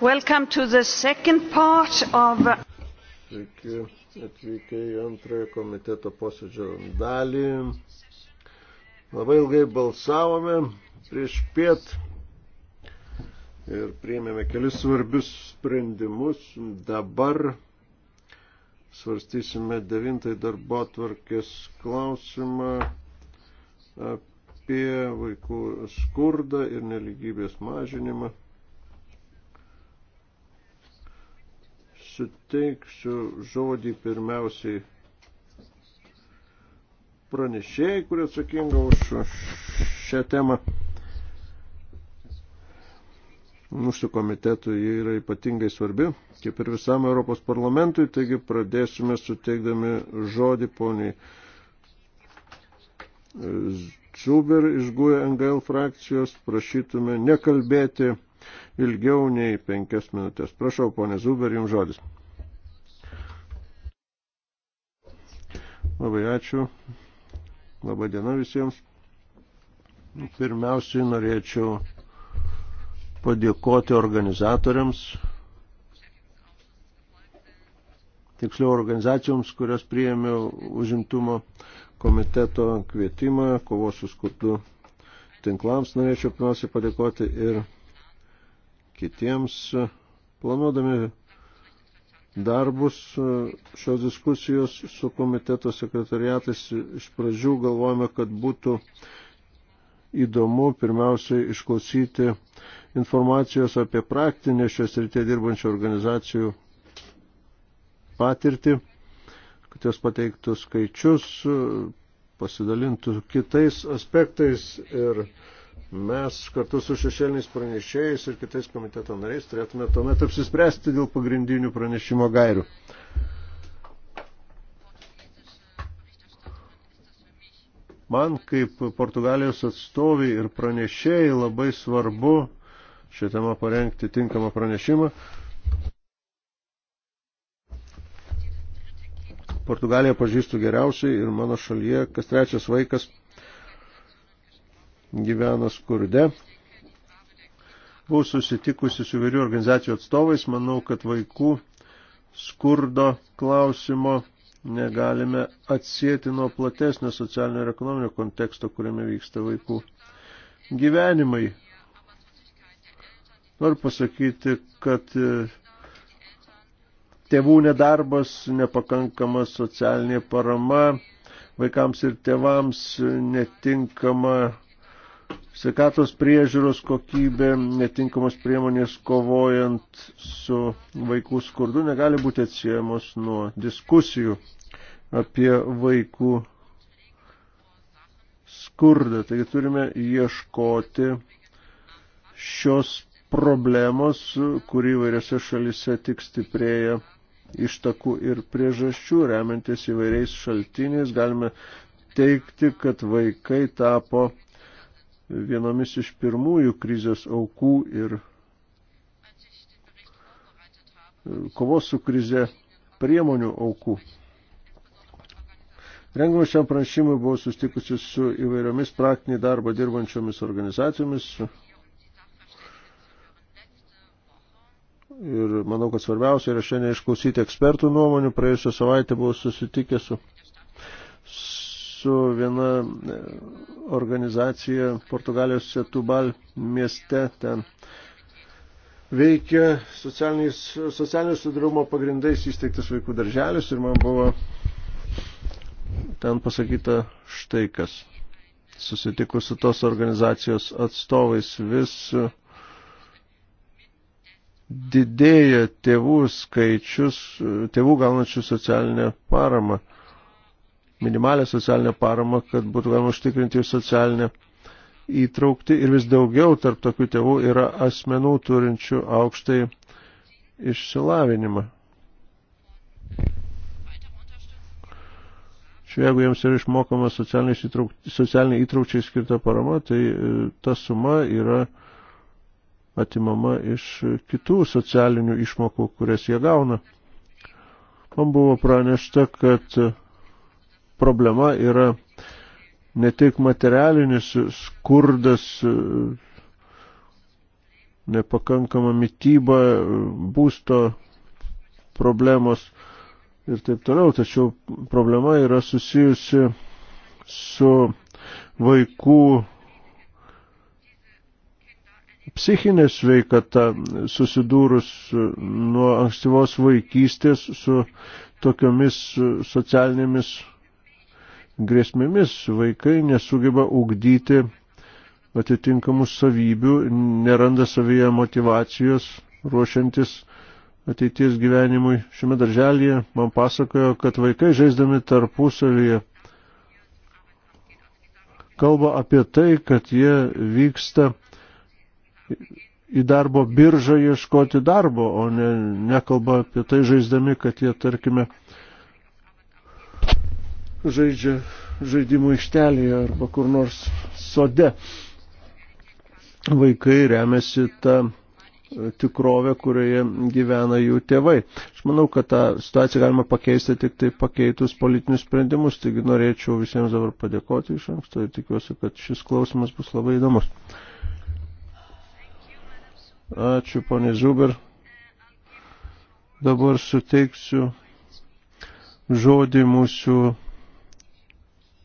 Welcome to the second part of... Sveiki atvykę į antrąją komiteto posėdžio dalį. Labai ilgai balsavome prieš piet ir priėmėme kelis svarbius sprendimus. Dabar svarstysime devintai darbo tvarkės klausimą apie vaikų skurdą ir neligybės mažinimą. suteiksiu žodį pirmiausiai pranešėjai, kurie atsakinga už šią temą. Mūsų komitetui jie yra ypatingai svarbi, kaip ir visam Europos parlamentui, taigi pradėsime suteikdami žodį poniai Zuber iš GUE NGL frakcijos, prašytume nekalbėti ilgiau nei penkias minutės. Prašau, ponė Zuber, jums žodis. Labai ačiū. Labai diena visiems. Pirmiausiai norėčiau padėkoti organizatoriams, tiksliau organizacijoms, kurios priėmė užimtumo komiteto kvietimą, kovos su skurdu tinklams. Norėčiau pirmiausiai padėkoti ir kitiems. Planuodami darbus šios diskusijos su komiteto sekretariatais iš pradžių galvojame, kad būtų įdomu pirmiausiai išklausyti informacijos apie praktinę šios rytė dirbančių organizacijų patirtį, kad jos pateiktų skaičius, pasidalintų kitais aspektais ir uh, mes kartu su šešėliniais pranešėjais ir kitais komiteto nariais turėtume tuomet apsispręsti dėl pagrindinių pranešimo gairių. Man kaip Portugalijos atstoviai ir pranešėjai labai svarbu šią temą parengti tinkamą pranešimą. Portugaliją pažįstu geriausiai ir mano šalyje kas trečias vaikas gyvena skurde. Buvau susitikusi su vairių organizacijų atstovais, manau, kad vaikų skurdo klausimo negalime atsėti nuo platesnio socialinio ir ekonominio konteksto, kuriame vyksta vaikų gyvenimai. Noriu pasakyti, kad e, tėvų nedarbas, nepakankama socialinė parama, vaikams ir tėvams netinkama sveikatos priežiūros kokybė, netinkamos priemonės kovojant su vaikų skurdu negali būti atsiejamos nuo diskusijų apie vaikų skurdą. Taigi turime ieškoti šios problemos, kuri įvairiose šalise tik stiprėja ištakų ir priežasčių, remiantis įvairiais šaltiniais, galime teikti, kad vaikai tapo vienomis iš pirmųjų krizės aukų ir e, kovos su krize priemonių aukų. Rengimus šiam pranešimui buvau sustikusi su įvairiomis praktinį darbą dirbančiomis organizacijomis. Ir manau, kad svarbiausia yra šiandien išklausyti ekspertų nuomonių. Praėjusią savaitę buvau susitikęs su su viena e, organizacija Portugalijos Setubal mieste ten veikia socialinio sudarumo pagrindais įsteigtas vaikų darželis ir man buvo ten pasakyta štai kas. Susitikus su tos organizacijos atstovais vis didėja tėvų skaičius, tėvų gaunančių socialinę paramą minimalę socialinę paramą, kad būtų galima užtikrinti ir socialinę įtraukti. Ir vis daugiau tarp tokių tėvų yra asmenų turinčių aukštai išsilavinimą. Šiuo jeigu jiems yra išmokama socialiniai įtraukčiai skirta parama, tai e, ta suma yra atimama iš kitų socialinių išmokų, kurias jie gauna. Man buvo pranešta, kad problema yra ne tik materialinis skurdas, nepakankama mytyba, būsto problemos ir taip toliau, tačiau problema yra susijusi su vaikų psichinė sveikata susidūrus nuo ankstyvos vaikystės su tokiomis socialinėmis grėsmėmis. Vaikai nesugeba ugdyti atitinkamų savybių, neranda savyje motivacijos ruošiantis ateities gyvenimui. Šiame darželėje man pasakojo, kad vaikai žaisdami tarpusavyje kalba apie tai, kad jie vyksta į darbo biržą ieškoti darbo, o ne, nekalba apie tai žaisdami, kad jie, tarkime, žaidžia žaidimų ištelėje arba kur nors sode. Vaikai remiasi tą tikrovę, kurioje gyvena jų tėvai. Aš manau, kad tą situaciją galima pakeisti tik tai pakeitus politinius sprendimus, taigi norėčiau visiems dabar padėkoti iš anksto ir tikiuosi, kad šis klausimas bus labai įdomus. Ačiū, ponė Zuber. Dabar suteiksiu žodį mūsų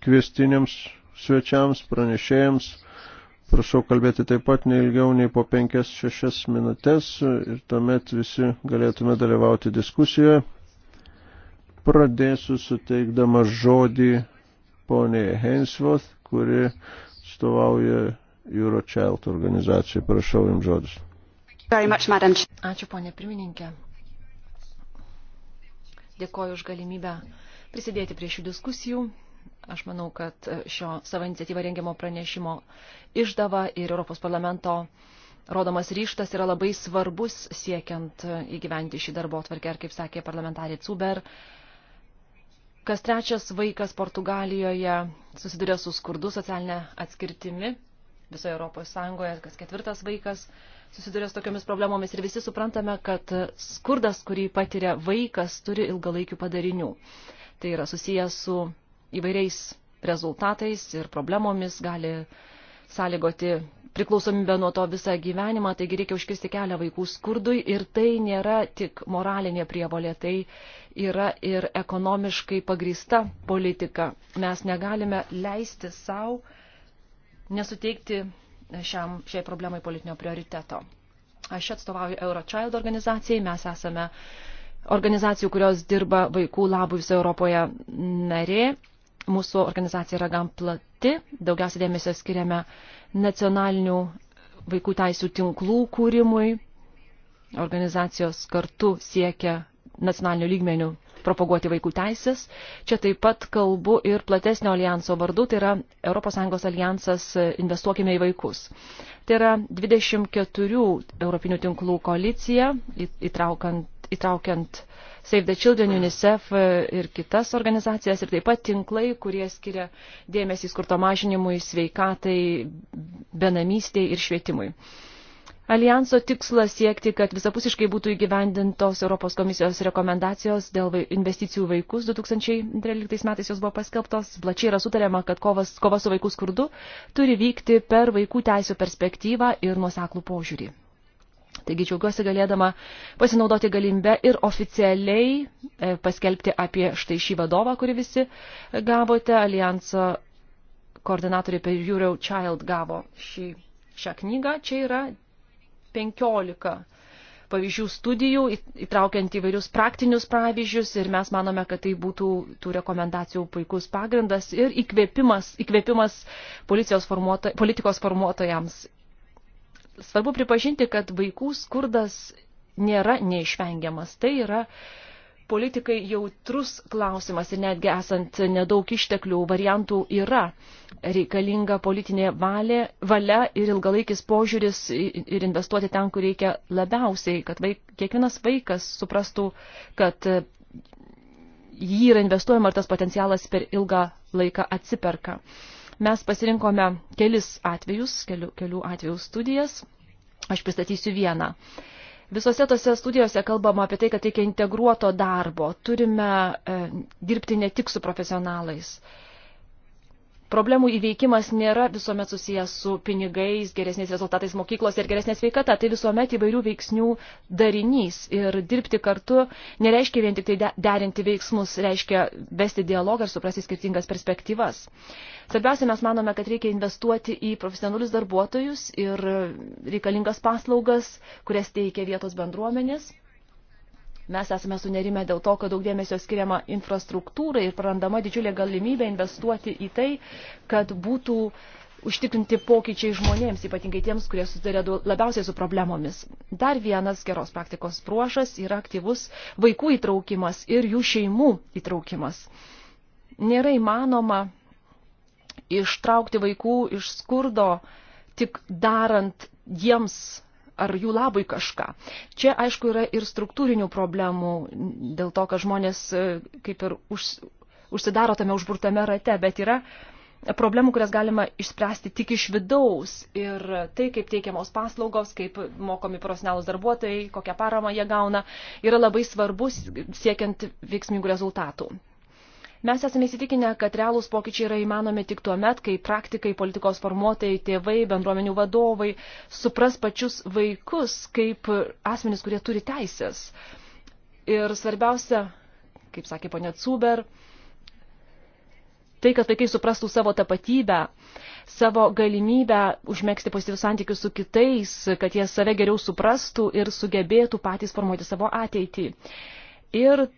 kvestiniams svečiams, pranešėjams. Prašau kalbėti taip pat neilgiau nei po 5-6 minutės ir tuomet visi galėtume dalyvauti diskusijoje. Pradėsiu suteikdama žodį poniai Hainsworth, kuri stovauja Eurochild organizacijai. Prašau jums žodis. Ačiū, ponė pirmininkė. Dėkoju už galimybę prisidėti prie šių diskusijų. Aš manau, kad šio savo iniciatyvą rengiamo pranešimo išdava ir Europos parlamento rodomas ryštas yra labai svarbus siekiant įgyventi šį darbo atvarkę. Ir kaip sakė parlamentarė Cuber, kas trečias vaikas Portugalijoje susiduria su skurdu socialinė atskirtimi visoje Europos Sąjungoje, kas ketvirtas vaikas susiduria su tokiomis problemomis ir visi suprantame, kad skurdas, kurį patiria vaikas, turi ilgalaikių padarinių. Tai yra susijęs su įvairiais rezultatais ir problemomis gali sąlygoti priklausomybę nuo to visą gyvenimą, taigi reikia užkirsti kelią vaikų skurdui ir tai nėra tik moralinė prievolė, tai yra ir ekonomiškai pagrįsta politika. Mes negalime leisti savo nesuteikti šiam, šiai problemai politinio prioriteto. Aš atstovauju Eurochild organizacijai, mes esame organizacijų, kurios dirba vaikų labų visoje Europoje narė Mūsų organizacija yra gan plati, daugiausia dėmesio skiriame nacionalinių vaikų teisų tinklų kūrimui. Organizacijos kartu siekia nacionalinių lygmenių propaguoti vaikų teisės. Čia taip pat kalbu ir platesnio alijanso vardu, tai yra ES alijansas Investuokime į vaikus. Tai yra 24 europinių tinklų koalicija, įtraukant įtraukiant Save the Children, UNICEF ir kitas organizacijas ir taip pat tinklai, kurie skiria dėmesį skurto mažinimui, sveikatai, benamystėj ir švietimui. Alijanso tikslas siekti, kad visapusiškai būtų įgyvendintos Europos komisijos rekomendacijos dėl investicijų vaikus 2013 metais jos buvo paskelbtos. Plačiai yra sutariama, kad kovas, kova su vaikų skurdu turi vykti per vaikų teisų perspektyvą ir nuoseklų požiūrį. Taigi džiaugiuosi galėdama pasinaudoti galimbę ir oficialiai e, paskelbti apie štai šį vadovą, kurį visi e, gavote. Alijanso koordinatoriai per Euro Child gavo šį, šią knygą. Čia yra 15 pavyzdžių studijų, įtraukiant įvairius praktinius pavyzdžius ir mes manome, kad tai būtų tų rekomendacijų puikus pagrindas ir įkvėpimas, įkvėpimas policijos formuoto, politikos formuotojams svarbu pripažinti, kad vaikų skurdas nėra neišvengiamas. Tai yra politikai jautrus klausimas ir netgi esant nedaug išteklių variantų yra reikalinga politinė valė, valia ir ilgalaikis požiūris ir investuoti ten, kur reikia labiausiai, kad vaik, kiekvienas vaikas suprastų, kad jį yra investuojama ir tas potencialas per ilgą laiką atsiperka. Uh, Mes pasirinkome kelis atvejus, kelių, kelių atvejų studijas. Aš pristatysiu vieną. Visose tose studijose kalbama apie tai, kad reikia integruoto darbo. Turime e, dirbti ne tik su profesionalais. E, problemų įveikimas nėra visuomet susijęs su pinigais, geresniais rezultatais mokyklos ir geresnė sveikata. Tai visuomet įvairių veiksnių darinys. Ir dirbti kartu nereiškia vien tik tai derinti veiksmus, reiškia vesti dialogą ir suprasti skirtingas perspektyvas. Svarbiausia, mes manome, kad reikia investuoti į profesionalius darbuotojus ir reikalingas paslaugas, kurias teikia vietos bendruomenės Mes esame sunerime dėl to, kad daug dėmesio skiriama infrastruktūrai ir prarandama didžiulė galimybė investuoti į tai, kad būtų užtikrinti pokyčiai žmonėms, ypatingai tiems, kurie susiduria labiausiai su problemomis. Dar vienas geros praktikos bruožas yra aktyvus vaikų įtraukimas ir jų šeimų įtraukimas. Nėra įmanoma ištraukti vaikų iš skurdo tik darant jiems ar jų labui kažką. Čia, aišku, yra ir struktūrinių problemų dėl to, kad žmonės e, kaip ir už, užsidaro tame užburtame rate, bet yra problemų, kurias galima išspręsti tik iš vidaus. Ir tai, kaip teikiamos paslaugos, kaip mokomi profesionalus darbuotojai, kokią paramą jie gauna, yra labai svarbus siekiant veiksmingų rezultatų. Mes esame įsitikinę, kad realūs pokyčiai yra įmanomi tik tuo met, kai praktikai, politikos formuotojai, tėvai, bendruomenių vadovai supras pačius vaikus kaip asmenys, kurie turi teisės. Ir svarbiausia, kaip sakė ponia Cuber, tai, kad vaikai suprastų savo tapatybę, savo galimybę užmėgsti pozityvius santykius su kitais, kad jie save geriau suprastų ir sugebėtų patys formuoti savo ateitį. Ir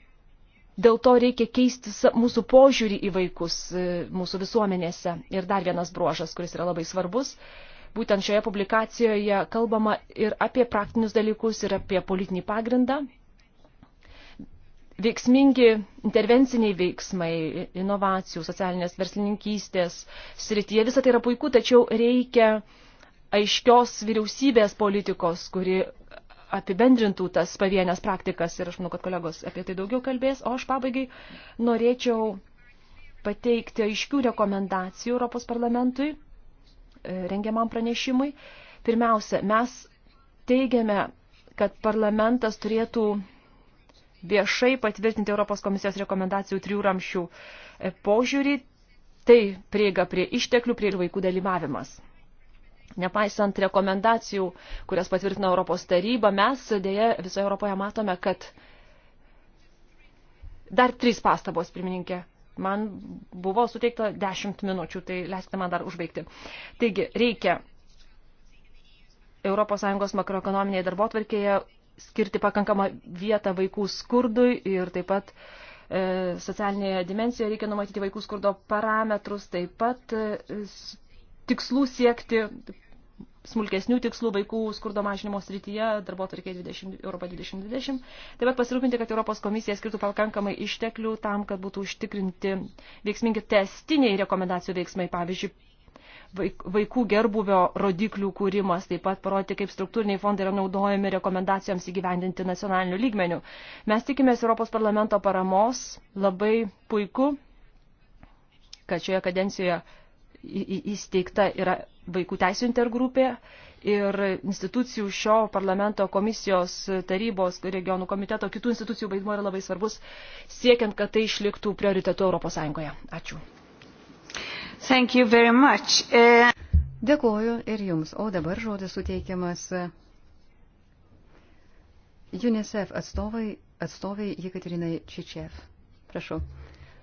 Dėl to reikia keisti mūsų požiūrį į vaikus e, mūsų visuomenėse. Ir dar vienas bruožas, kuris yra labai svarbus. Būtent šioje publikacijoje kalbama ir apie praktinius dalykus, ir apie politinį pagrindą. Veiksmingi intervenciniai veiksmai, inovacijų, socialinės verslininkystės srityje, visą tai yra puiku, tačiau reikia aiškios vyriausybės politikos, kuri apibendrintų tas pavienės praktikas ir aš manau, kad kolegos apie tai daugiau kalbės, o aš pabaigai norėčiau pateikti aiškių rekomendacijų Europos parlamentui e, rengiamam pranešimui. Pirmiausia, mes teigiame, kad parlamentas turėtų viešai patvirtinti Europos komisijos rekomendacijų trijų ramšių e, požiūrį, tai prieiga prie išteklių, prie ir vaikų dalyvavimas. Nepaisant rekomendacijų, kurias patvirtino Europos taryba, mes dėja visoje Europoje matome, kad dar trys pastabos, pirmininkė. Man buvo suteikta 10 minučių, tai leiskite man dar užbaigti. Taigi, reikia ES makroekonominėje darbotvarkėje skirti pakankamą vietą vaikų skurdui ir taip pat e, socialinėje dimensijoje reikia numatyti vaikų skurdo parametrus, taip pat e, tikslų siekti, smulkesnių tikslų vaikų skurdo mažinimo srityje, darbo tarkė 20, Europa 2020. Taip pat pasirūpinti, kad Europos komisija skirtų pakankamai išteklių tam, kad būtų užtikrinti veiksmingi testiniai rekomendacijų veiksmai, pavyzdžiui, vaikų gerbuvio rodiklių kūrimas, taip pat parodyti, kaip struktūriniai fondai yra naudojami rekomendacijoms įgyvendinti nacionaliniu lygmeniu. Mes tikimės Europos parlamento paramos, labai puiku, kad šioje kadencijoje įsteigta yra vaikų teisų intergrupė ir institucijų šio parlamento komisijos tarybos regionų komiteto kitų institucijų vaidmuo yra labai svarbus siekiant, kad tai išliktų prioritetu Europos Sąjungoje. Ačiū. Thank you very much. Uh... Dėkuoju ir jums. O dabar žodis suteikiamas UNICEF atstovai, atstovai Jekaterinai Čičev. Prašau.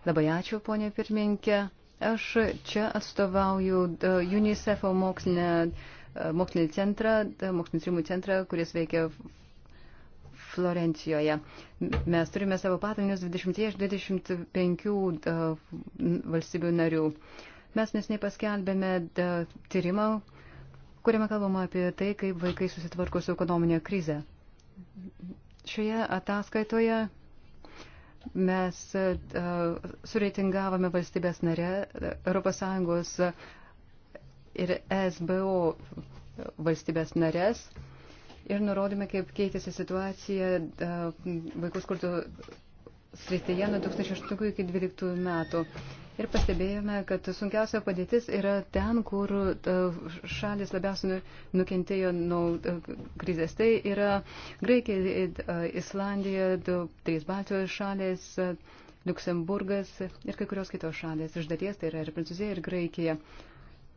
Labai ačiū, ponė pirminkė. Aš čia atstovauju e, UNICEF'o mokslinę, e, mokslinį centrą, e, mokslinį tyrimų centrą, kuris veikia Florencijoje. Mes turime savo patalinius 20 iš 25 valstybių narių. Mes nesnei paskelbėme tyrimą, kuriame kalbama apie tai, kaip vaikai susitvarko su ekonominė krize. Šioje ataskaitoje Mes e, sureitingavome valstybės narę ES ir SBO valstybės narės ir nurodėme, kaip keitėsi situacija e, vaikų skurdo srityje nuo 2008 iki 2012 metų. Ir pastebėjome, kad sunkiausia padėtis yra ten, kur e, šalis labiausiai nu, nukentėjo nuo e, krizės. Tai yra Graikija, e, Islandija, trys Baltijos šalės, Luksemburgas ir kai kurios kitos šalės. Iš dalies tai yra ir Prancūzija, ir Graikija.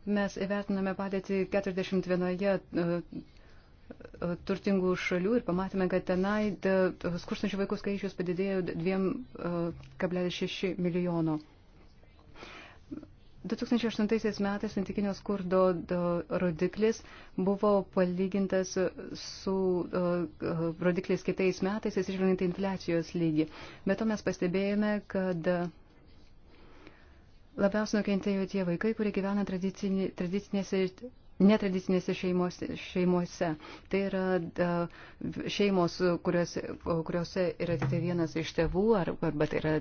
Mes įvertiname padėtį 41 turtingų šalių ir pamatėme, kad tenai skurstančių vaikų skaičius padidėjo 2,6 milijono. 2008 metais santykinio skurdo rodiklis buvo palygintas su rodikliais kitais metais, atsižvelgiant į infliacijos lygį. Bet to mes pastebėjome, kad labiausiai nukentėjo tie vaikai, kurie gyvena tradicinėse netradicinėse šeimose, šeimose. Tai yra šeimos, kuriuose, kuriuose yra tik tai vienas iš tėvų, arba tai yra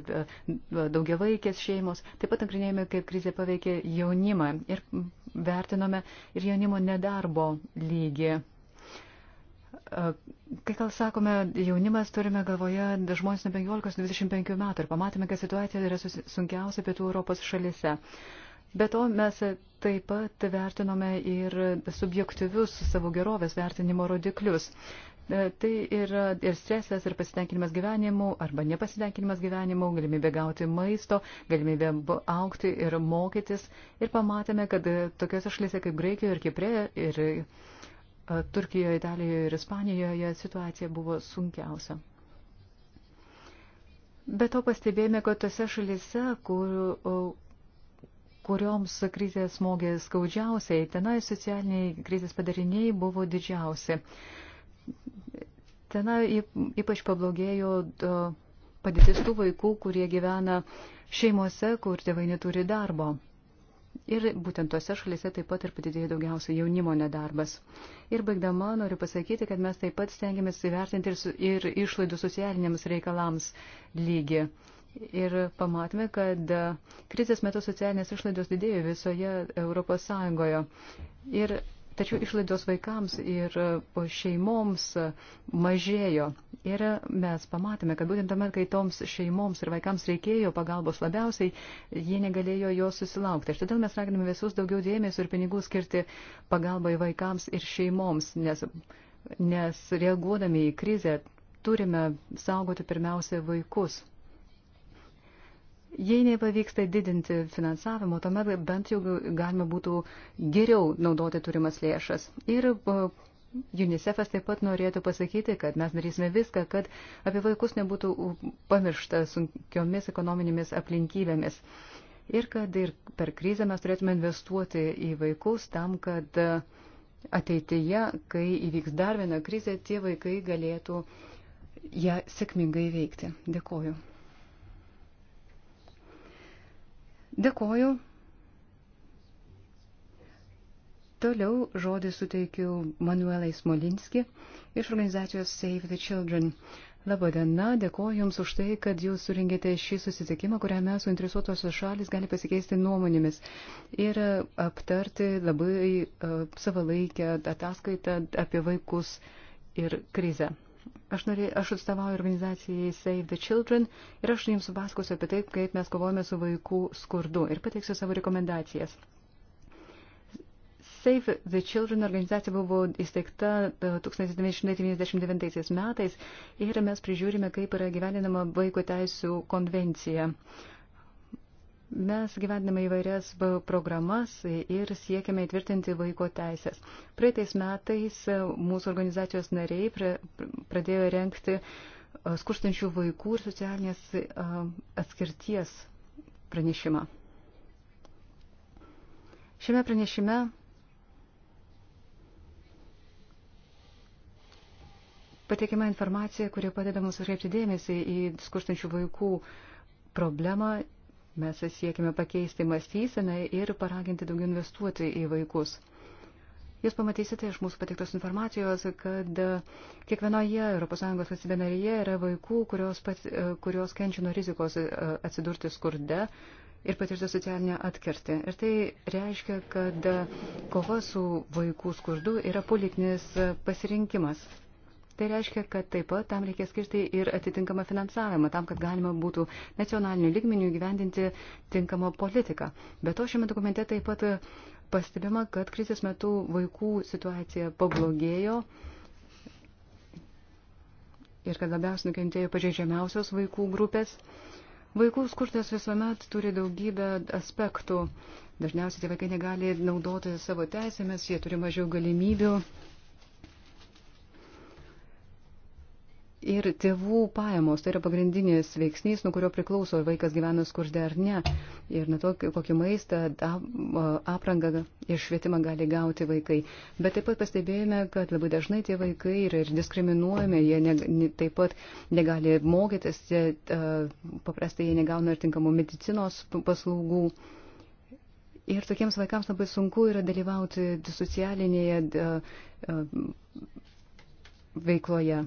daugiavaikės šeimos. Taip pat nagrinėjome, kaip krizė paveikė jaunimą ir vertinome ir jaunimo nedarbo lygį. Kai gal sakome jaunimas, turime galvoje žmonės nuo 15-25 metų ir pamatėme, kad situacija yra sunkiausia pietų Europos šalise. Uh, Be to mes taip pat vertinome ir subjektyvius savo gerovės vertinimo rodiklius. E, tai yra ir stresas, ir pasitenkinimas gyvenimu, arba nepasitenkinimas gyvenimu, galimybė gauti maisto, galimybė aukti ir mokytis. Ir pamatėme, kad e, tokiose šalyse kaip Graikijoje ir Kiprė, ir e, Turkijoje, Italijoje ir Ispanijoje situacija buvo sunkiausia. Be to pastebėjome, kad tose šalyse, kur, kurioms krizės smogė skaudžiausiai, tenai socialiniai krizės padariniai buvo didžiausi. Tenai ypač pablogėjo e, padėtis tų vaikų, kurie gyvena šeimose, kur tėvai neturi darbo. Ir būtent tose šalise taip pat ir padidėjo daugiausia jaunimo nedarbas. Ir baigdama noriu pasakyti, kad mes taip pat stengiamės įvertinti ir, ir išlaidų socialiniams reikalams lygį. Ir pamatome, kad krizės metu socialinės išlaidos didėjo visoje Europos Sąjungoje. Ir tačiau išlaidos vaikams ir šeimoms mažėjo. Ir mes pamatėme, kad būtent tuomet, kai toms šeimoms ir vaikams reikėjo pagalbos labiausiai, jie negalėjo jos susilaukti. Ir todėl mes raginame visus daugiau dėmesio ir pinigų skirti pagalbai vaikams ir šeimoms, nes, nes reaguodami į krizę turime saugoti pirmiausia vaikus. Jei nepavyksta didinti finansavimo, tuomet bent jau galima būtų geriau naudoti turimas lėšas. Ir UNICEF'as taip pat norėtų pasakyti, kad mes darysime viską, kad apie vaikus nebūtų pamiršta sunkiomis ekonominėmis aplinkybėmis. Ir kad ir per krizę mes turėtume investuoti į vaikus tam, kad ateityje, kai įvyks dar viena krizė, tie vaikai galėtų ją sėkmingai veikti. Dėkoju. Dėkoju. Toliau žodį suteikiu Manuelai Smolinski iš organizacijos Save the Children. Labadiena, dėkoju Jums už tai, kad Jūs suringėte šį susitikimą, kuriame suinteresuotos šalis gali pasikeisti nuomonėmis ir aptarti labai uh, savalaikę ataskaitą apie vaikus ir krizę. Aš, norė, aš atstovauju organizacijai Save the Children ir aš jums pasakosiu apie tai, kaip mes kovojame su vaikų skurdu ir pateiksiu savo rekomendacijas. Save the Children organizacija buvo įsteigta 1999 e, metais ir mes prižiūrime, kaip yra gyveninama vaiko teisų konvencija. Uh, Mes gyvendame įvairias programas ir siekiame įtvirtinti vaiko teisės. Praeitais metais e, mūsų organizacijos nariai pradėjo renkti e, skurstančių vaikų ir socialinės e, atskirties pranešimą. Šiame pranešime pateikiama informacija, kuri padeda mums atkreipti dėmesį į skurstančių vaikų problemą Mes siekime pakeisti mąstyseną ir paraginti daugiau investuoti į vaikus. Jūs pamatysite iš mūsų patiktos informacijos, kad kiekvienoje ES valstybė narėje yra vaikų, kurios, pat, kurios kenčia nuo rizikos e, atsidurti skurde ir patirti socialinę atkirtį. Ir tai reiškia, kad kova su vaikų skurdu yra politinis pasirinkimas. Tai reiškia, kad taip pat tam reikės skirti ir atitinkamą finansavimą, tam, kad galima būtų nacionaliniu lygmeniu gyvendinti tinkamą politiką. Be to, šiame dokumente taip pat pastebima, kad krizės metu vaikų situacija pablogėjo ir kad labiausiai nukentėjo pažeidžiamiausios vaikų grupės. Vaikų skurtas visuomet turi daugybę aspektų. Dažniausiai tie vaikai negali naudoti savo teisėmis, jie turi mažiau galimybių ir tėvų pajamos. Tai yra pagrindinis veiksnys, nuo kurio priklauso, ar vaikas gyvena skurdė ar ne. Ir nuo to, kokį maistą, aprangą ir švietimą gali gauti vaikai. Bet taip pat pastebėjome, kad labai dažnai tie vaikai yra ir diskriminuojami, jie ne, ne, taip pat negali mokytis, jie, paprastai jie negauna ir tinkamų medicinos paslaugų. Ir tokiems vaikams labai sunku yra dalyvauti socialinėje veikloje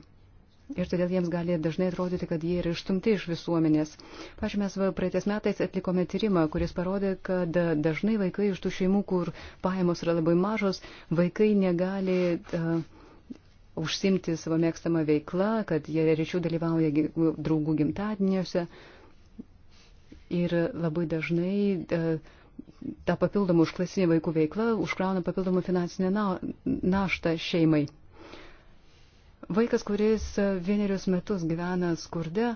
ir todėl jiems gali dažnai atrodyti, kad jie yra išstumti iš visuomenės. Pavyzdžiui, mes praeitais metais atlikome tyrimą, kuris parodė, kad dažnai vaikai iš tų šeimų, kur pajamos yra labai mažos, vaikai negali uh, užsimti savo mėgstamą veiklą, kad jie rečiau dalyvauja draugų gimtadieniuose. Ir labai dažnai uh, ta papildoma užklasinė vaikų veikla užkrauna papildomą finansinę naštą šeimai. Vaikas, kuris vienerius metus gyvena skurde,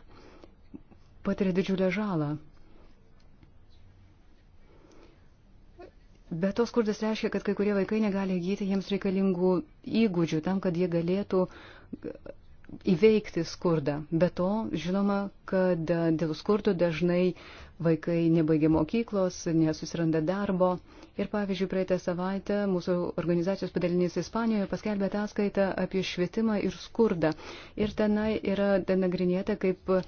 patiria didžiulę žalą. Bet tos skurdas reiškia, kad kai kurie vaikai negali įgyti jiems reikalingų įgūdžių tam, kad jie galėtų įveikti skurdą. Be to, žinoma, kad dėl skurdo dažnai vaikai nebaigia mokyklos, nesusiranda darbo. Ir pavyzdžiui, praeitą savaitę mūsų organizacijos padalinys Ispanijoje paskelbė ataskaitą apie švietimą ir skurdą. Ir tenai yra denagrinėta, kaip e,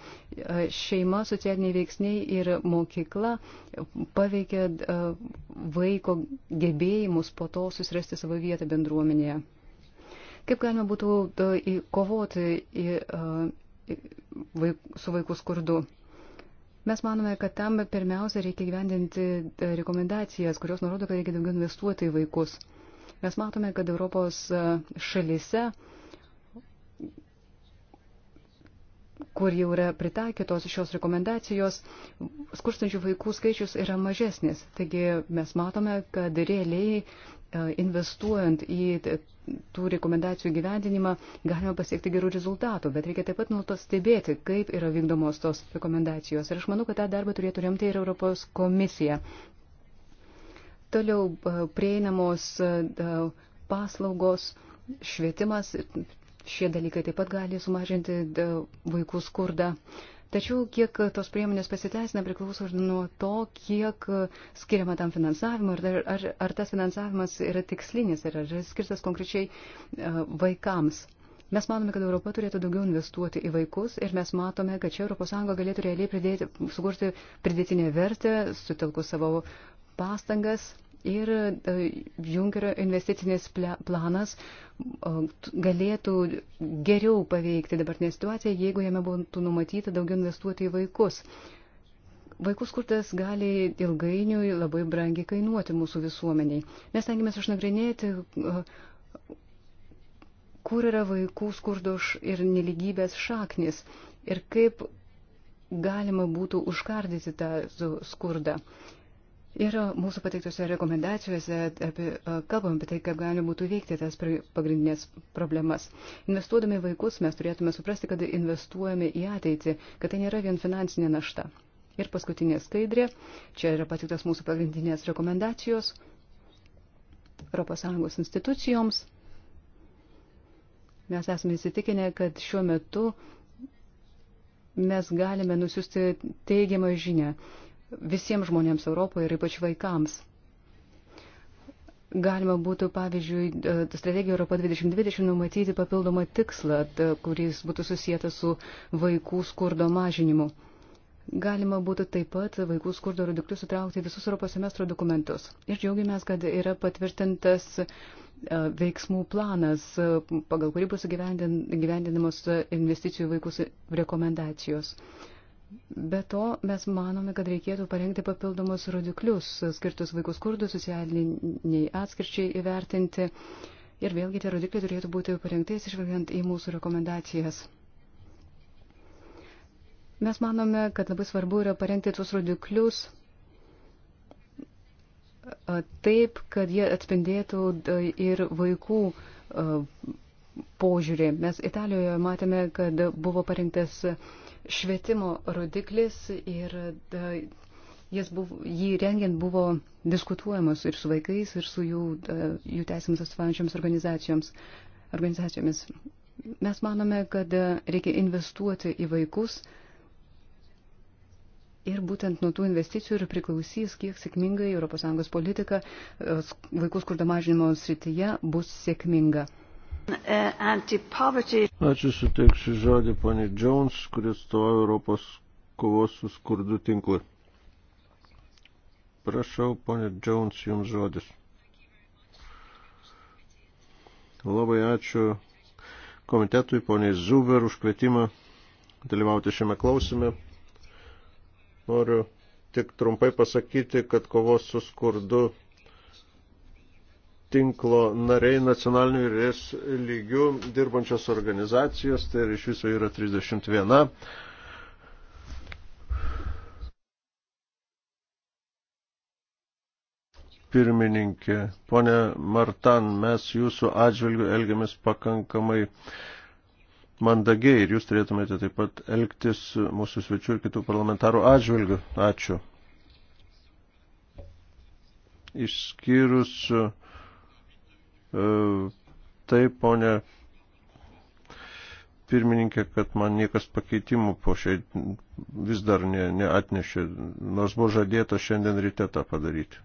šeima, socialiniai veiksniai ir mokykla paveikia e, vaiko gebėjimus po to susirasti savo vietą bendruomenėje. Kaip galima būtų e, kovoti su vaikų skurdu? Mes manome, kad tam pirmiausia reikia gyvendinti e, rekomendacijas, kurios nurodo, kad reikia daugiau investuoti į vaikus. Mes matome, kad Europos e, šalise, kur jau yra pritaikytos šios rekomendacijos, skurstančių vaikų skaičius yra mažesnis. Taigi mes matome, kad realiai E, investuojant į tų rekomendacijų gyvendinimą galima pasiekti gerų rezultatų, bet reikia taip pat nuolatos stebėti, kaip yra vykdomos tos rekomendacijos. Ir aš manau, kad tą darbą turėtų remti ir Europos komisija. Toliau e, prieinamos e, paslaugos, švietimas, šie dalykai taip pat gali sumažinti vaikų skurdą. Tačiau kiek tos priemonės pasiteisina priklauso ir nuo to, kiek skiriama tam finansavimo, ar, ar, ar tas finansavimas yra tikslinis, ar yra skirtas konkrečiai e, vaikams. Mes manome, kad Europa turėtų daugiau investuoti į vaikus ir mes matome, kad čia ES galėtų realiai pridėti, sukurti pridėtinę vertę, sutelkus savo pastangas Ir e, Junkerio investicinis planas galėtų geriau paveikti dabartinę situaciją, jeigu jame būtų numatyta daugiau investuoti į vaikus. Vaikų skurdas gali ilgainiui labai brangiai kainuoti mūsų visuomeniai. Mes tengiamės išnagrinėti, e, kur yra vaikų skurdo ir neligybės šaknis ir kaip galima būtų užkardyti tą skurdą. Ir mūsų pateiktose rekomendacijose apie, kalbam apie tai, kaip galima būtų veikti tas pagrindinės problemas. Investuodami vaikus mes turėtume suprasti, kad investuojame į ateitį, kad tai nėra vien finansinė našta. Ir paskutinė skaidrė, čia yra patiktas mūsų pagrindinės rekomendacijos ES institucijoms. Mes esame įsitikinę, kad šiuo metu mes galime nusiųsti teigiamą žinę visiems žmonėms Europoje ir ypač vaikams. Galima būtų, pavyzdžiui, strategija Europa 2020 numatyti papildomą tikslą, kuris būtų susijęta su vaikų skurdo mažinimu. Galima būtų taip pat vaikų skurdo rodiklius sutraukti visus Europos semestro dokumentus. Ir džiaugiamės, kad yra patvirtintas e, veiksmų planas, e, pagal kurį bus gyvendinamos investicijų vaikus rekomendacijos. Be to, mes manome, kad reikėtų parengti papildomus rodiklius, skirtus vaikų skurdų, socialiniai atskirčiai įvertinti. Ir vėlgi tie rodikliai turėtų būti parengtais išvelgiant į mūsų rekomendacijas. Mes manome, kad labai svarbu yra parengti tuos rodiklius taip, kad jie atspindėtų ir vaikų požiūrį. Mes Italijoje matėme, kad buvo parengtas uh, švietimo rodiklis ir da, jis buvo, jį rengiant buvo diskutuojamas ir su vaikais, ir su jų, da, jų teisėms atstovaujančioms organizacijoms. organizacijomis. Mes manome, kad reikia investuoti į vaikus ir būtent nuo tų investicijų ir priklausys, kiek sėkmingai ES politika e, vaikų skurdo mažinimo srityje bus sėkminga. Uh, ačiū suteiksiu žodį ponė Jones, kuris stovo Europos kovos su skurdu tinklui. Prašau, ponė Jones, jums žodis. Labai ačiū komitetui, ponė Zuber, už kvietimą dalyvauti šiame klausime. Noriu tik trumpai pasakyti, kad kovos su skurdu tinklo nariai nacionalinių ir res lygių dirbančios organizacijos, tai iš viso yra 31. Pirmininkė, ponė Martan, mes jūsų atžvilgių elgiamės pakankamai mandagiai ir jūs turėtumėte taip pat elgtis mūsų svečių ir kitų parlamentarų atžvilgių. Ačiū. Išskyrus uh, E, Taip, ponė pirmininkė, kad man niekas pakeitimų po šiai vis dar ne, neatnešė, nors buvo žadėta šiandien ryte tą padaryti.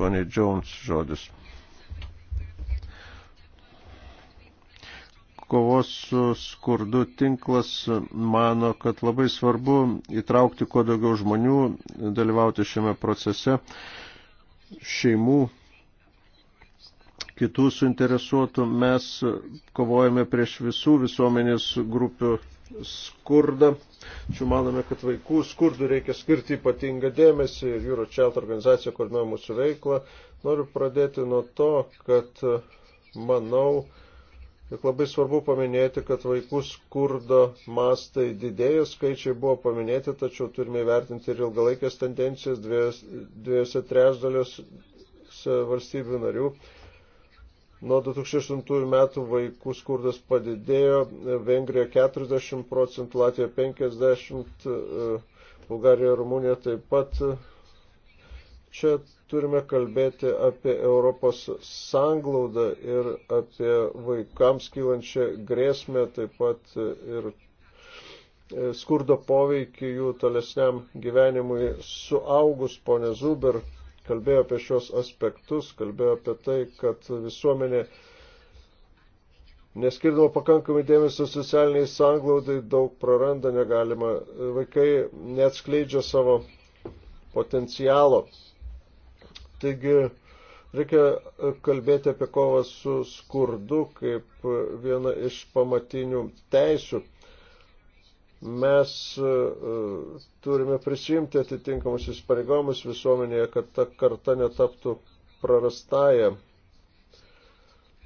Pone Jones žodis. Kovos su skurdu tinklas mano, kad labai svarbu įtraukti kuo daugiau žmonių, dalyvauti šiame procese, šeimų kitų suinteresuotų. Mes kovojame prieš visų visuomenės grupių skurdą. Čia manome, kad vaikų skurdų reikia skirti ypatingą dėmesį ir Jūro Čelt organizacija koordinuoja mūsų veiklą. Noriu pradėti nuo to, kad manau, Tik labai svarbu paminėti, kad vaikų skurdo mastai didėja, skaičiai buvo paminėti, tačiau turime įvertinti ir ilgalaikės tendencijas dviejose trešdaliuose valstybių narių. Nuo 2008 metų vaikų skurdas padidėjo, Vengrija 40 procentų, Latvija 50, Bulgarija ir Rumunija taip pat. Čia turime kalbėti apie Europos sanglaudą ir apie vaikams kylančią grėsmę, taip pat ir e, skurdo poveikį jų tolesniam gyvenimui suaugus, ponė Zuber kalbėjo apie šios aspektus, kalbėjo apie tai, kad visuomenė neskirdama pakankamai dėmesio socialiniai sanglaudai daug praranda negalima. Vaikai neatskleidžia savo potencialo. Taigi reikia kalbėti apie kovą su skurdu kaip vieną iš pamatinių teisių mes e, e, turime prisimti atitinkamus įsipareigomus visuomenėje, kad ta karta netaptų prarastąją.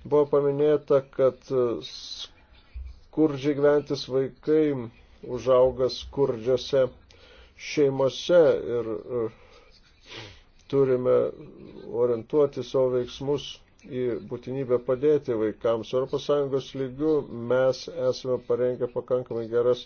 Buvo paminėta, kad e, skurdžiai gyventis vaikai užauga skurdžiose šeimose ir turime orientuoti savo veiksmus į būtinybę padėti vaikams. Europos Sąjungos lygių mes esame parengę pakankamai geras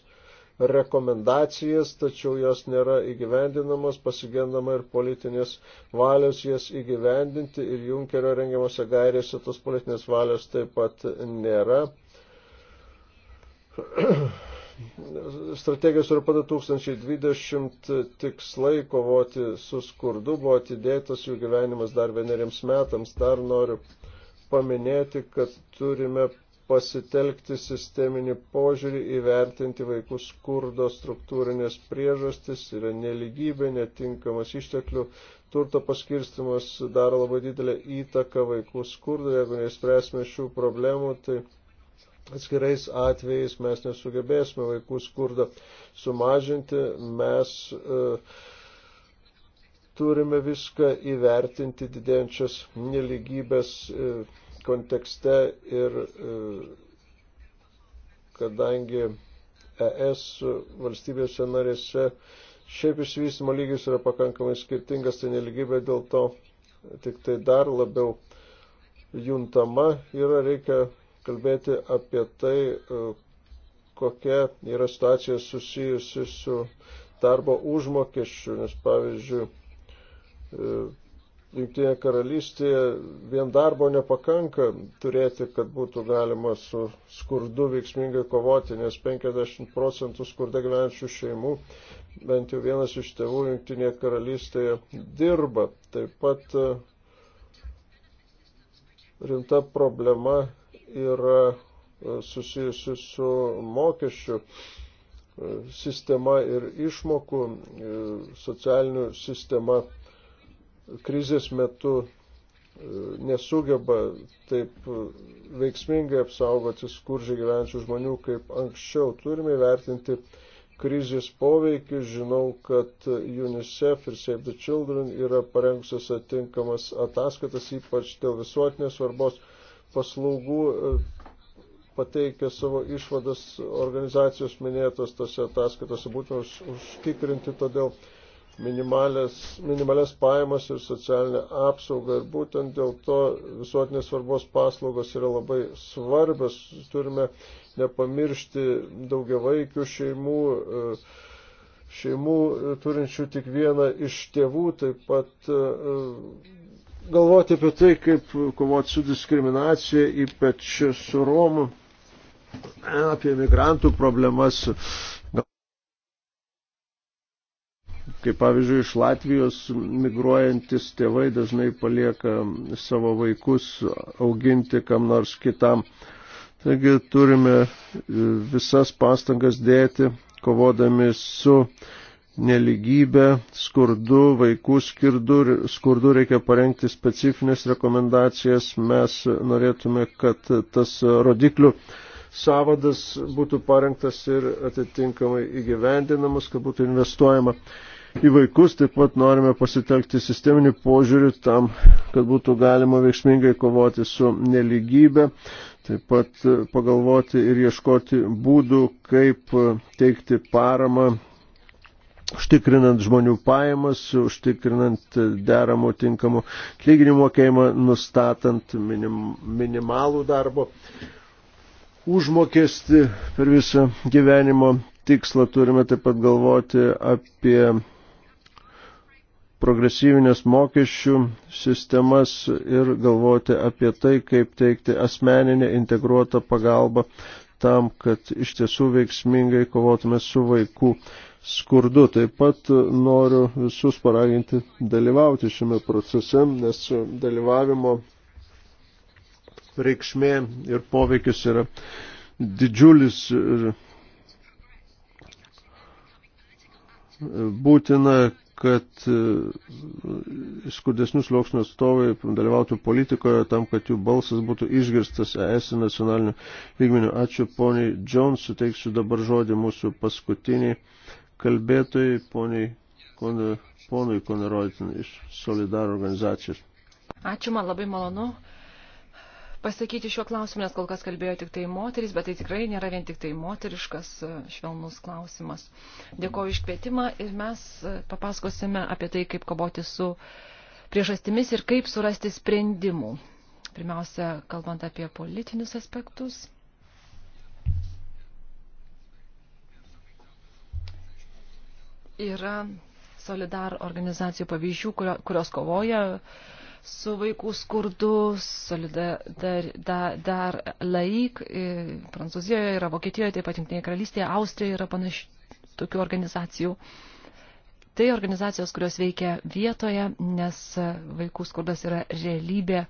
rekomendacijas, tačiau jos nėra įgyvendinamos, pasigendama ir politinės valios jas įgyvendinti ir Junkerio rengiamose gairėse tos politinės valios taip pat nėra. Strategijos Europa 2020 tikslai kovoti su skurdu buvo atidėtas jų gyvenimas dar vieneriems metams. Dar noriu paminėti, kad turime pasitelkti sisteminį požiūrį, įvertinti vaikų skurdo struktūrinės priežastis, yra neligybė, netinkamas išteklių, turto paskirstimas daro labai didelę įtaką vaikų skurdo, jeigu neįspręsime šių problemų, tai atskirais atvejais mes nesugebėsime vaikų skurdo sumažinti, mes uh, turime viską įvertinti didėjančias neligybės. Uh, kontekste ir e, kadangi ES valstybėse narėse šiaip išsivystymo lygis yra pakankamai skirtingas, tai neligybė dėl to tik tai dar labiau juntama yra, reikia kalbėti apie tai, e, kokia yra situacija susijusi su darbo užmokesčiu, nes pavyzdžiui, e, Junktinėje karalystėje vien darbo nepakanka turėti, kad būtų galima su skurdu veiksmingai kovoti, nes 50 procentų skurde gyvenančių šeimų, bent jau vienas iš tėvų Junktinėje karalystėje dirba. Taip pat e, rimta problema yra e, susijusi su mokesčiu e, sistema ir išmokų socialinių sistema krizės metu e, nesugeba taip e, veiksmingai apsaugoti skurdžiai gyvenčių žmonių kaip anksčiau. Turime vertinti krizės poveikį. Žinau, kad UNICEF ir Save the Children yra parengusios atinkamas ataskaitas, ypač dėl visuotinės svarbos paslaugų e, pateikia savo išvadas organizacijos minėtos tose ataskaitose, būtent užtikrinti todėl minimales pajamas ir socialinę apsaugą. Ir būtent dėl to visuotinės svarbos paslaugos yra labai svarbios. Turime nepamiršti daugiavaikių šeimų, e, šeimų e, turinčių tik vieną iš tėvų, taip pat e, galvoti apie tai, kaip kovoti su diskriminacija, ypač su Romu, apie migrantų problemas kaip pavyzdžiui iš Latvijos migruojantis tėvai dažnai palieka savo vaikus auginti kam nors kitam. Taigi turime e, visas pastangas dėti, kovodami su neligybė, skurdu, vaikų skirdu, skurdu reikia parengti specifines rekomendacijas. Mes norėtume, kad tas rodiklių savadas būtų parengtas ir atitinkamai įgyvendinamas, kad būtų investuojama į vaikus, taip pat norime pasitelkti sisteminį požiūrį tam, kad būtų galima veiksmingai kovoti su neligybė, taip pat e, pagalvoti ir ieškoti būdų, kaip e, teikti paramą, užtikrinant žmonių pajamas, užtikrinant deramų tinkamų atlyginimų mokėjimą, nustatant minim, minimalų darbo. Užmokesti per visą gyvenimo tikslą turime taip pat galvoti apie progresyvinės mokesčių sistemas ir galvoti apie tai, kaip teikti asmeninę integruotą pagalbą tam, kad iš tiesų veiksmingai kovotume su vaikų skurdu. Taip pat noriu visus paraginti dalyvauti šiame procese, nes dalyvavimo reikšmė ir poveikis yra didžiulis ir būtina, kad e, skurdesnių sluoksnių atstovai dalyvautų politikoje tam, kad jų balsas būtų išgirstas ES nacionaliniu lygmeniu. Ačiū poniai Jones, suteiksiu dabar žodį mūsų paskutiniai kalbėtojai, poniai, ponui Koneroitin iš Solidar organizacijos. Ačiū, man labai malonu pasakyti šiuo klausimu, nes kol kas kalbėjo tik tai moteris, bet tai tikrai nėra vien tik tai moteriškas e, švelnus klausimas. Dėkoju iš kvietimą ir mes e, papasakosime apie tai, kaip kovoti su priežastimis ir kaip surasti sprendimų. Pirmiausia, kalbant apie politinius aspektus. Yra solidar organizacijų pavyzdžių, kurios kovoja su vaikų skurdu, solidar, dar, dar, dar laik, Prancūzijoje yra, Vokietijoje, taip pat Junktinėje karalystėje, Austrijoje yra panašių tokių organizacijų. Tai organizacijos, kurios veikia vietoje, nes vaikų skurdas yra realybė.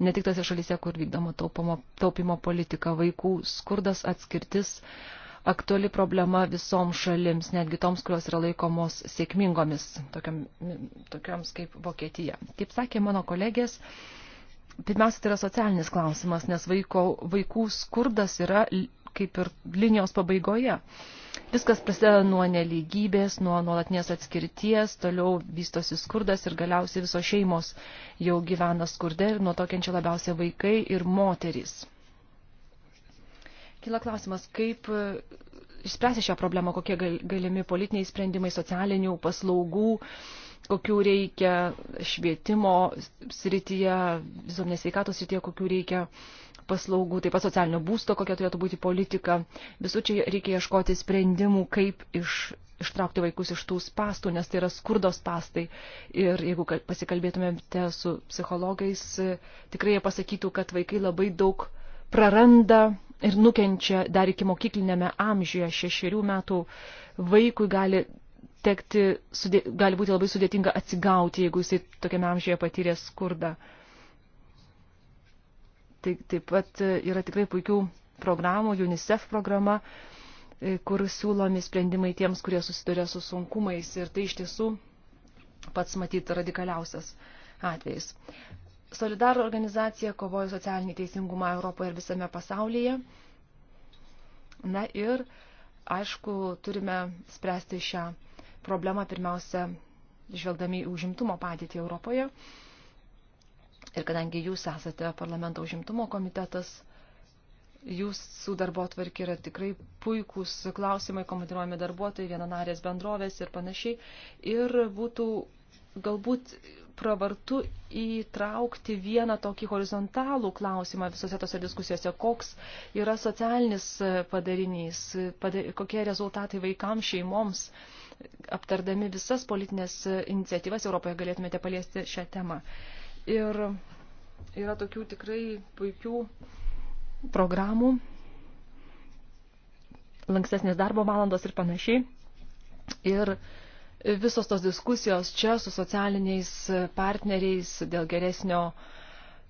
Ne tik tose šalyse, kur vykdoma taupimo, taupimo politika, vaikų skurdas, atskirtis, uh, aktuali problema visoms šalims, netgi toms, kurios yra laikomos sėkmingomis, tokiam, tokiams kaip Vokietija. Kaip sakė mano kolegės, pirmiausia, tai yra socialinis klausimas, nes vaiko, vaikų skurdas yra kaip ir linijos pabaigoje. Viskas prasideda nuo neligybės, nuo nuolatinės atskirties, toliau vystosi skurdas ir galiausiai visos šeimos jau gyvena skurde ir nuo to kenčia labiausiai vaikai ir moterys. Kila klausimas, kaip e, išspręsti šią problemą, kokie galimi politiniai sprendimai, socialinių paslaugų, kokių reikia švietimo srityje, visuomenės veikatos srityje, kokių reikia paslaugų, taip pat socialinio būsto, kokia turėtų būti politika. Visų čia reikia ieškoti sprendimų, kaip iš, ištraukti vaikus iš tų spastų, nes tai yra skurdos pastai. Ir jeigu pasikalbėtumėte su psichologais, e, tikrai jie pasakytų, kad vaikai labai daug praranda ir nukenčia dar iki mokyklinėme amžiuje, šešerių metų vaikui gali tekti, sudė, gali būti labai sudėtinga atsigauti, jeigu jisai tokiame amžiuje patyrė skurdą. Tai, taip pat yra tikrai puikių programų, UNICEF programa, kur siūlomi sprendimai tiems, kurie susiduria su sunkumais ir tai iš tiesų pats matyt radikaliausias atvejis. Solidaro organizacija kovoja socialinį teisingumą Europoje ir visame pasaulyje. Na ir, aišku, turime spręsti šią problemą pirmiausia, žvelgdami į užimtumo padėtį Europoje. Ir kadangi jūs esate parlamento užimtumo komitetas, jūsų darbo tvarkė yra tikrai puikūs klausimai, komandiruojami darbuotojai, vienanarės bendrovės ir panašiai. Ir būtų galbūt pravartu įtraukti vieną tokį horizontalų klausimą visose tose diskusijose, koks yra socialinis padarinys, kokie rezultatai vaikams, šeimoms. Aptardami visas politinės iniciatyvas Europoje galėtumėte paliesti šią temą. Ir yra tokių tikrai puikių programų, lankstesnės darbo valandos ir panašiai. Ir uh, visos tos diskusijos čia su socialiniais partneriais dėl geresnio,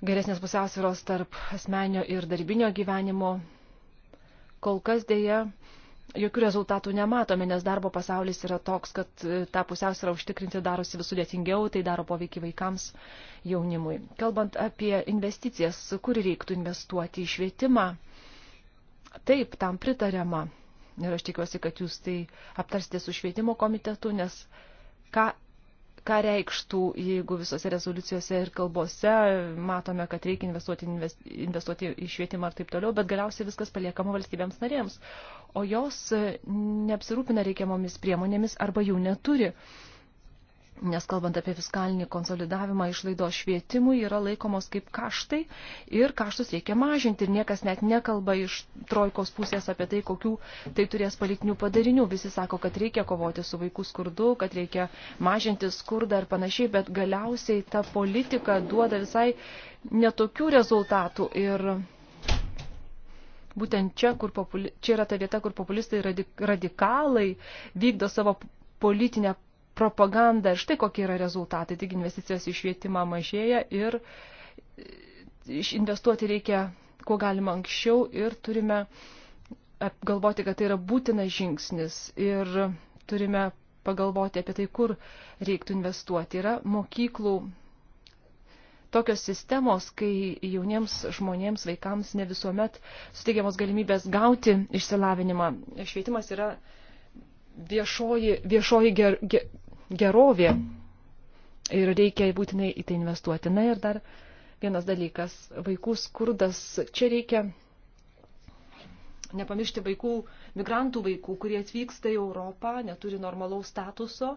geresnės pusiausvėros tarp asmenio ir darbinio gyvenimo, kol kas dėja jokių rezultatų nematome, nes darbo pasaulis yra toks, kad e, tą pusiausvyrą užtikrinti darosi vis sudėtingiau, tai daro poveikį vaikams, jaunimui. Kalbant apie investicijas, kur reiktų investuoti į švietimą, taip, tam pritariama. Ir aš tikiuosi, kad jūs tai aptarsite su švietimo komitetu, nes ką, ką reikštų, jeigu visose rezoliucijose ir kalbose matome, kad reikia investuoti, investuoti į švietimą ir taip toliau, bet galiausiai viskas paliekama valstybėms narėms, o jos neapsirūpina reikiamomis priemonėmis arba jų neturi. Uh, nes kalbant apie fiskalinį konsolidavimą, išlaidos švietimui yra laikomos kaip kaštai ir kaštus reikia mažinti ir niekas net nekalba iš trojkos pusės apie tai, kokių tai turės paliknių padarinių. Visi sako, kad reikia kovoti su vaikų skurdu, kad reikia mažinti skurdą ir panašiai, bet galiausiai ta politika duoda visai netokių rezultatų ir būtent čia, kur populi... čia yra ta vieta, kur populistai radik... radikalai vykdo savo politinę propagandą ir štai kokie yra rezultatai. Tik investicijos į švietimą mažėja ir e, investuoti reikia kuo galima anksčiau ir turime galvoti, kad tai yra būtinas žingsnis ir turime pagalvoti apie tai, kur reiktų investuoti. Yra mokyklų tokios sistemos, kai jauniems žmonėms, vaikams ne visuomet suteikiamos galimybės gauti išsilavinimą. Švietimas yra viešoji, viešoji ger, ger, gerovė ir reikia būtinai į tai investuoti. Na ir dar vienas dalykas - vaikų skurdas. Čia reikia nepamiršti vaikų, migrantų vaikų, kurie atvyksta į Europą, neturi normalaus statuso,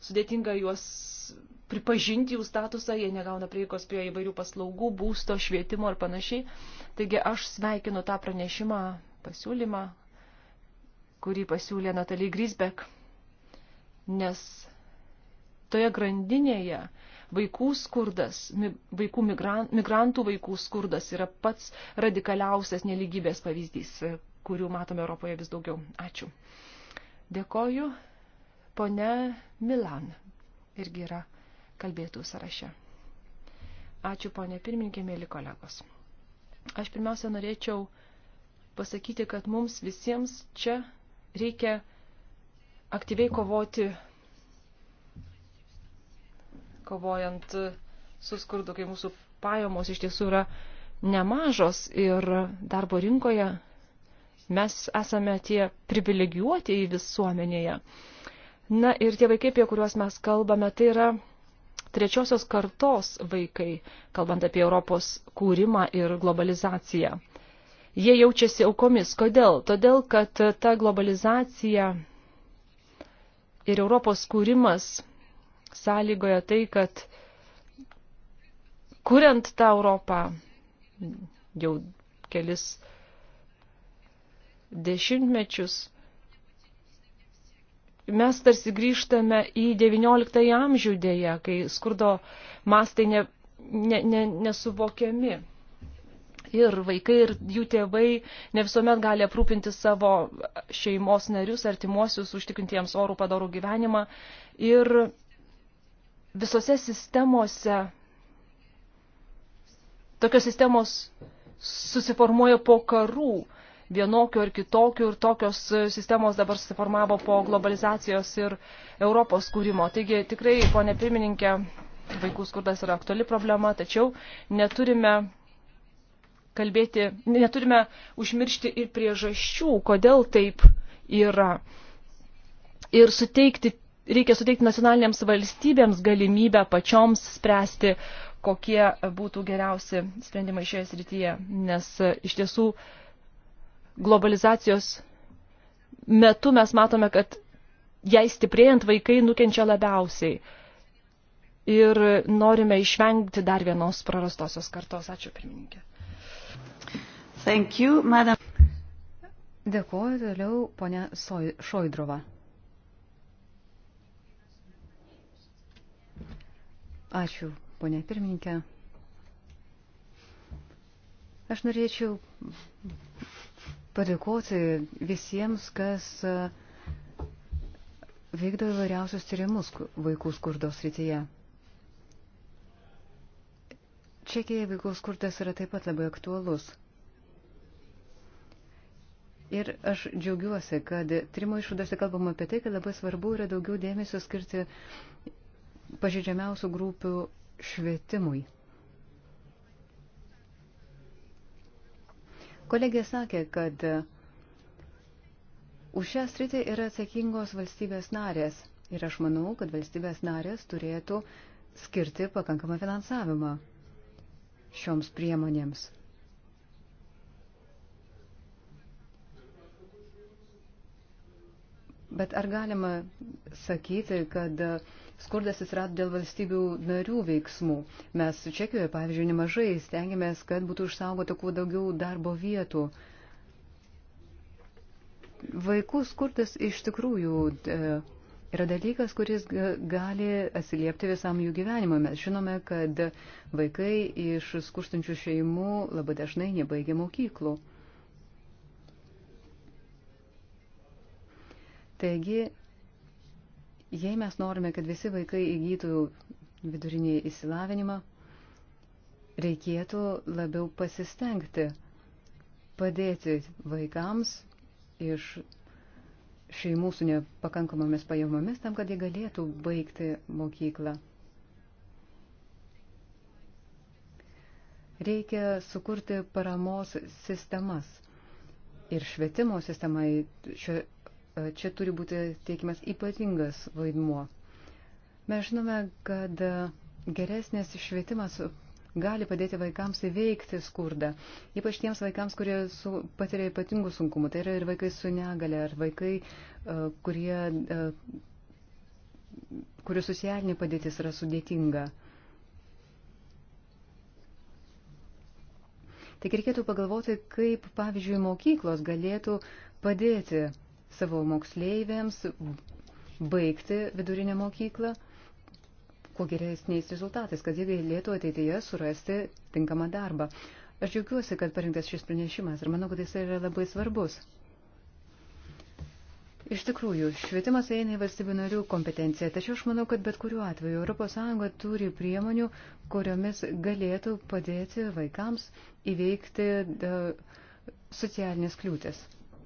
sudėtinga juos pripažinti jų statusą, jie negauna prieigos prie įvairių paslaugų, būsto, švietimo ir panašiai. Taigi aš sveikinu tą pranešimą, pasiūlymą, kurį pasiūlė Natalie Grisbeck, nes toje grandinėje vaikų skurdas, vaikų migran, migrantų vaikų skurdas yra pats radikaliausias neligybės pavyzdys, kurių matome Europoje vis daugiau. Ačiū. Dėkoju. Pone Milan irgi yra kalbėtų sąraše. Ačiū, ponė pirmininkė, mėly kolegos. Aš pirmiausia norėčiau pasakyti, kad mums visiems čia reikia aktyviai kovoti kovojant su skurdu, kai mūsų pajamos iš tiesų yra nemažos ir darbo rinkoje mes esame tie privilegijuotieji visuomenėje. Na ir tie vaikai, apie kuriuos mes kalbame, tai yra trečiosios kartos vaikai, kalbant apie Europos kūrimą ir globalizaciją. Jie jaučiasi aukomis. Kodėl? Todėl, kad ta globalizacija ir Europos kūrimas sąlygoja tai, kad kuriant tą Europą jau kelis dešimtmečius, mes tarsi grįžtame į XIX amžių dėje, kai skurdo mastai ne, ne, ne, nesuvokiami. Ir vaikai, ir jų tėvai ne visuomet gali aprūpinti savo šeimos narius, artimuosius, užtikrintiems orų padorų gyvenimą. Ir visose sistemose, tokios sistemos susiformuoja po karų, vienokių ar kitokių ir tokios sistemos dabar susiformavo po globalizacijos ir Europos kūrimo. Taigi tikrai, ponė pirmininkė, vaikų skurdas yra aktuali problema, tačiau neturime kalbėti, neturime užmiršti ir priežasčių, kodėl taip yra. Ir suteikti reikia suteikti nacionalinėms valstybėms galimybę pačioms spręsti, kokie būtų geriausi sprendimai šioje srityje, nes e, iš tiesų globalizacijos metu mes matome, kad jai stiprėjant vaikai nukenčia labiausiai. Ir norime išvengti dar vienos prarastosios kartos. Ačiū, pirmininkė. Thank you, madam. Dėkuoju toliau, ponia Šoidrova. Ačiū, ponė pirmininkė. Aš norėčiau padėkoti visiems, kas vykdo įvairiausius tyrimus vaikų skurdo srityje. Čekija vaikų skurdas yra taip pat labai aktualus. Ir aš džiaugiuosi, kad trimo išvadose kalbama apie tai, kad labai svarbu yra daugiau dėmesio skirti pažydžiamiausių grupių švietimui. Kolegė sakė, kad už šią sritį yra atsakingos valstybės narės ir aš manau, kad valstybės narės turėtų skirti pakankamą finansavimą šioms priemonėms. Bet ar galima sakyti, kad uh, skurdas atsirado dėl valstybių narių veiksmų. Mes Čekijoje, pavyzdžiui, nemažai stengiamės, kad būtų išsaugota kuo daugiau darbo vietų. Vaikų skurdas iš tikrųjų e, yra dalykas, kuris gali atsiliepti visam jų gyvenimui. Mes žinome, kad vaikai iš skurstančių šeimų labai dažnai nebaigia mokyklų. Taigi Jei mes norime, kad visi vaikai įgytų vidurinį įsilavinimą, reikėtų labiau pasistengti padėti vaikams iš šeimų su nepakankamomis pajamomis tam, kad jie galėtų baigti mokyklą. Reikia sukurti paramos sistemas. Ir švietimo sistema šio, čia turi būti tiekimas ypatingas vaidmuo. Mes žinome, kad geresnės švietimas gali padėti vaikams įveikti skurdą. Ypač tiems vaikams, kurie su, patiria ypatingų sunkumų. Tai yra ir vaikai su negale, ar vaikai, uh, kurie, uh, kurių socialinė padėtis yra sudėtinga. Tik reikėtų pagalvoti, kaip, pavyzdžiui, mokyklos galėtų padėti savo moksleiviams baigti vidurinę mokyklą kuo geresniais rezultatais, kad jie galėtų ateityje surasti tinkamą darbą. Aš džiaugiuosi, kad parinktas šis pranešimas ir manau, kad jis yra labai svarbus. Iš tikrųjų, švietimas eina į valstybių narių kompetenciją, tačiau aš manau, kad bet kuriuo atveju ES turi priemonių, kuriomis galėtų padėti vaikams įveikti socialinės kliūtis.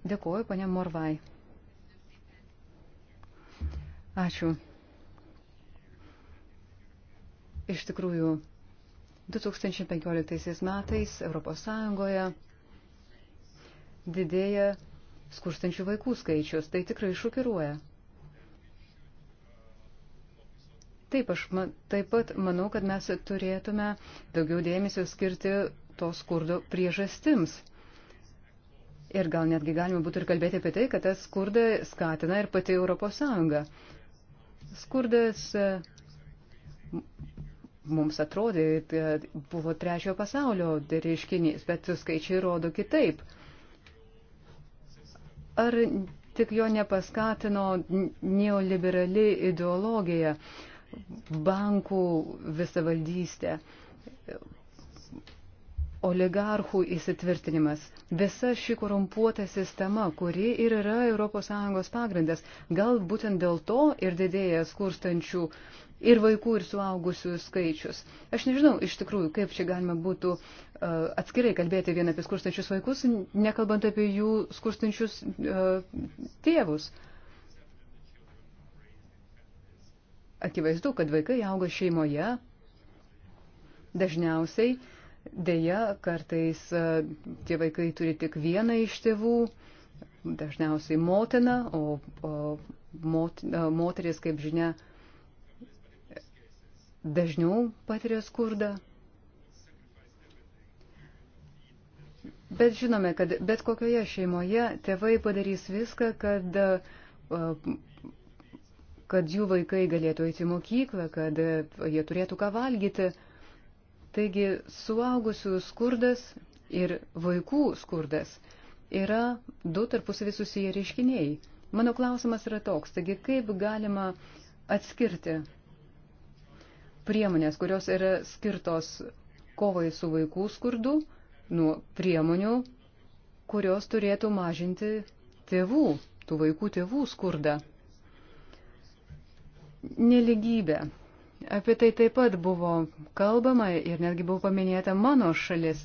Dėkuoju, panė Morvai. Ačiū. Iš tikrųjų, 2015 metais Europos Sąjungoje didėja skurstančių vaikų skaičius. Tai tikrai šokiruoja. Taip, aš man, taip pat manau, kad mes turėtume daugiau dėmesio skirti to skurdo priežastims. Ir gal netgi galima būtų ir kalbėti apie tai, kad tas skurdą skatina ir pati Europos Sąjunga. Skurdas e, mums atrodė, kad e, buvo trečiojo pasaulio reiškinys, bet skaičiai rodo kitaip. Ar tik jo nepaskatino neoliberali ideologija, bankų visavaldystė, oligarchų įsitvirtinimas, visa ši korumpuota sistema, kuri ir yra ES pagrindas, gal būtent dėl to ir didėja skurstančių ir vaikų, ir suaugusių skaičius. Aš nežinau iš tikrųjų, kaip čia galima būtų uh, atskirai kalbėti vien apie skurstančius vaikus, nekalbant apie jų skurstančius uh, tėvus. Akivaizdu, kad vaikai auga šeimoje, dažniausiai uh, Deja, kartais e, tie vaikai turi tik vieną iš tėvų, dažniausiai motiną, o, o mot, e, moteris, kaip žinia, dažniau patiria skurdą. Bet žinome, kad bet kokioje šeimoje tėvai padarys viską, kad, e, kad jų vaikai galėtų eiti į mokyklą, kad jie turėtų ką valgyti. Taigi suaugusių skurdas ir vaikų skurdas yra du tarpusavį susiję reiškiniai. Mano klausimas yra toks, taigi kaip galima atskirti priemonės, kurios yra skirtos kovai su vaikų skurdu, nuo priemonių, kurios turėtų mažinti tėvų, tų vaikų tėvų skurdą. Neligybė Apie tai taip pat buvo kalbama ir netgi buvo paminėta mano šalis,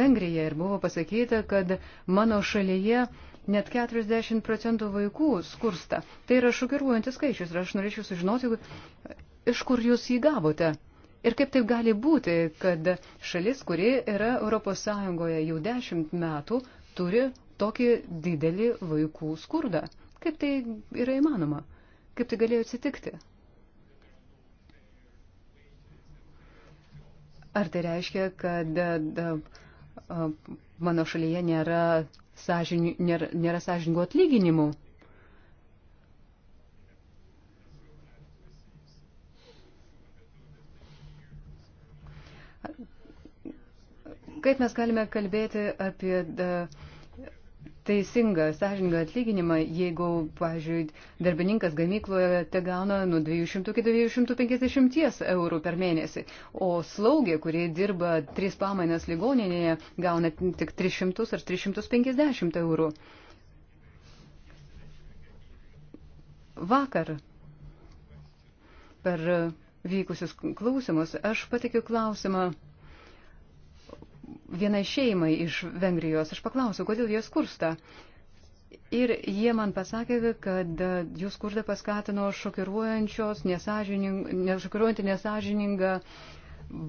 Vengrija, ir buvo pasakyta, kad mano šalyje net 40 procentų vaikų skursta. Tai yra šokiruojantis skaičius ir aš norėčiau sužinoti, iš kur jūs jį gavote. Ir kaip taip gali būti, kad šalis, kuri yra ES jau 10 metų, turi tokį didelį vaikų skurdą. Kaip tai yra įmanoma? Kaip tai galėjo atsitikti? Ar tai reiškia, kad da, mano šalyje nėra, sąžin, nėra, nėra sąžiningų atlyginimų? Kaip mes galime kalbėti apie da, uh, teisingą, sąžiningą atlyginimą, jeigu, pavyzdžiui, darbininkas gamykloje te gauna nuo 200 iki 250 eurų per mėnesį, o slaugė, kurie dirba tris pamainas ligoninėje, gauna tik 300 ar 350 eurų. Vakar per vykusius klausimus aš patikiu klausimą vienai šeimai iš Vengrijos. Aš paklausiau, kodėl jie skursta. Ir jie man pasakė, kad jų skurdą paskatino šokiruojančios, nesažining, šokiruojanti nesažininga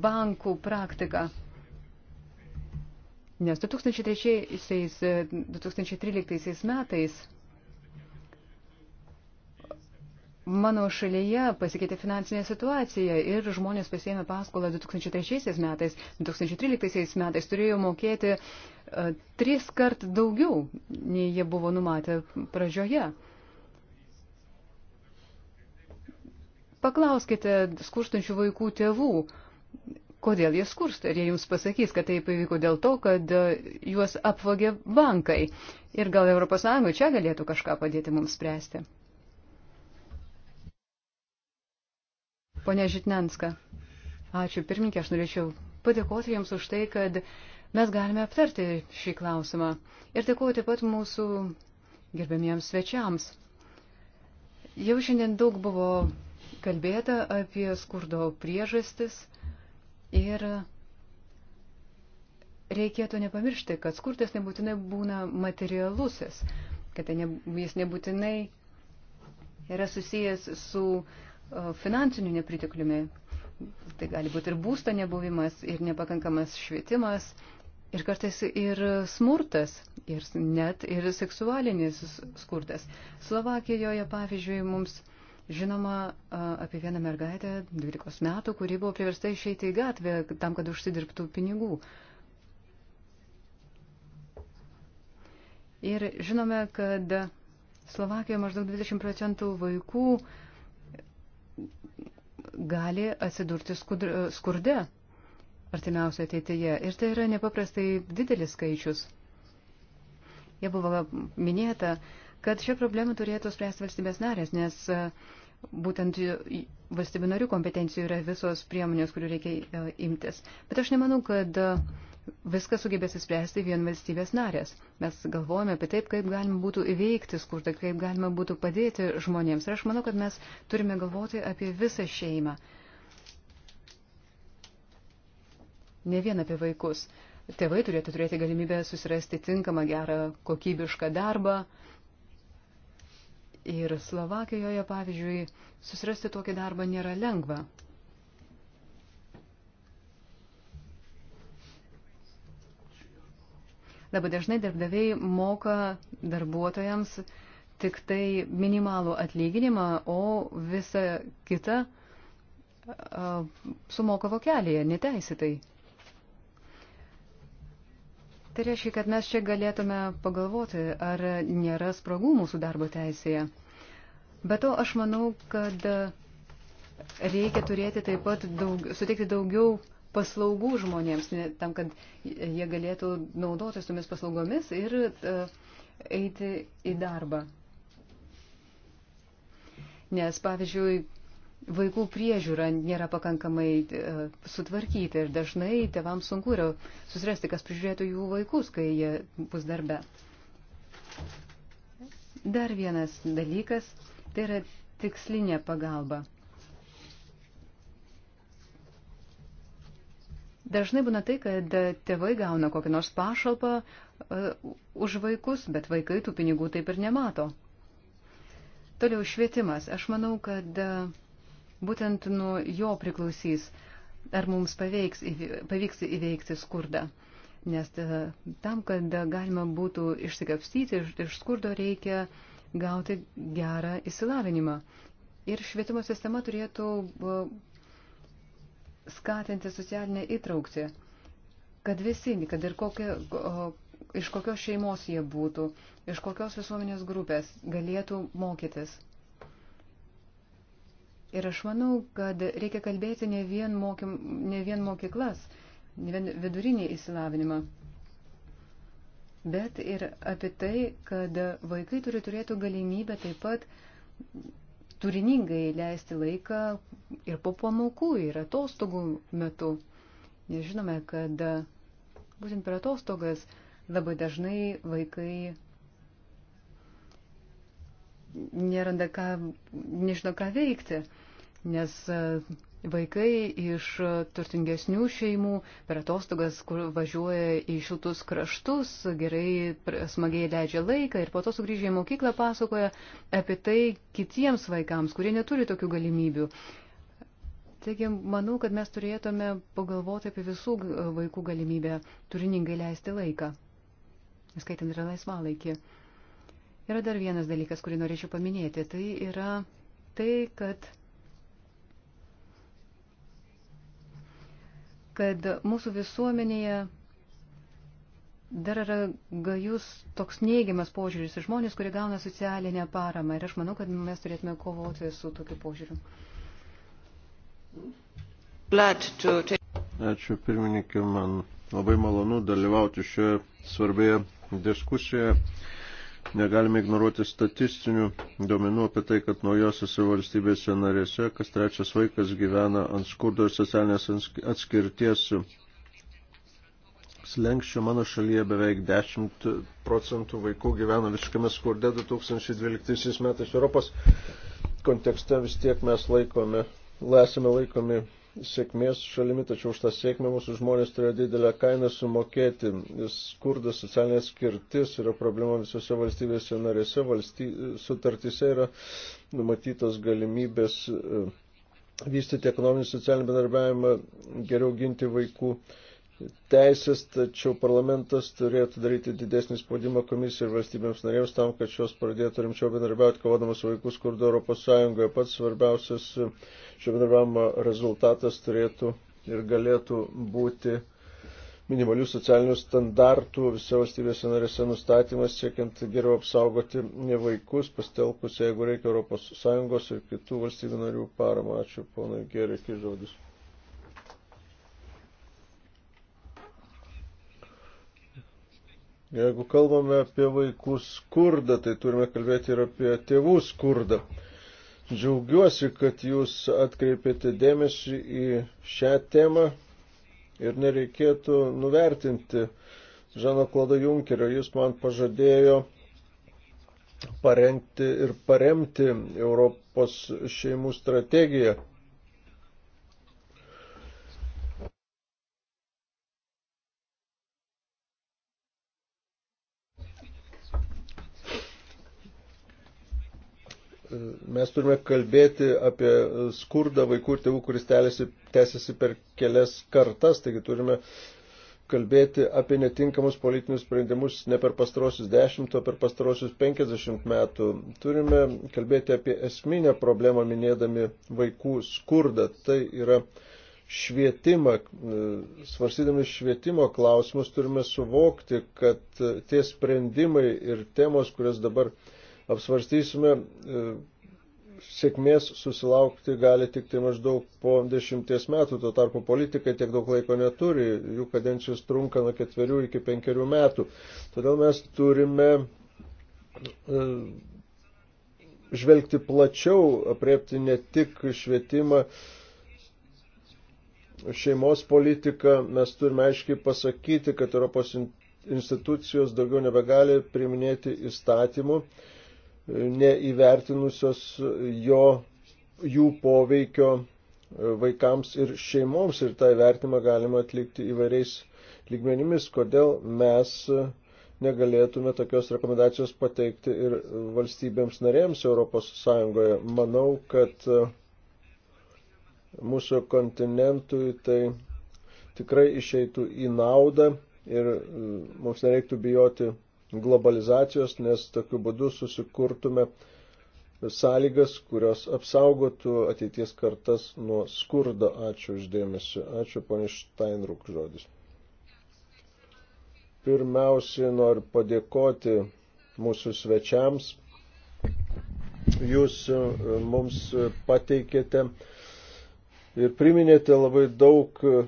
bankų praktika. Nes 2003, 2013 metais Mano šalyje pasikeitė finansinė situacija ir žmonės pasėmė paskolą 2003 metais, 2013 metais turėjo mokėti uh, e, tris kart daugiau, nei jie buvo numatę pradžioje. Paklauskite skurstančių vaikų tėvų, kodėl jie skursta. Ir jie jums pasakys, kad taip įvyko dėl to, kad e, juos apvagė bankai. Ir gal ES čia galėtų kažką padėti mums spręsti. Pone Žitnenska, ačiū pirmininkė, aš norėčiau padėkoti Jums už tai, kad mes galime aptarti šį klausimą. Ir dėkuoju taip pat mūsų gerbėmiems svečiams. Jau šiandien daug buvo kalbėta apie skurdo priežastis ir reikėtų nepamiršti, kad skurdas nebūtinai būna materialusis, kad tai jis nebūtinai yra susijęs su uh, E, finansiniu nepritekliumi. Tai gali būti ir būsto nebuvimas, ir nepakankamas švietimas, ir kartais ir smurtas, ir net ir seksualinis skurdas. Slovakijoje, pavyzdžiui, mums žinoma e, apie vieną mergaitę 12 metų, kuri buvo priversta išeiti į gatvę tam, kad užsidirbtų pinigų. Ir žinome, kad Slovakijoje maždaug 20 procentų vaikų uh, gali atsidurti skurde artimiausioje ateityje. Ir tai yra nepaprastai didelis skaičius. Jie buvo minėta, kad šią problemą turėtų spręsti valstybės narės, nes e, būtent valstybių narių kompetencijų yra visos priemonės, kurių reikia e, imtis. Bet aš nemanau, kad e, viską sugebės įspręsti vien valstybės narės. Mes galvojame apie taip, kaip galima būtų įveikti skurdą, kaip galima būtų padėti žmonėms. Ir aš manau, kad mes turime galvoti apie visą šeimą. Ne vien apie vaikus. Tėvai turėtų turėti galimybę susirasti tinkamą, gerą, kokybišką darbą. Ir Slovakijoje, pavyzdžiui, susirasti tokį darbą nėra lengva. Labai dažnai darbdaviai moka darbuotojams tik tai minimalų atlyginimą, o visa kita sumoka vokelėje neteisėtai. Tai reiškia, kad mes čia galėtume pagalvoti, ar nėra spragų mūsų darbo teisėje. Be to, aš manau, kad reikia turėti taip pat daug, suteikti daugiau paslaugų žmonėms, tam, kad jie galėtų naudotis tomis paslaugomis ir e, eiti į darbą. Nes, pavyzdžiui, vaikų priežiūra nėra pakankamai e, sutvarkyti ir dažnai tevams sunku yra susirasti, kas prižiūrėtų jų vaikus, kai jie bus darbe. Dar vienas dalykas, tai yra tikslinė pagalba. Dažnai būna tai, kad tėvai gauna kokią nors pašalpą uh, už vaikus, bet vaikai tų pinigų taip ir nemato. Toliau švietimas. Aš manau, kad e, būtent nuo jo priklausys, ar mums paveiks, pavyks įveikti skurdą. Nes e, tam, kad galima būtų išsikapstyti iš skurdo, reikia gauti gerą įsilavinimą. Ir švietimo sistema turėtų skatinti socialinę įtraukti, kad visi, kad ir kokie, iš kokios šeimos jie būtų, iš kokios visuomenės grupės galėtų mokytis. Ir aš manau, kad reikia kalbėti ne vien, mokym, ne vien mokyklas, ne vien vidurinį įsilavinimą, bet ir apie tai, kad vaikai turi turėtų galimybę taip pat turiningai leisti laiką ir po pamokų, ir atostogų metu. Nes žinome, kad būtent per atostogas labai dažnai vaikai neranda ką, nežino ką veikti, nes Vaikai iš turtingesnių šeimų per atostogas, kur važiuoja į šiltus kraštus, gerai, smagiai leidžia laiką ir po to sugrįžę į mokyklą pasakoja apie tai kitiems vaikams, kurie neturi tokių galimybių. Taigi, manau, kad mes turėtume pagalvoti apie visų vaikų galimybę turiningai leisti laiką, skaitant ir laisvalaikį. Yra dar vienas dalykas, kurį norėčiau paminėti. Tai yra tai, kad kad mūsų visuomenėje dar yra gajus toks neigiamas požiūris į žmonės, kurie gauna socialinę paramą. Ir aš manau, kad mes turėtume kovoti su tokiu požiūriu. Ačiū pirmininkė, man labai malonu dalyvauti šioje svarbėje diskusijoje. Negalime ignoruoti statistinių duomenų apie tai, kad naujosiose valstybėse narėse kas trečias vaikas gyvena ant skurdo ir socialinės atskirties slenkščio. Mano šalyje beveik 10 procentų vaikų gyvena visiškame skurde 2012 metais Europos kontekste vis tiek mes laikome, esame laikomi sėkmės šalimi, tačiau už tą sėkmę mūsų žmonės turėjo didelę kainą sumokėti. Skurdas, socialinė skirtis yra problema visose valstybėse narėse. Valsty... Sutartyse yra numatytos galimybės e, vystyti ekonominį socialinį bendarbiavimą, geriau ginti vaikų teisės, tačiau parlamentas turėtų daryti didesnį spaudimą komisijai ir valstybėms narėms tam, kad šios pradėtų rimčiau bendarbiauti, kovodamas vaikus skurdo Europos Sąjungoje. Pats svarbiausias šio bendarbiavimo rezultatas turėtų ir galėtų būti minimalių socialinių standartų visose valstybėse narėse nustatymas, siekiant geriau apsaugoti vaikus, pastelkus, jeigu reikia, Europos Sąjungos ir kitų valstybių narių paramą. Ačiū, ponai Gerikis, žodis. Jeigu kalbame apie vaikų skurdą, tai turime kalbėti ir apie tėvų skurdą. Džiaugiuosi, kad jūs atkreipėte dėmesį į šią temą ir nereikėtų nuvertinti Žano Klodo Junkerio. Jis man pažadėjo parengti ir paremti Europos šeimų strategiją Mes turime kalbėti apie skurdą vaikų ir tėvų, kuris tęsiasi per kelias kartas, taigi turime kalbėti apie netinkamus politinius sprendimus ne per pastarosius 10, o per pastarosius 50 metų. Turime kalbėti apie esminę problemą minėdami vaikų skurdą. Tai yra švietimą. Svarsydami švietimo klausimus turime suvokti, kad tie sprendimai ir temos, kurias dabar apsvarstysime, e, sėkmės susilaukti gali tik tai maždaug po dešimties metų, tuo tarpu politikai tiek daug laiko neturi, jų kadencijos trunka nuo ketverių iki penkerių metų. Todėl mes turime e, žvelgti plačiau, apriepti ne tik švietimą, šeimos politiką, mes turime aiškiai pasakyti, kad Europos institucijos daugiau nebegali priminėti įstatymų neįvertinusios jo, jų poveikio vaikams ir šeimoms ir tą vertimą galima atlikti įvairiais lygmenimis, kodėl mes negalėtume tokios rekomendacijos pateikti ir valstybėms narėms Europos Sąjungoje. Manau, kad mūsų kontinentui tai tikrai išeitų į naudą ir mums nereiktų bijoti globalizacijos, nes tokiu būdu susikurtume sąlygas, kurios apsaugotų ateities kartas nuo skurdo. Ačiū uždėmesi. Ačiū, ponė Steinruk žodis. Pirmiausiai noriu padėkoti mūsų svečiams. Jūs e, mums pateikėte ir priminėte labai daug e,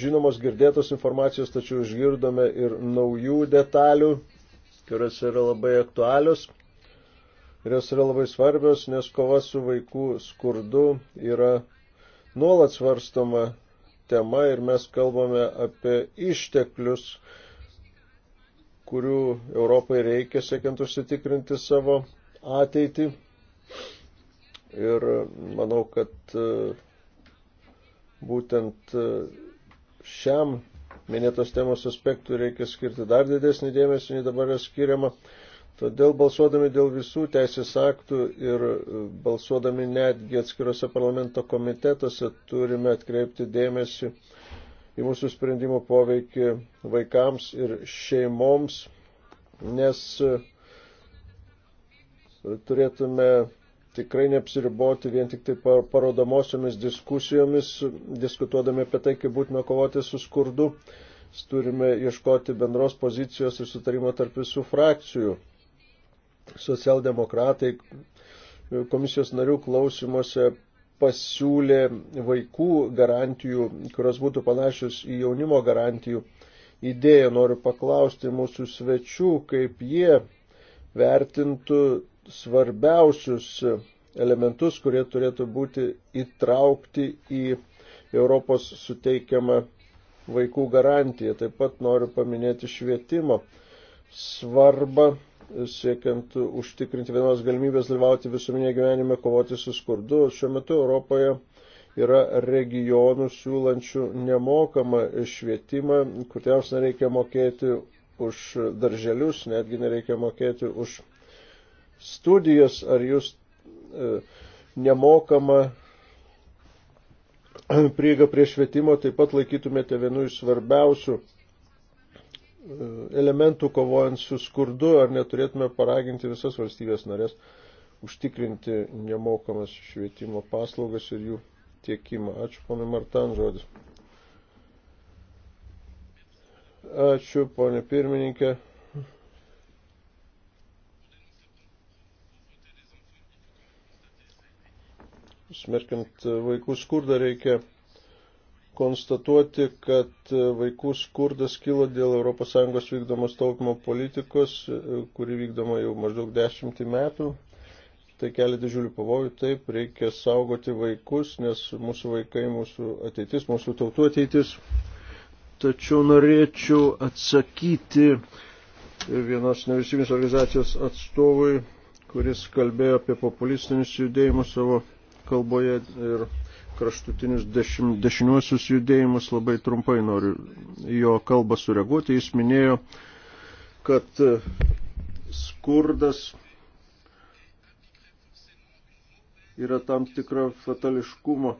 žinomos girdėtos informacijos, tačiau išgirdome ir naujų detalių kurios yra labai aktualios ir jos yra labai svarbios, nes kova su vaikų skurdu yra nuolat svarstoma tema ir mes kalbame apie išteklius, kurių Europai reikia siekiant užsitikrinti savo ateitį. Ir manau, kad e, būtent e, šiam minėtos temos aspektų reikia skirti dar didesnį dėmesį, nei dabar yra skiriama. Todėl balsuodami dėl visų teisės aktų ir e, balsuodami netgi atskirose parlamento komitetuose turime atkreipti dėmesį į mūsų sprendimų poveikį vaikams ir šeimoms, nes e, turėtume tikrai neapsiriboti vien tik tai parodomosiomis diskusijomis, diskutuodami apie tai, kaip būtume kovoti su skurdu. Turime ieškoti bendros pozicijos ir sutarimo tarp visų frakcijų. Socialdemokratai komisijos narių klausimuose pasiūlė vaikų garantijų, kurios būtų panašios į jaunimo garantijų idėją. Noriu paklausti mūsų svečių, kaip jie vertintų svarbiausius elementus, kurie turėtų būti įtraukti į Europos suteikiamą vaikų garantiją. Taip pat noriu paminėti švietimo svarbą, siekiant užtikrinti vienos galimybės dalyvauti visuomenėje gyvenime, kovoti su skurdu. Šiuo metu Europoje yra regionų siūlančių nemokamą švietimą, kuriems nereikia mokėti už darželius, netgi nereikia mokėti už studijas, ar jūs e, nemokamą prieigą prie švietimo taip pat laikytumėte vienu iš svarbiausių e, elementų kovojant su skurdu, ar neturėtume paraginti visas valstybės narės užtikrinti nemokamas švietimo paslaugas ir jų tiekimą. Ačiū, ponai Martan, žodis. Ačiū, ponė pirmininkė. smerkiant vaikų skurdą, reikia konstatuoti, kad vaikų skurdas kilo dėl ES vykdomos taupimo politikos, kuri vykdoma jau maždaug dešimtį metų. Tai kelia didžiulį pavojų, taip, reikia saugoti vaikus, nes mūsų vaikai, mūsų ateitis, mūsų tautų ateitis. Tačiau norėčiau atsakyti vienos nevyriausybinės organizacijos atstovui, kuris kalbėjo apie populistinius judėjimus savo kalboje ir kraštutinius dešim, dešiniuosius judėjimus. Labai trumpai noriu jo kalbą sureaguoti. Jis minėjo, kad e, skurdas yra tam tikra fatališkumo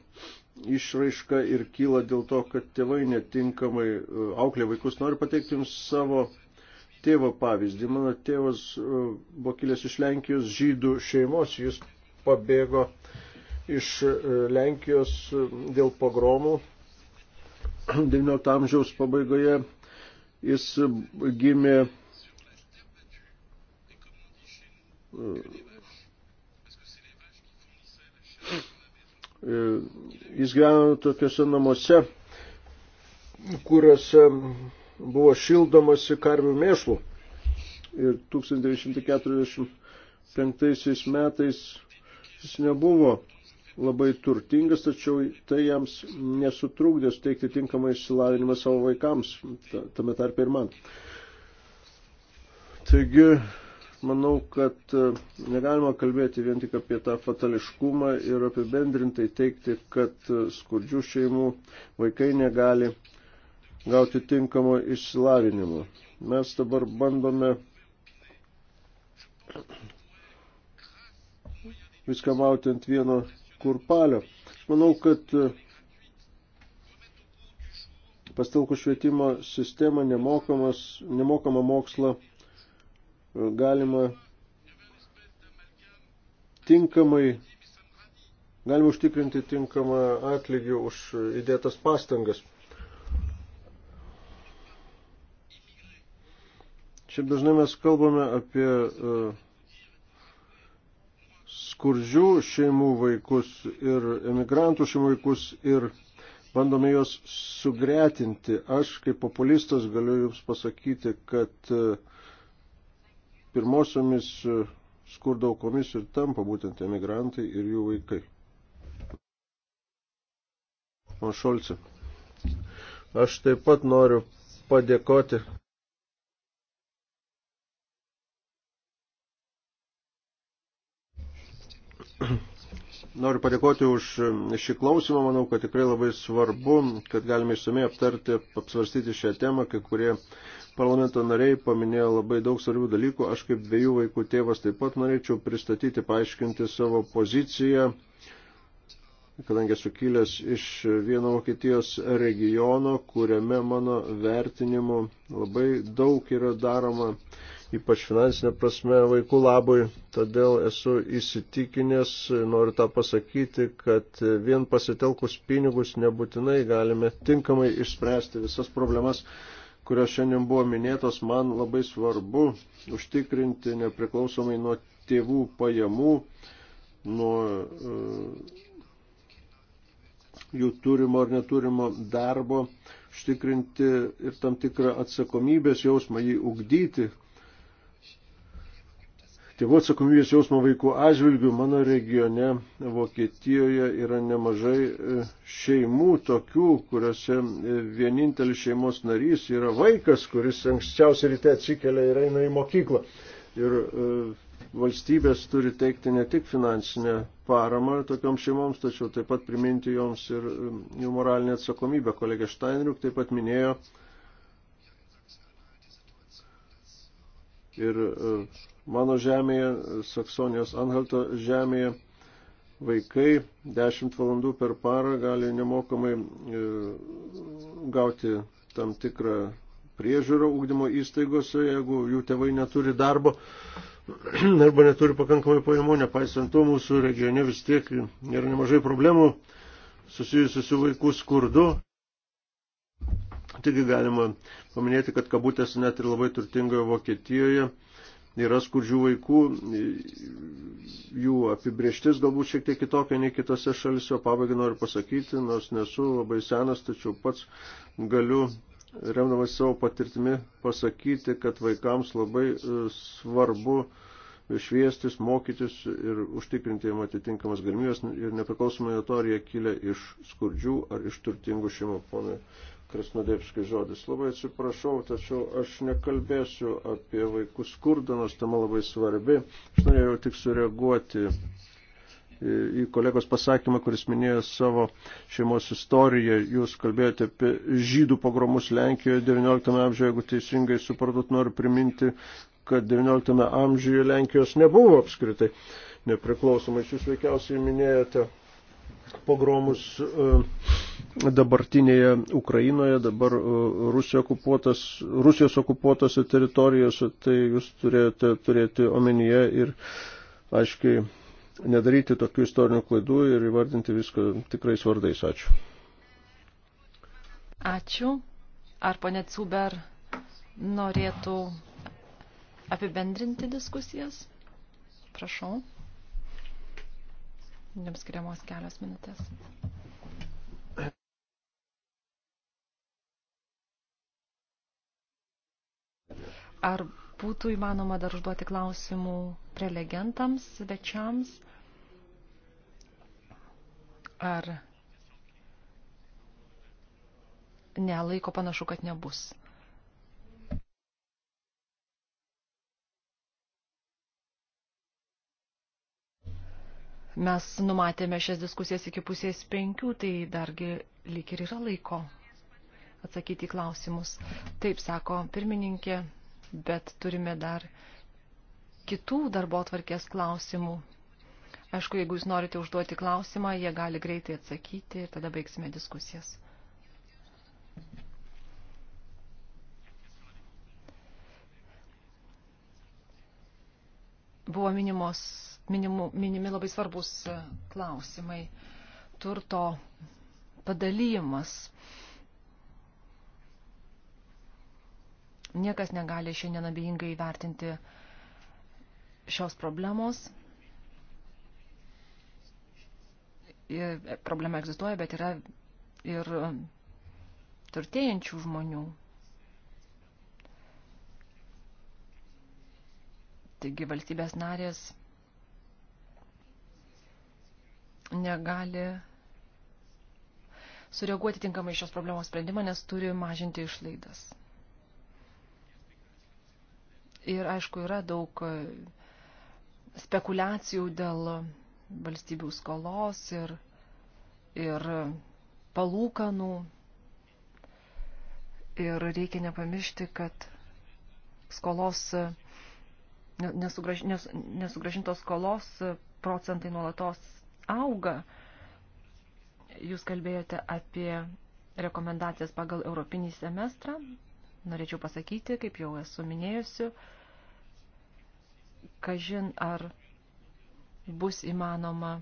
išraiška ir kyla dėl to, kad tėvai netinkamai e, auklė vaikus. Noriu pateikti Jums savo tėvo pavyzdį. Mano tėvas e, buvo kilęs iš Lenkijos žydų šeimos, jis pabėgo iš e, Lenkijos e, dėl pogromų 19 amžiaus pabaigoje. Jis gimė e, Jis gyveno tokiuose namuose, kuriuose buvo šildomasi karvių mėšlų. Ir 1945 metais jis nebuvo labai turtingas, tačiau tai jiems nesutrūkdė suteikti tinkamą išsilavinimą savo vaikams, tame tarpe ir man. Taigi, manau, kad e, negalima kalbėti vien tik apie tą fatališkumą ir apibendrintai teikti, kad e, skurdžių šeimų vaikai negali gauti tinkamo išsilavinimo. Mes dabar bandome viską mauti ant vieno kurpalio. Manau, kad e, pastilkų švietimo sistemą, nemokamą mokslą e, galima tinkamai, galima užtikrinti tinkamą atlygį už įdėtas pastangas. Šiaip dažnai mes kalbame apie uh, skurdžių šeimų vaikus ir emigrantų šeimų vaikus ir bandome juos sugretinti. Aš kaip populistas galiu Jums pasakyti, kad e, pirmosiomis e, skurdo aukomis ir tampa būtent emigrantai ir jų vaikai. O Šolce. Aš taip pat noriu padėkoti Noriu padėkoti už šį klausimą. Manau, kad tikrai labai svarbu, kad galime išsamei aptarti, apsvarstyti šią temą. Kai kurie parlamento nariai paminėjo labai daug svarbių dalykų. Aš kaip dviejų vaikų tėvas taip pat norėčiau pristatyti, paaiškinti savo poziciją kadangi esu kilęs iš vieno Vokietijos regiono, kuriame mano vertinimu labai daug yra daroma, ypač finansinė prasme, vaikų labui. Todėl esu įsitikinęs, noriu tą pasakyti, kad vien pasitelkus pinigus nebūtinai galime tinkamai išspręsti visas problemas kurios šiandien buvo minėtos, man labai svarbu užtikrinti nepriklausomai nuo tėvų pajamų, nuo uh, jų turimo ar neturimo darbo, užtikrinti ir tam tikrą atsakomybės jausmą jį ugdyti. Tėvų atsakomybės jausmo vaikų atžvilgių mano regione Vokietijoje yra nemažai e, šeimų tokių, kuriuose e, vienintelis šeimos narys yra vaikas, kuris anksčiausiai ryte atsikelia ir eina į mokyklą. Ir e, valstybės turi teikti ne tik finansinę paramą tokioms šeimoms, tačiau taip pat priminti joms ir um, jų moralinę atsakomybę. Kolegė Steinriuk taip pat minėjo ir uh, mano žemėje, Saksonijos Anhalto žemėje, vaikai 10 valandų per parą gali nemokamai uh, gauti tam tikrą priežiūrą ūkdymo įstaigose, jeigu jų tėvai neturi darbo. arba neturi pakankamai pajamų, nepaisant to mūsų regione vis tiek yra nemažai problemų susijusių su vaikų skurdu. Taigi galima paminėti, kad kabutės net ir labai turtingoje Vokietijoje yra skurdžių vaikų, jų apibrieštis galbūt šiek tiek kitokia nei kitose šalise. Pabaigai noriu pasakyti, nors nesu labai senas, tačiau pats galiu remdamas savo patirtimi, pasakyti, kad vaikams labai e, svarbu šviestis, mokytis ir užtikrinti jam atitinkamas galimybės ir nepriklausomai nuo to, ar jie kilia iš skurdžių ar iš turtingų šeimų. Pone Krasnodėpskai žodis. Labai atsiprašau, tačiau aš nekalbėsiu apie vaikų skurdą, nors tema labai svarbi. Aš norėjau tik sureaguoti į kolegos pasakymą, kuris minėjo savo šeimos istoriją. Jūs kalbėjote apie žydų pogromus Lenkijoje 19 amžiuje, jeigu teisingai supratot, tai noriu priminti, kad 19 amžiuje Lenkijos nebuvo apskritai nepriklausomai. Jūs veikiausiai minėjote pogromus e, dabartinėje Ukrainoje, dabar e, Rusijos okupuotas, Rusijos okupuotose teritorijose, tai jūs turėjote turėti omenyje ir aiškiai nedaryti tokių istorinių klaidų ir įvardinti viską tikrais vardais. Ačiū. Ačiū. Ar ponė Cuber norėtų apibendrinti diskusijas? Prašau. Jums skiriamos kelios minutės. Ar būtų įmanoma dar užduoti klausimų prelegentams, svečiams. Ar ne, laiko panašu, kad nebus. Mes numatėme šias diskusijas iki pusės penkių, tai dargi lyg ir yra laiko atsakyti į klausimus. Taip sako pirmininkė bet turime dar kitų darbo tvarkės klausimų. Aišku, jeigu jūs norite užduoti klausimą, jie gali greitai atsakyti ir tada baigsime diskusijas. Buvo minimos, minimu, minimi labai svarbus klausimai. Turto padalymas. Niekas negali šiandien abejingai vertinti šios problemos. Ir problema egzistuoja, bet yra ir turtėjančių žmonių. Taigi valstybės narės negali sureaguoti tinkamai šios problemos sprendimą, nes turi mažinti išlaidas. Ir aišku, yra daug e, spekulacijų dėl valstybių skolos ir, ir palūkanų. Ir reikia nepamiršti, kad skolos, e, nesugraž, nes, nesugražintos skolos e, procentai nuolatos auga. Jūs kalbėjote apie rekomendacijas pagal europinį semestrą norėčiau pasakyti, kaip jau esu minėjusi, kažin ar bus įmanoma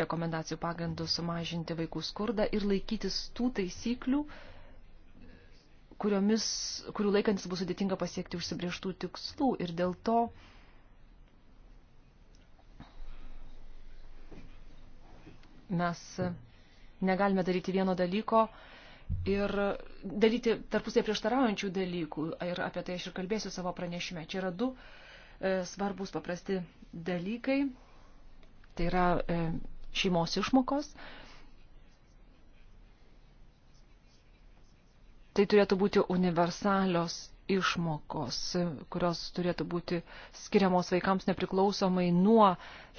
rekomendacijų pagrindų sumažinti vaikų skurdą ir laikytis tų taisyklių, kuriomis, kurių laikantis bus sudėtinga pasiekti užsibrieštų tikslų ir dėl to mes negalime daryti vieno dalyko, ir daryti tarpusai prieštaraujančių dalykų. Ir apie tai aš ir kalbėsiu savo pranešime. Čia yra du e, svarbus paprasti dalykai. Tai yra e, šeimos išmokos. Tai turėtų būti universalios išmokos, kurios turėtų būti skiriamos vaikams nepriklausomai nuo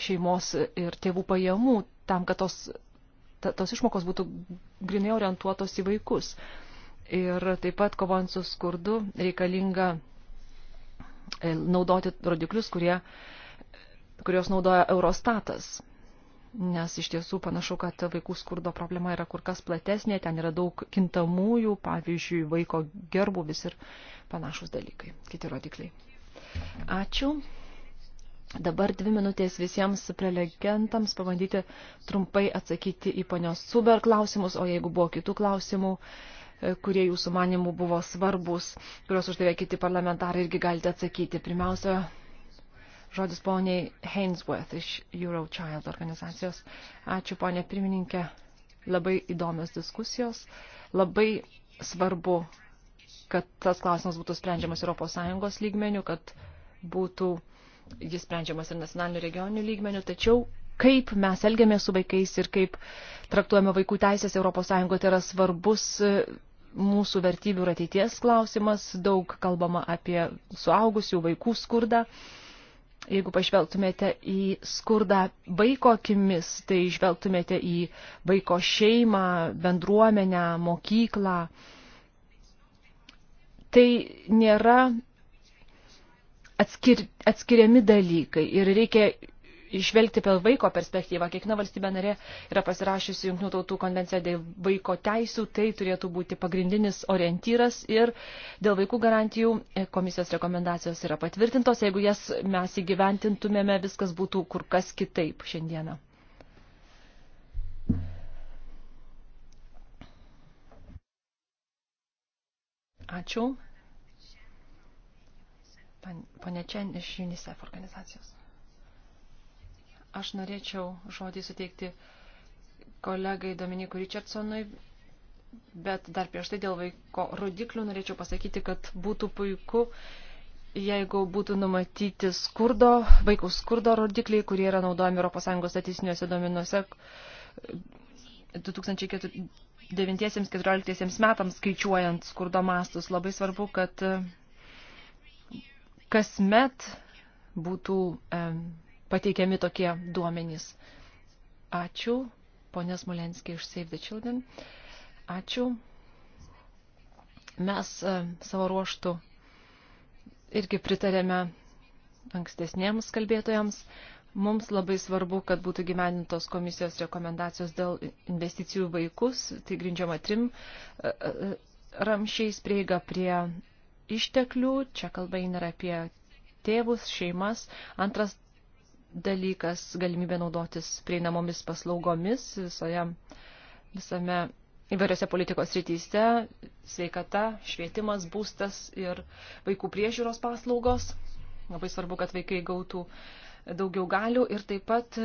šeimos ir tėvų pajamų, tam, kad tos tos išmokos būtų grinai orientuotos į vaikus. Ir taip pat kovant su skurdu reikalinga e, naudoti rodiklius, kurie, kurios naudoja Eurostatas. Nes iš tiesų panašu, kad vaikų skurdo problema yra kur kas platesnė, ten yra daug kintamųjų, pavyzdžiui, vaiko gerbuvis ir panašus dalykai, kiti rodikliai. Ačiū. Dabar dvi minutės visiems prelegentams pabandyti trumpai atsakyti į ponios Suber klausimus, o jeigu buvo kitų klausimų, e, kurie jūsų manimų buvo svarbus, kuriuos uždavė kiti parlamentarai, irgi galite atsakyti. Pirmiausia, žodis poniai Hainsworth iš Eurochild organizacijos. Ačiū, ponė pirmininkė. Labai įdomios diskusijos. Labai svarbu, kad tas klausimas būtų sprendžiamas ES lygmenių, kad būtų uh, jis sprendžiamas ir nacionalinių regioninių lygmenių, tačiau kaip mes elgiamės su vaikais ir kaip traktuojame vaikų teisės ES, tai yra svarbus e, mūsų vertybių ir ateities klausimas, daug kalbama apie suaugusių vaikų skurdą. Jeigu pažvelgtumėte į skurdą vaiko akimis, tai žvelgtumėte į vaiko šeimą, bendruomenę, mokyklą. Tai nėra atskir, atskiriami dalykai ir reikia išvelgti per vaiko perspektyvą. Kiekviena valstybė narė yra pasirašiusi Junktinių tautų konvenciją dėl vaiko teisų, tai turėtų būti pagrindinis orientyras ir dėl vaikų garantijų komisijos rekomendacijos yra patvirtintos. Jeigu jas mes įgyventintumėme, viskas būtų kur kas kitaip šiandieną. Ačiū. Pone Čen iš UNICEF organizacijos. Aš norėčiau žodį suteikti kolegai Dominikui Richardsonui, bet dar prieš tai dėl vaiko rodiklių norėčiau pasakyti, kad būtų puiku, jeigu būtų numatyti skurdo, vaikų skurdo rodikliai, kurie yra naudojami ES statistiniuose dominuose 2009-2014 metams skaičiuojant skurdo mastus. Labai svarbu, kad kasmet būtų pateikiami tokie duomenys. Ačiū, ponė Smolenskė iš Save the Children. Ačiū. Mes savo ruoštų irgi pritarėme ankstesniems kalbėtojams. Mums labai svarbu, kad būtų gyvenintos komisijos rekomendacijos dėl investicijų vaikus, tai grindžiama trim e, e, ramšiais prieiga prie išteklių, čia kalba eina apie tėvus, šeimas. Antras dalykas - galimybė naudotis prieinamomis paslaugomis visoje, visame įvairiose politikos rytyse - sveikata, švietimas, būstas ir vaikų priežiūros paslaugos. Labai svarbu, kad vaikai gautų daugiau galių ir taip pat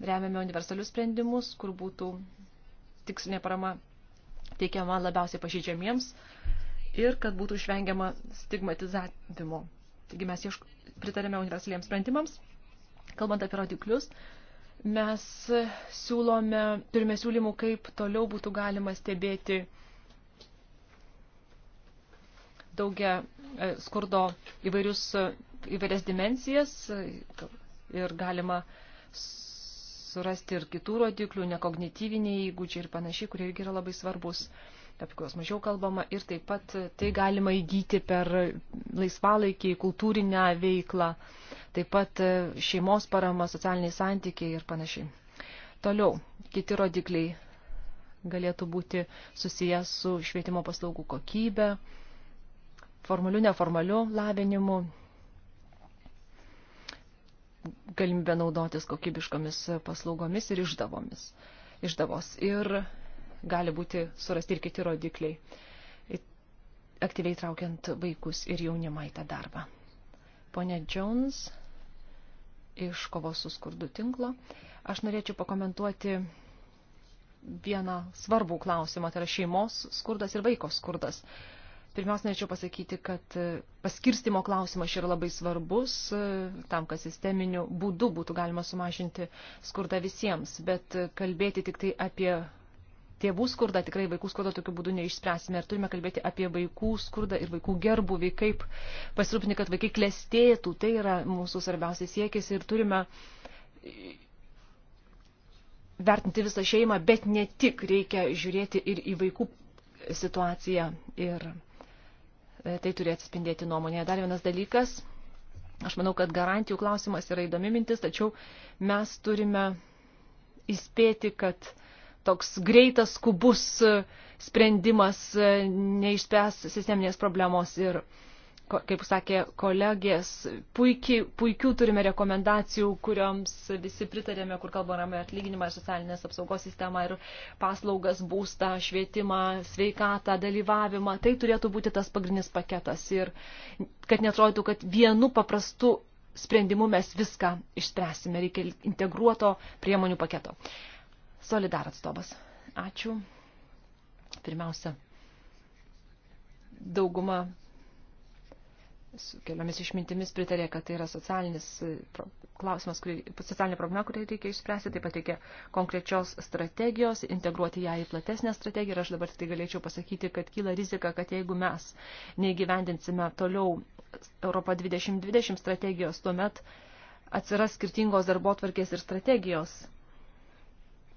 remiame universalius sprendimus, kur būtų tikslinė parama teikiama labiausiai pažydžiamiems ir kad būtų išvengiama stigmatizavimo. Taigi mes iešk... pritarėme universaliems sprendimams. Kalbant apie rodiklius, mes siūlome, turime siūlymų, kaip toliau būtų galima stebėti daugia e, skurdo įvairius, e, įvairias dimensijas e, ir galima surasti ir kitų rodiklių, nekognityviniai įgūdžiai ir panašiai, kurie irgi yra labai svarbus. Uh, apie kuriuos mažiau kalbama, ir taip pat tai galima įgyti per laisvalaikį, kultūrinę veiklą, taip pat e, šeimos parama, socialiniai santykiai ir panašiai. Toliau, kiti rodikliai galėtų būti susijęs su švietimo paslaugų kokybė, formaliu, neformaliu lavinimu, galimybę naudotis kokybiškomis paslaugomis ir išdavomis. Išdavos. Ir gali būti surasti ir kiti rodikliai, aktyviai traukiant vaikus ir jaunimą į tą darbą. Pone Jones iš kovos su skurdu tinklo, aš norėčiau pakomentuoti vieną svarbų klausimą, tai yra šeimos skurdas ir vaiko skurdas. Pirmiausia, norėčiau pasakyti, kad paskirstimo klausimas yra labai svarbus tam, kad sisteminiu būdu būtų galima sumažinti skurdą visiems, bet kalbėti tik tai apie tėvų skurdą, tikrai vaikų skurdą tokiu būdu neišspręsime. Ir turime kalbėti apie vaikų skurdą ir vaikų gerbuvį, kaip pasirūpinti, kad vaikai klestėtų. Tai yra mūsų svarbiausias siekis ir turime vertinti visą šeimą, bet ne tik reikia žiūrėti ir į vaikų situaciją ir e, tai turi atsispindėti nuomonėje. Dar vienas dalykas, aš manau, kad garantijų klausimas yra įdomi mintis, tačiau mes turime įspėti, kad toks greitas, skubus sprendimas e, neišspręs sisteminės problemos ir, kaip sakė kolegės, puikiai, puikių turime rekomendacijų, kurioms visi pritarėme, kur kalbame atlyginimą ir socialinės apsaugos sistemą ir paslaugas, būstą, švietimą, sveikatą, dalyvavimą. Tai turėtų būti tas pagrindinis paketas ir kad netrodytų, kad vienu paprastu sprendimu mes viską išspręsime. Reikia integruoto priemonių paketo. Solidar atstovas. Ačiū. Pirmiausia, dauguma su keliomis išmintimis pritarė, kad tai yra socialinis e, klausimas, kurį, socialinė problema, kurį reikia išspręsti, taip pat reikia konkrečios strategijos, integruoti ją į platesnę strategiją ir aš dabar tai galėčiau pasakyti, kad kyla rizika, kad jeigu mes neįgyvendinsime toliau Europą 2020 strategijos, tuomet atsiras skirtingos darbo tvarkės ir strategijos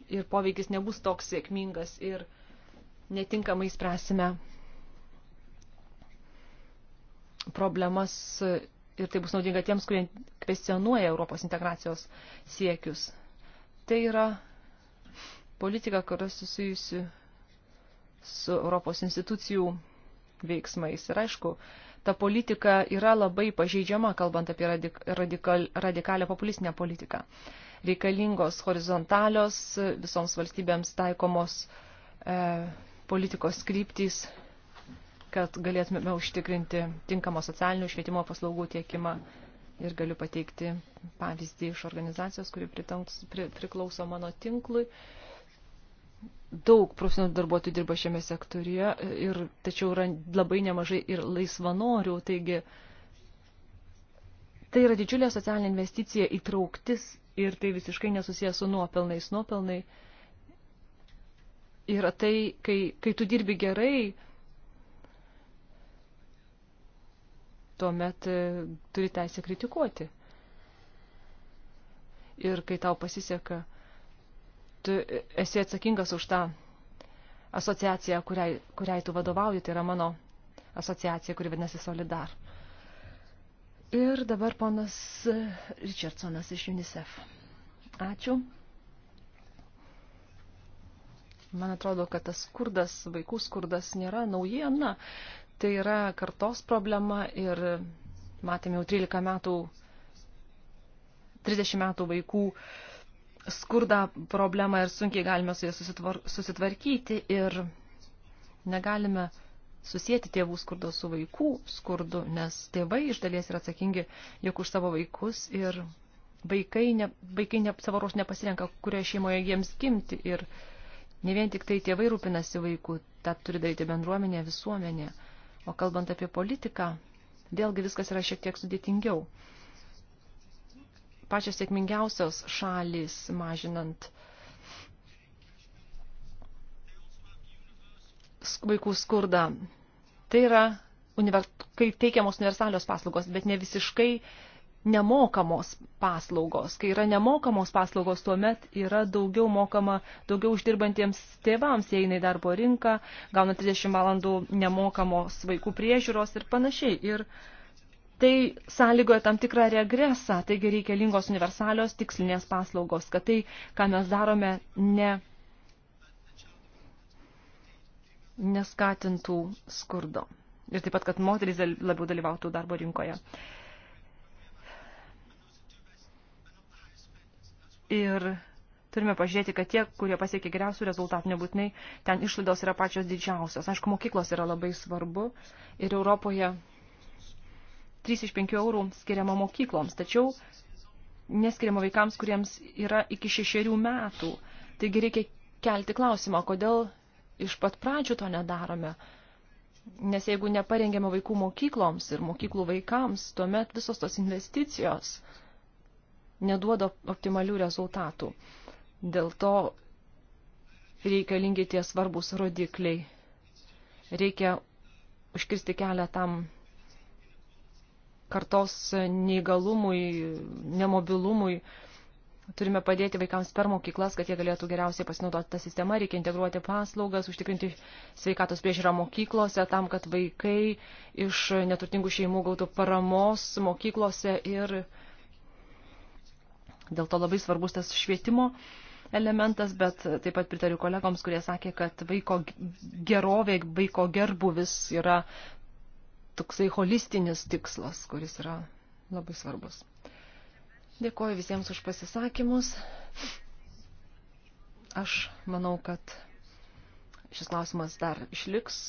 ir poveikis nebus toks sėkmingas ir netinkamai spręsime problemas ir tai bus naudinga tiems, kurie kvestionuoja Europos integracijos siekius. Tai yra politika, kurios susijusi su Europos institucijų veiksmais. Ir aišku, ta politika yra labai pažeidžiama, kalbant apie radikal, radikalią populistinę politiką. Reikalingos horizontalios, visoms valstybėms taikomos e, politikos kryptys, kad galėtume užtikrinti tinkamą socialinių švietimo paslaugų tiekimą. Ir galiu pateikti pavyzdį iš organizacijos, kuri pritanks, pri, priklauso mano tinklui. E, daug profesionalių darbuotojų dirba šiame sektorija, ir, tačiau yra labai nemažai ir laisvanorių, taigi tai yra didžiulė socialinė investicija įtrauktis ir tai visiškai nesusijęs su nuopelnais. Nuopelnai yra tai, kai, kai tu dirbi gerai, tuomet e, turi teisę kritikuoti. Ir kai tau pasiseka esi atsakingas už tą asociaciją, kuriai, kuriai tu vadovauji, tai yra mano asociacija, kuri vadinasi Solidar. Ir dabar ponas Richardsonas iš UNICEF. Ačiū. Man atrodo, kad tas skurdas, vaikų skurdas nėra naujiena. Tai yra kartos problema ir matėme jau 13 metų, 30 metų vaikų uh, skurdą problemą ir sunkiai galime su jais susitvarkyti ir negalime susijęti tėvų skurdo su vaikų skurdu, nes tėvai iš dalies yra atsakingi juk už savo vaikus ir vaikai, ne, vaikai ne, savo ruoš nepasirenka, kurioje šeimoje jiems gimti ir ne vien tik tai tėvai rūpinasi vaikų, tą turi daryti bendruomenė, visuomenė. O kalbant apie politiką, vėlgi viskas yra šiek tiek sudėtingiau pačios sėkmingiausios šalis mažinant vaikų skurdą. Tai yra kai teikiamos universalios paslaugos, bet ne visiškai nemokamos paslaugos. Kai yra nemokamos paslaugos, tuomet yra daugiau mokama, daugiau uždirbantiems tėvams, jie eina į darbo rinką, gauna 30 valandų nemokamos vaikų priežiūros ir panašiai. Ir uh, tai sąlygoja tam tikrą regresą, taigi reikalingos universalios tikslinės paslaugos, kad tai, ką mes darome, ne, neskatintų skurdo. Ir taip pat, kad moterys labiau dalyvautų darbo rinkoje. Ir turime pažiūrėti, kad tie, kurie pasiekia geriausių rezultatų, nebūtinai ten išlaidos yra pačios didžiausios. Aišku, mokyklos yra labai svarbu ir Europoje 3 iš 5 eurų skiriama mokykloms, tačiau neskiriama vaikams, kuriems yra iki šešerių metų. Taigi reikia kelti klausimą, kodėl iš pat pradžių to nedarome. Nes jeigu neparengiame vaikų mokykloms ir mokyklų vaikams, tuomet visos tos investicijos neduoda optimalių rezultatų. Dėl to reikalingi tie svarbus rodikliai. Reikia užkirsti kelią tam kartos neįgalumui, nemobilumui. Turime padėti vaikams per mokyklas, kad jie galėtų geriausiai pasinaudoti tą sistemą. Reikia integruoti paslaugas, užtikrinti sveikatos priežiūrą mokyklose, tam, kad vaikai iš neturtingų šeimų gautų paramos mokyklose ir dėl to labai svarbus tas švietimo elementas, bet taip pat pritariu kolegoms, kurie sakė, kad vaiko gerovė, vaiko gerbuvis yra toksai holistinis tikslas, kuris yra labai svarbus. Dėkuoju visiems už pasisakymus. Aš manau, kad šis klausimas dar išliks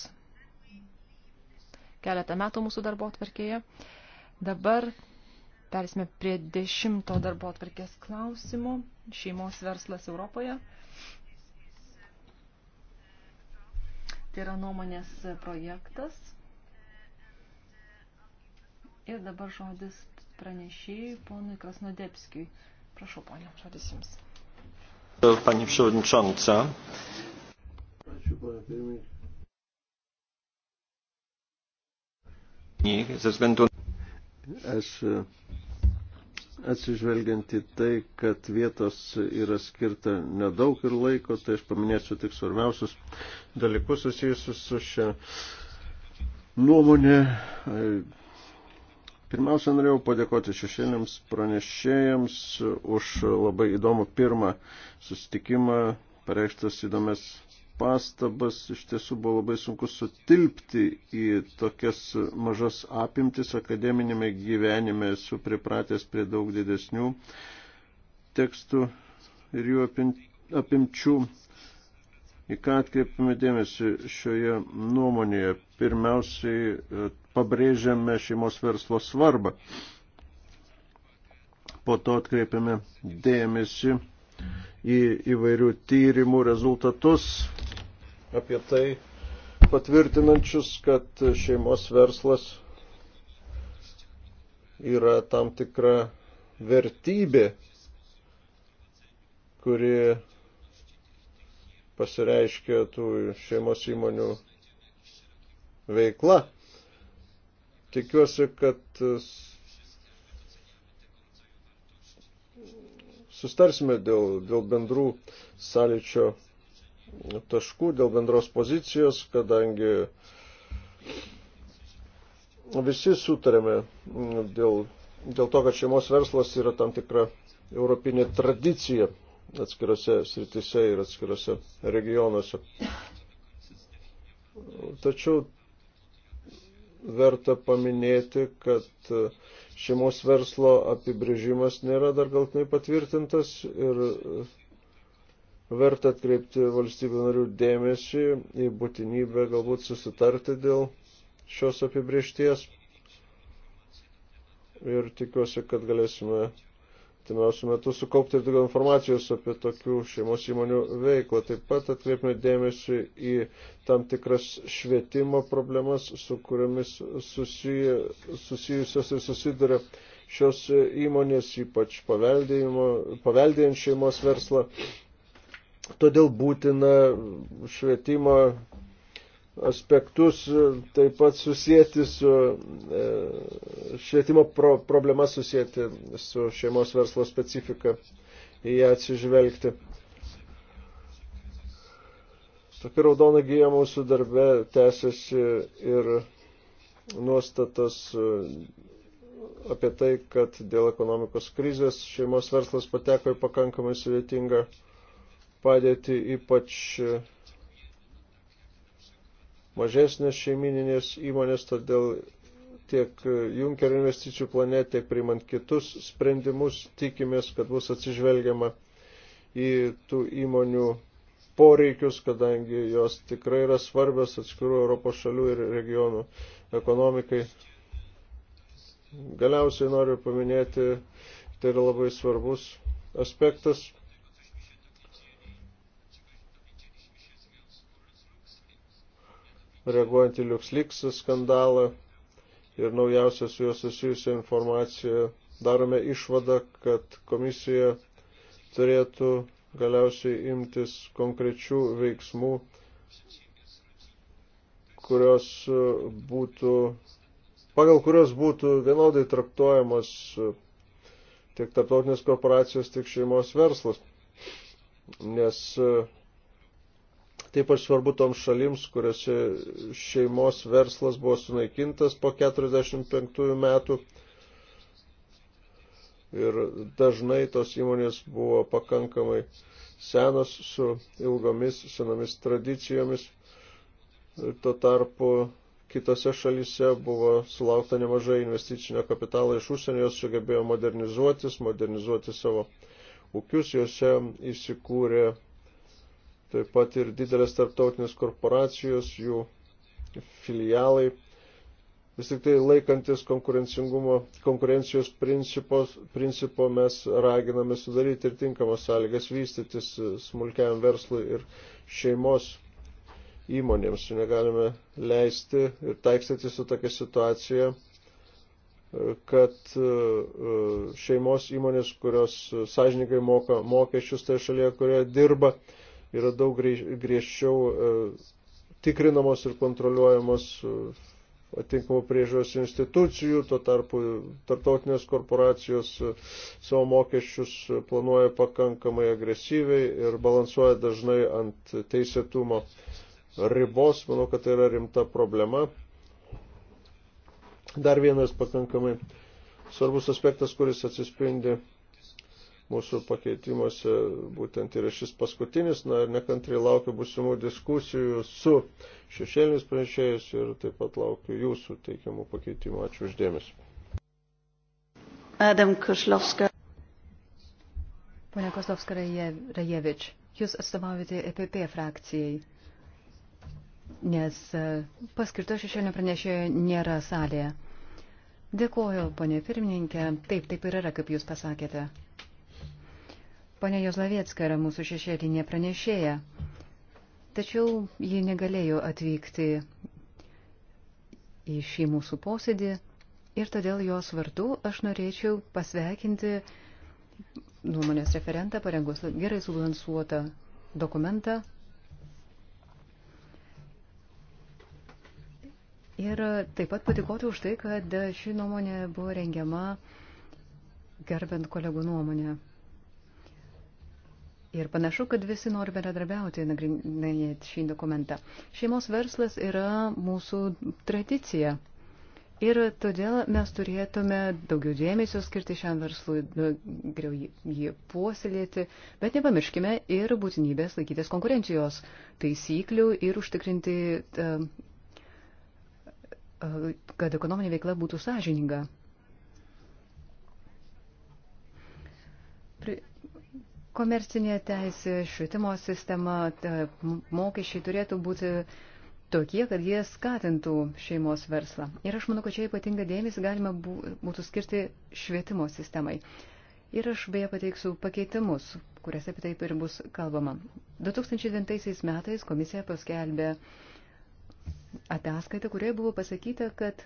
keletą metų mūsų darbo atvarkėje. Dabar persime prie dešimto darbo atvarkės klausimo – šeimos verslas Europoje. Tai yra nuomonės projektas – Ir dabar žodis pranešėjai ponui Krasnodepskijui. Prašau, ponė, žodis jums. Pani Przewodnicząca. Ačiū, ponė pirmininkė. ze względu Aš e, atsižvelgiant į tai, kad vietos yra skirta nedaug ir laiko, tai aš paminėsiu tik svarbiausius dalykus susijusius su šia nuomonė. E, Pirmiausia, norėjau padėkoti šešėliams pranešėjams už labai įdomų pirmą susitikimą, pareikštas įdomias pastabas. Iš tiesų buvo labai sunku sutilpti į tokias mažas apimtis akademinėme gyvenime, esu pripratęs prie daug didesnių tekstų ir jų apimčių į ką atkreipiame dėmesį šioje nuomonėje. Pirmiausiai e, pabrėžiame šeimos verslo svarbą. Po to atkreipiame dėmesį į įvairių tyrimų rezultatus apie tai patvirtinančius, kad šeimos verslas yra tam tikra vertybė, kuri pasireiškia tų šeimos įmonių veikla. Tikiuosi, kad sustarsime dėl, dėl bendrų sąlyčio taškų, dėl bendros pozicijos, kadangi visi sutarėme dėl, dėl to, kad šeimos verslas yra tam tikra europinė tradicija atskirose sritise ir atskirose regionuose. Tačiau verta paminėti, kad šeimos verslo apibrėžimas nėra dar galtinai patvirtintas ir verta atkreipti valstybių narių dėmesį į būtinybę galbūt susitarti dėl šios apibrėžties. Ir tikiuosi, kad galėsime artimiausių metų sukaupti ir daugiau informacijos apie tokių šeimos įmonių veiklą. Taip pat atkreipime dėmesį į tam tikras švietimo problemas, su kuriamis susiję, susijusios ir susiduria šios įmonės, ypač paveldėjant šeimos verslą. Todėl būtina švietimo aspektus e, taip pat susijęti su e, švietimo pro, problema susijęti su šeimos verslo specifika, į ją atsižvelgti. Tokia raudona gyja mūsų darbe tęsiasi ir nuostatas e, apie tai, kad dėl ekonomikos krizės šeimos verslas pateko į pakankamai sudėtingą padėtį, ypač mažesnės šeimininės įmonės, todėl tiek Junkerio investicijų plane, tiek priimant kitus sprendimus, tikimės, kad bus atsižvelgiama į tų įmonių poreikius, kadangi jos tikrai yra svarbios atskirų Europos šalių ir regionų ekonomikai. Galiausiai noriu paminėti, tai yra labai svarbus aspektas reaguojant į LuxLeaks skandalą ir naujausią su juo susijusią informaciją, darome išvadą, kad komisija turėtų galiausiai imtis konkrečių veiksmų, kurios būtų, pagal kurios būtų vienodai traktuojamos tiek tarptautinės korporacijos, tiek šeimos verslas. Nes Taip pat svarbu toms šalims, kuriuose šeimos verslas buvo sunaikintas po 45 metų. Ir dažnai tos įmonės buvo pakankamai senos su ilgomis senomis tradicijomis. Tuo tarpu kitose šalyse buvo sulaukta nemažai investicinio kapitalo iš užsienio, jos sugebėjo modernizuotis, modernizuoti savo ūkius, juose įsikūrė taip pat ir didelės tarptautinės korporacijos, jų filialai. Vis tik tai laikantis konkurencijos principos, principo mes raginame sudaryti ir tinkamas sąlygas vystytis smulkiam verslui ir šeimos įmonėms. Negalime leisti ir taikstyti su tokia situacija, kad e, šeimos įmonės, kurios sąžininkai moka mokesčius toje tai šalyje, kurioje dirba, yra daug griežčiau e, tikrinamos ir kontroliuojamos e, atinkamo priežiūros institucijų, tuo tarpu tarptautinės korporacijos e, savo mokesčius planuoja pakankamai agresyviai ir balansuoja dažnai ant teisėtumo ribos. Manau, kad tai yra rimta problema. Dar vienas pakankamai svarbus aspektas, kuris atsispindi mūsų pakeitimuose būtent yra šis paskutinis, na ir nekantriai laukiu būsimų diskusijų su šešėlinis pranešėjus ir taip pat laukiu jūsų teikiamų pakeitimų. Ačiū uždėmesi. Adam Kuslovska. Pane Koslovska Rajevič, jūs atstovaujate EPP frakcijai, nes e, paskirto šešėlinio pranešėjo nėra salėje. Dėkuoju, ponė pirmininkė. Taip, taip ir yra, kaip jūs pasakėte. Pane Jozlavietska yra mūsų šešėlinė pranešėja, tačiau ji negalėjo atvykti į šį mūsų posėdį ir todėl jos vardu aš norėčiau pasveikinti nuomonės referentą parengus gerai subalansuotą dokumentą. Ir taip pat patikoti už tai, kad ši nuomonė buvo rengiama gerbent kolegų nuomonę. Ir panašu, kad visi nori bendradarbiauti, nagrinėjant šį dokumentą. Šeimos verslas yra mūsų tradicija. Ir todėl mes turėtume daugiau dėmesio skirti šiam verslui, geriau jį puoselėti, bet nepamirškime ir būtinybės laikytis konkurencijos taisyklių ir užtikrinti, e, e, kad ekonominė veikla būtų sąžininga. Pri Komercinė teisė, švietimo sistema, mokesčiai turėtų būti tokie, kad jie skatintų šeimos verslą. Ir aš manau, kad čia ypatinga dėmesį galima būtų skirti švietimo sistemai. Ir aš beje pateiksiu pakeitimus, kuriuose apie taip ir bus kalbama. 2009 metais komisija paskelbė ataskaitą, kurioje buvo pasakyta, kad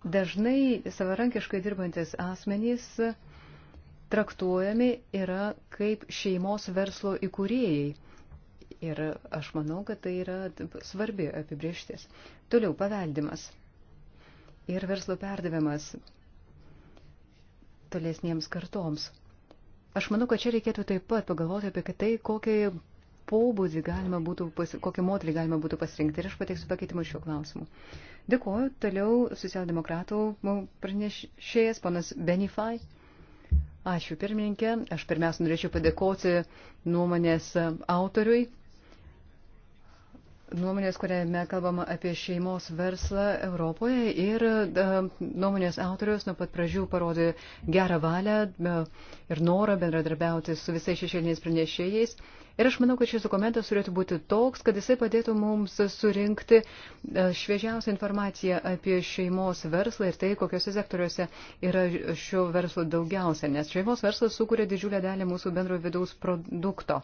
Dažnai savarankiškai dirbantis asmenys traktuojami yra kaip šeimos verslo įkūrėjai. Ir aš manau, kad tai yra svarbi apibrieštis. Toliau paveldimas ir verslo perdavimas tolesniems kartoms. Aš manau, kad čia reikėtų taip pat pagalvoti apie tai, kokią pobūdį galima būtų, kokį modelį galima būtų pasirinkti. Ir aš pateiksiu pakeitimus šiuo klausimu. Dėkuoju. Toliau socialdemokratų pranešėjas, panas Benifai. Ačiū pirmininkė. Aš pirmiausia norėčiau padėkoti nuomonės autoriui nuomonės, kuriame kalbama apie šeimos verslą Europoje ir nuomonės autorius nuo pat pradžių parodė gerą valią ir norą bendradarbiauti su visais šešėliniais pranešėjais. Ir aš manau, kad šis dokumentas turėtų būti toks, kad jisai padėtų mums surinkti šviežiausią informaciją apie šeimos verslą ir tai, kokiuose sektoriuose yra šio verslo daugiausia, nes šeimos verslas sukuria didžiulę dalį mūsų bendro vidaus produkto.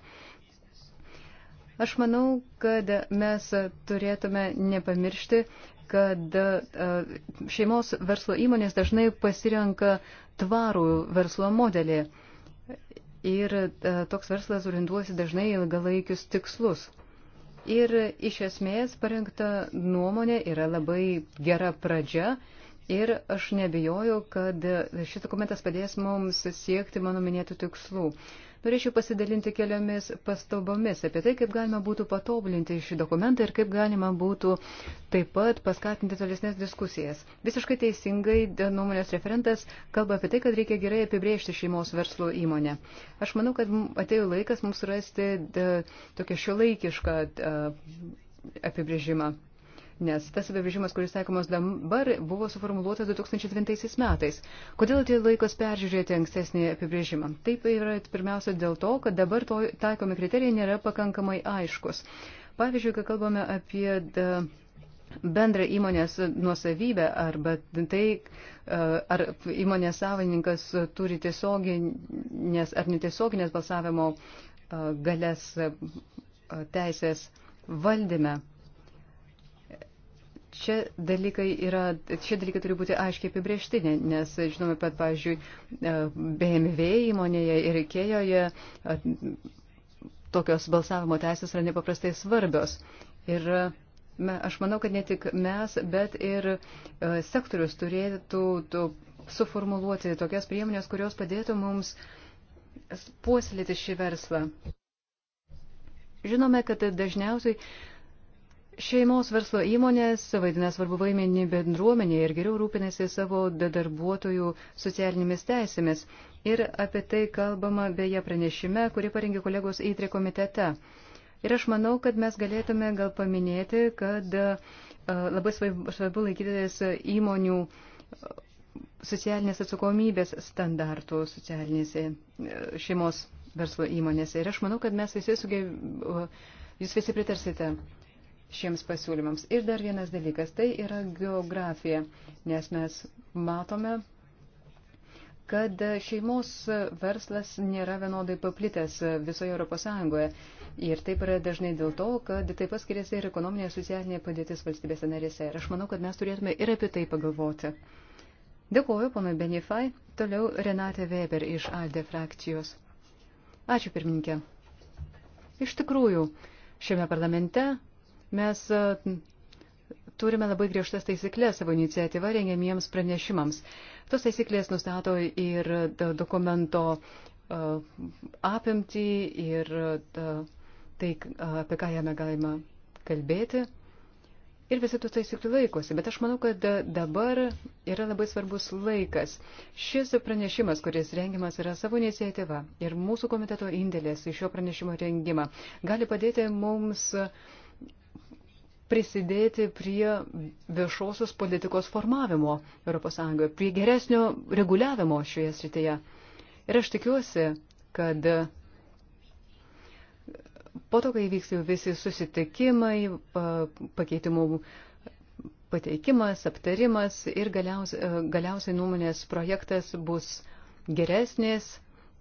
Aš manau, kad mes turėtume nepamiršti, kad šeimos verslo įmonės dažnai pasirenka tvarų verslo modelį. Ir toks verslas orientuosi dažnai ilgalaikius tikslus. Ir iš esmės parengta nuomonė yra labai gera pradžia. Ir aš nebijoju, kad šis dokumentas padės mums siekti mano minėtų tikslų. Norėčiau pasidalinti keliomis pastabomis apie tai, kaip galima būtų patobulinti šį dokumentą ir kaip galima būtų taip pat paskatinti tolesnės diskusijas. Visiškai teisingai nuomonės referentas kalba apie tai, kad reikia gerai apibriežti šeimos verslo įmonę. Aš manau, kad atėjo laikas mums rasti tokią šiolaikišką apibrėžimą nes tas apibrėžimas, kuris taikomas dabar, buvo suformuoluotas 2009 metais. Kodėl atėjo laikas peržiūrėti ankstesnį apibrėžimą? Taip yra pirmiausia dėl to, kad dabar to taikomi kriterijai nėra pakankamai aiškus. Pavyzdžiui, kai kalbame apie bendrą įmonės nuosavybę arba tai, ar įmonės savininkas turi tiesioginės ar netiesioginės balsavimo galės teisės valdyme čia dalykai yra, šie dalykai turi būti aiškiai apibriešti, nes žinome, kad, pavyzdžiui, e, BMW įmonėje ir Ikėjoje tokios balsavimo teisės yra nepaprastai svarbios. Ir me, aš manau, kad ne tik mes, bet ir e, sektorius turėtų to, suformuluoti tokias priemonės, kurios padėtų mums puoselėti šį verslą. Žinome, kad dažniausiai Šeimos verslo įmonės vaidina svarbu vaidmenį bendruomenėje ir geriau rūpinasi savo darbuotojų socialinėmis teisėmis. Ir apie tai kalbama beje pranešime, kurį parengė kolegos įtri komitete. Ir aš manau, kad mes galėtume gal paminėti, kad e, labai svarbu laikytis įmonių e, socialinės atsakomybės standartų socialinėse e, šeimos verslo įmonėse. Ir aš manau, kad mes visi sugebėjome, jūs visi pritarsite šiems pasiūlymams. Ir dar vienas dalykas, tai yra geografija, nes mes matome, kad šeimos verslas nėra vienodai paplitęs visoje Europos Sąjungoje. Ir taip yra dažnai dėl to, kad taip pat skiriasi ir ekonominė ir socialinė padėtis valstybėse narėse. Ir aš manau, kad mes turėtume ir apie tai pagalvoti. Dėkuoju, ponui Benifai. Toliau Renate Weber iš ALDE frakcijos. Ačiū, pirmininkė. Iš tikrųjų, šiame parlamente Mes e, turime labai griežtas taisyklės savo iniciatyvą rengiamiems pranešimams. Tos taisyklės nustato ir e, dokumento e, apimtį ir tai, apie ką jame galima kalbėti. Ir visi tų taisyklių laikosi, bet aš manau, kad dabar yra labai svarbus laikas. Šis pranešimas, kuris rengiamas, yra savo iniciatyva ir mūsų komiteto indėlis į šio pranešimo rengimą gali padėti mums uh, prisidėti prie viešosios politikos formavimo ES, prie geresnio reguliavimo šioje srityje. Ir aš tikiuosi, kad po to, kai vyks jau visi susitikimai, pakeitimų pateikimas, aptarimas ir galiausiai, galiausiai nuomonės projektas bus geresnis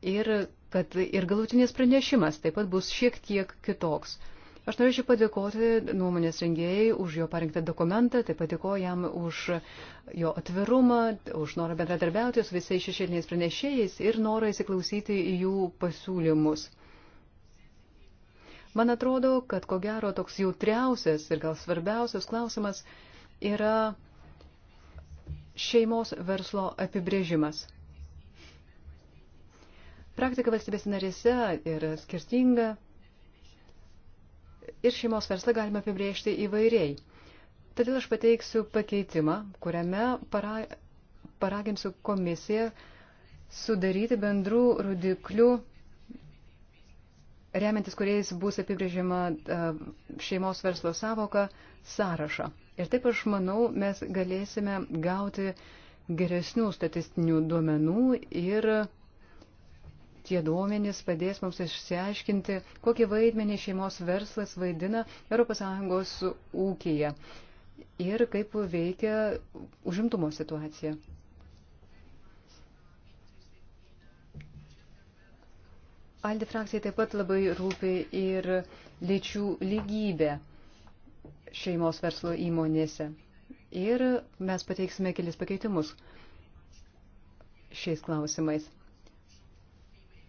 ir kad ir galutinis pranešimas taip pat bus šiek tiek kitoks. Aš norėčiau padėkoti nuomonės rengėjai už jo parinktą dokumentą, taip pat dėkoju jam už jo atvirumą, už norą bendradarbiauti su visais šešėliniais pranešėjais ir norą įsiklausyti į jų pasiūlymus. Man atrodo, kad ko gero toks jautriausias ir gal svarbiausias klausimas yra šeimos verslo apibrėžimas. Praktika valstybės narėse yra skirtinga ir šeimos verslą galime apibrėžti įvairiai. Todėl aš pateiksiu pakeitimą, kuriame para, paraginsiu komisiją sudaryti bendrų rodiklių, remiantis kuriais bus apibrėžima šeimos verslo savoka sąrašą. Ir taip aš manau, mes galėsime gauti geresnių statistinių duomenų ir tie duomenys padės mums išsiaiškinti, kokį vaidmenį šeimos verslas vaidina ES ūkija ir kaip veikia užimtumo situacija. Aldi frakcijai taip pat labai rūpi ir lyčių lygybė šeimos verslo įmonėse. Ir mes pateiksime kelis pakeitimus šiais klausimais.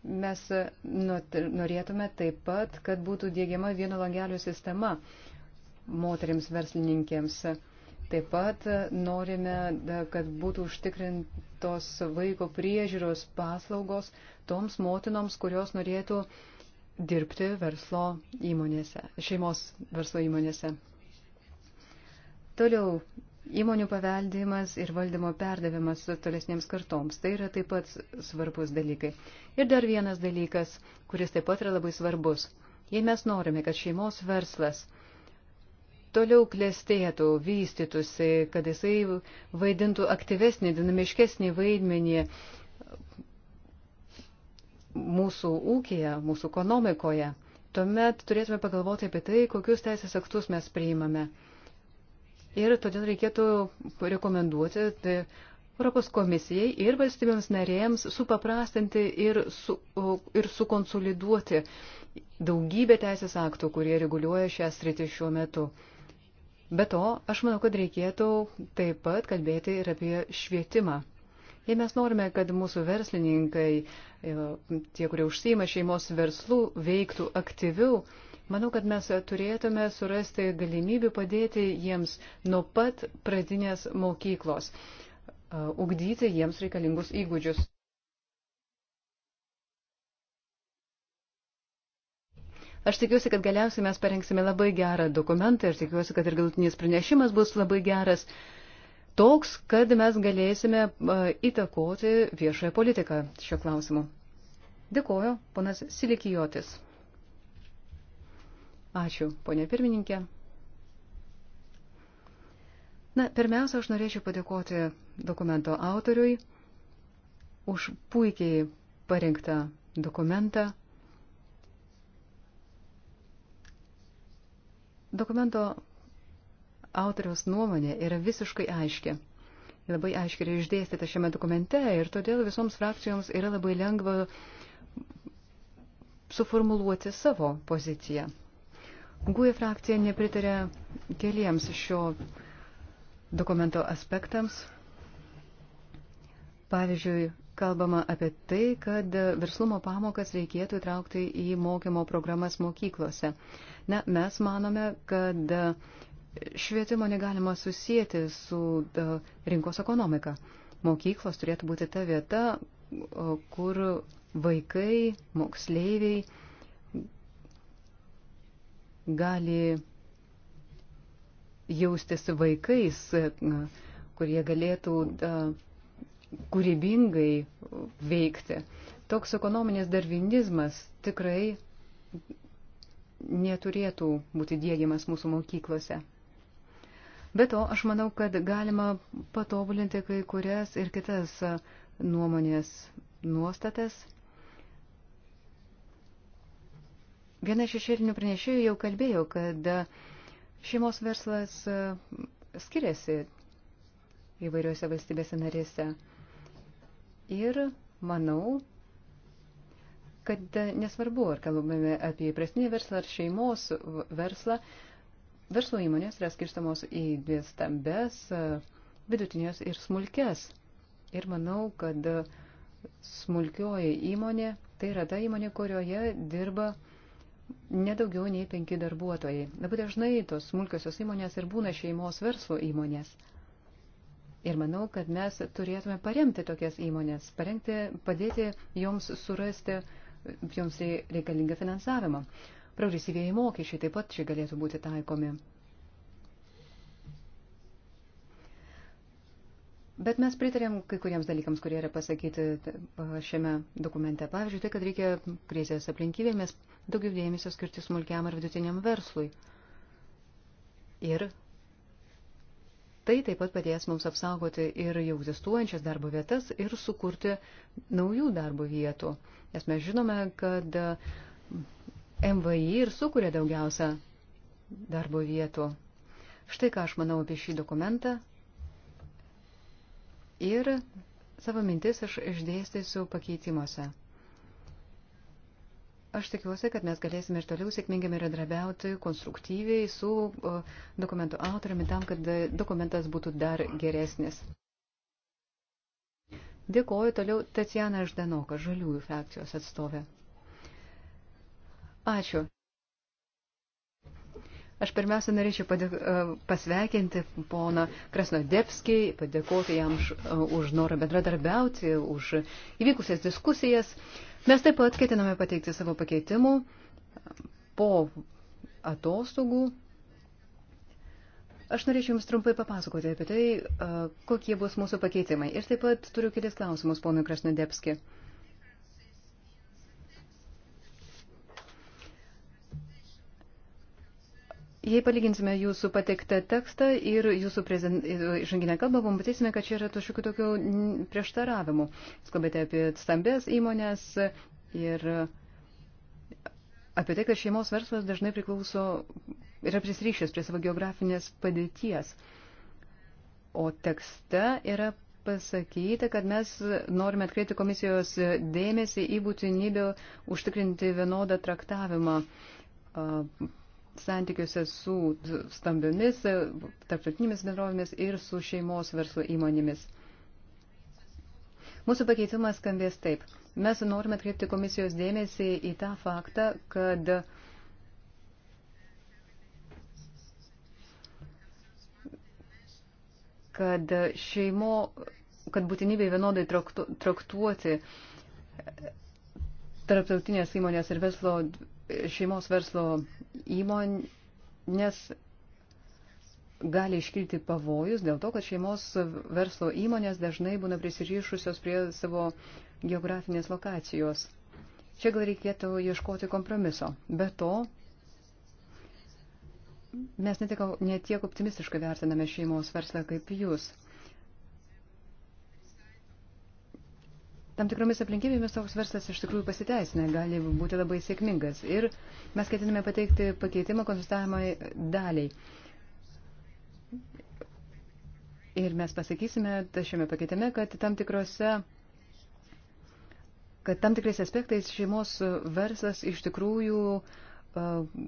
Mes norėtume taip pat, kad būtų dėgiama vieno langelio sistema moteriams verslininkėms. Taip pat norime, kad būtų užtikrintos vaiko priežiūros paslaugos toms motinoms, kurios norėtų dirbti verslo įmonėse, šeimos verslo įmonėse. Toliau Įmonių paveldimas ir valdymo perdavimas tolesniems kartoms. Tai yra taip pat svarbus dalykai. Ir dar vienas dalykas, kuris taip pat yra labai svarbus. Jei mes norime, kad šeimos verslas toliau klestėtų, vystytųsi, kad jisai vaidintų aktyvesnį, dinamiškesnį vaidmenį mūsų ūkija, mūsų ekonomikoje, tuomet turėtume pagalvoti apie tai, kokius teisės aktus mes priimame. Ir todėl reikėtų rekomenduoti tai Europos komisijai ir valstybėms narėjams supaprastinti ir, su, ir sukonsoliduoti daugybę teisės aktų, kurie reguliuoja šią sritį šiuo metu. Be to, aš manau, kad reikėtų taip pat kalbėti ir apie švietimą. Jei mes norime, kad mūsų verslininkai, e, tie, kurie užsima šeimos verslų, veiktų aktyviau, Manau, kad mes turėtume surasti galimybių padėti jiems nuo pat pradinės mokyklos, ugdyti jiems reikalingus įgūdžius. Aš tikiuosi, kad galiausiai mes parengsime labai gerą dokumentą ir tikiuosi, kad ir galutinis pranešimas bus labai geras, toks, kad mes galėsime įtakoti viešąją politiką šiuo klausimu. Dėkuoju, ponas Silikijotis. Ačiū, ponė pirmininkė. Na, pirmiausia, aš norėčiau padėkoti dokumento autoriui už puikiai parengtą dokumentą. Dokumento autoriaus nuomonė yra visiškai aiški. Labai aiškiai yra išdėstyta šiame dokumente ir todėl visoms frakcijoms yra labai lengva suformuluoti savo poziciją. Guje frakcija nepritarė keliems šio dokumento aspektams. Pavyzdžiui, kalbama apie tai, kad verslumo pamokas reikėtų įtraukti į mokymo programas mokyklose. Na, mes manome, kad švietimo negalima susijęti su e, rinkos ekonomika. Mokyklos turėtų būti ta vieta, kur vaikai, moksleiviai gali jaustis vaikais, kurie galėtų kūrybingai veikti. Toks ekonominis darvinizmas tikrai neturėtų būti dėgiamas mūsų mokyklose. Be to, aš manau, kad galima patobulinti kai kurias ir kitas nuomonės nuostatas Viena iš šešėlinių pranešėjų jau kalbėjo, kad šeimos verslas e, skiriasi įvairiuose valstybėse narėse. Ir manau, kad nesvarbu, ar kalbame apie įprastinį verslą ar šeimos verslą, verslo įmonės yra skirstamos į dvi stambes, e, vidutinės ir smulkes. Ir manau, kad smulkioji įmonė tai yra ta įmonė, kurioje dirba uh, nedaugiau nei penki darbuotojai. Labai dažnai tos smulkiosios įmonės ir būna šeimos verslo įmonės. Ir manau, kad mes turėtume paremti tokias įmonės, parengti, padėti joms surasti, joms reikalingą finansavimą. Progresyvėjai mokesčiai taip pat čia galėtų būti taikomi. Bet mes pritarėm kai kuriems dalykams, kurie yra pasakyti šiame dokumente. Pavyzdžiui, tai, kad reikia krizės aplinkybėmis daugiau dėmesio skirti smulkiam ar vidutiniam verslui. Ir tai taip pat padės mums apsaugoti ir jau egzistuojančias darbo vietas ir sukurti naujų darbo vietų. Nes mes žinome, kad MVI ir sukuria daugiausia darbo vietų. Štai ką aš manau apie šį dokumentą ir savo mintis aš išdėstysiu pakeitimuose. Aš tikiuosi, kad mes galėsime ir toliau sėkmingai bendradarbiauti konstruktyviai su dokumento autoriumi tam, kad dokumentas būtų dar geresnis. Dėkoju toliau Tatjana Ždanoka, žaliųjų frakcijos atstovė. Ačiū. Aš pirmiausia norėčiau padėk, e, pasveikinti poną Krasnodepskį, padėkoti jam už, e, už norą bendradarbiauti, už įvykusias diskusijas. Mes taip pat ketiname pateikti savo pakeitimų po atostogų. Aš norėčiau Jums trumpai papasakoti apie tai, e, kokie bus mūsų pakeitimai. Ir taip pat turiu kelias klausimus ponui Krasnodepskį. Jei palyginsime jūsų pateiktą tekstą ir jūsų išanginę kalbą, pamatysime, kad čia yra tokių tokių prieštaravimų. Jūs kalbate apie stambės įmonės ir apie tai, kad šeimos verslas dažnai priklauso, yra prisryšęs prie savo geografinės padėties. O tekste yra pasakyti, kad mes norime atkreipti komisijos dėmesį į būtinybę užtikrinti vienodą traktavimą santykiuose su stambiomis, tarptautinėmis bendrovėmis ir su šeimos verslo įmonėmis. Mūsų pakeitimas skambės taip. Mes norime atkreipti komisijos dėmesį į tą faktą, kad kad šeimo, kad būtinybė vienodai traktu, traktuoti tarptautinės įmonės ir verslo šeimos verslo įmonės gali iškilti pavojus dėl to, kad šeimos verslo įmonės dažnai būna prisirišusios prie savo geografinės lokacijos. Čia gal reikėtų ieškoti kompromiso. Be to, mes netiek, netiek optimistiškai vertiname šeimos verslą kaip jūs. tam tikromis aplinkybėmis toks verslas iš tikrųjų pasiteisina, gali būti labai sėkmingas. Ir mes ketiname pateikti pakeitimą konsultavimai daliai. Ir mes pasakysime šiame pakeitime, kad tam tikrose kad tam tikrais aspektais šeimos verslas iš tikrųjų uh,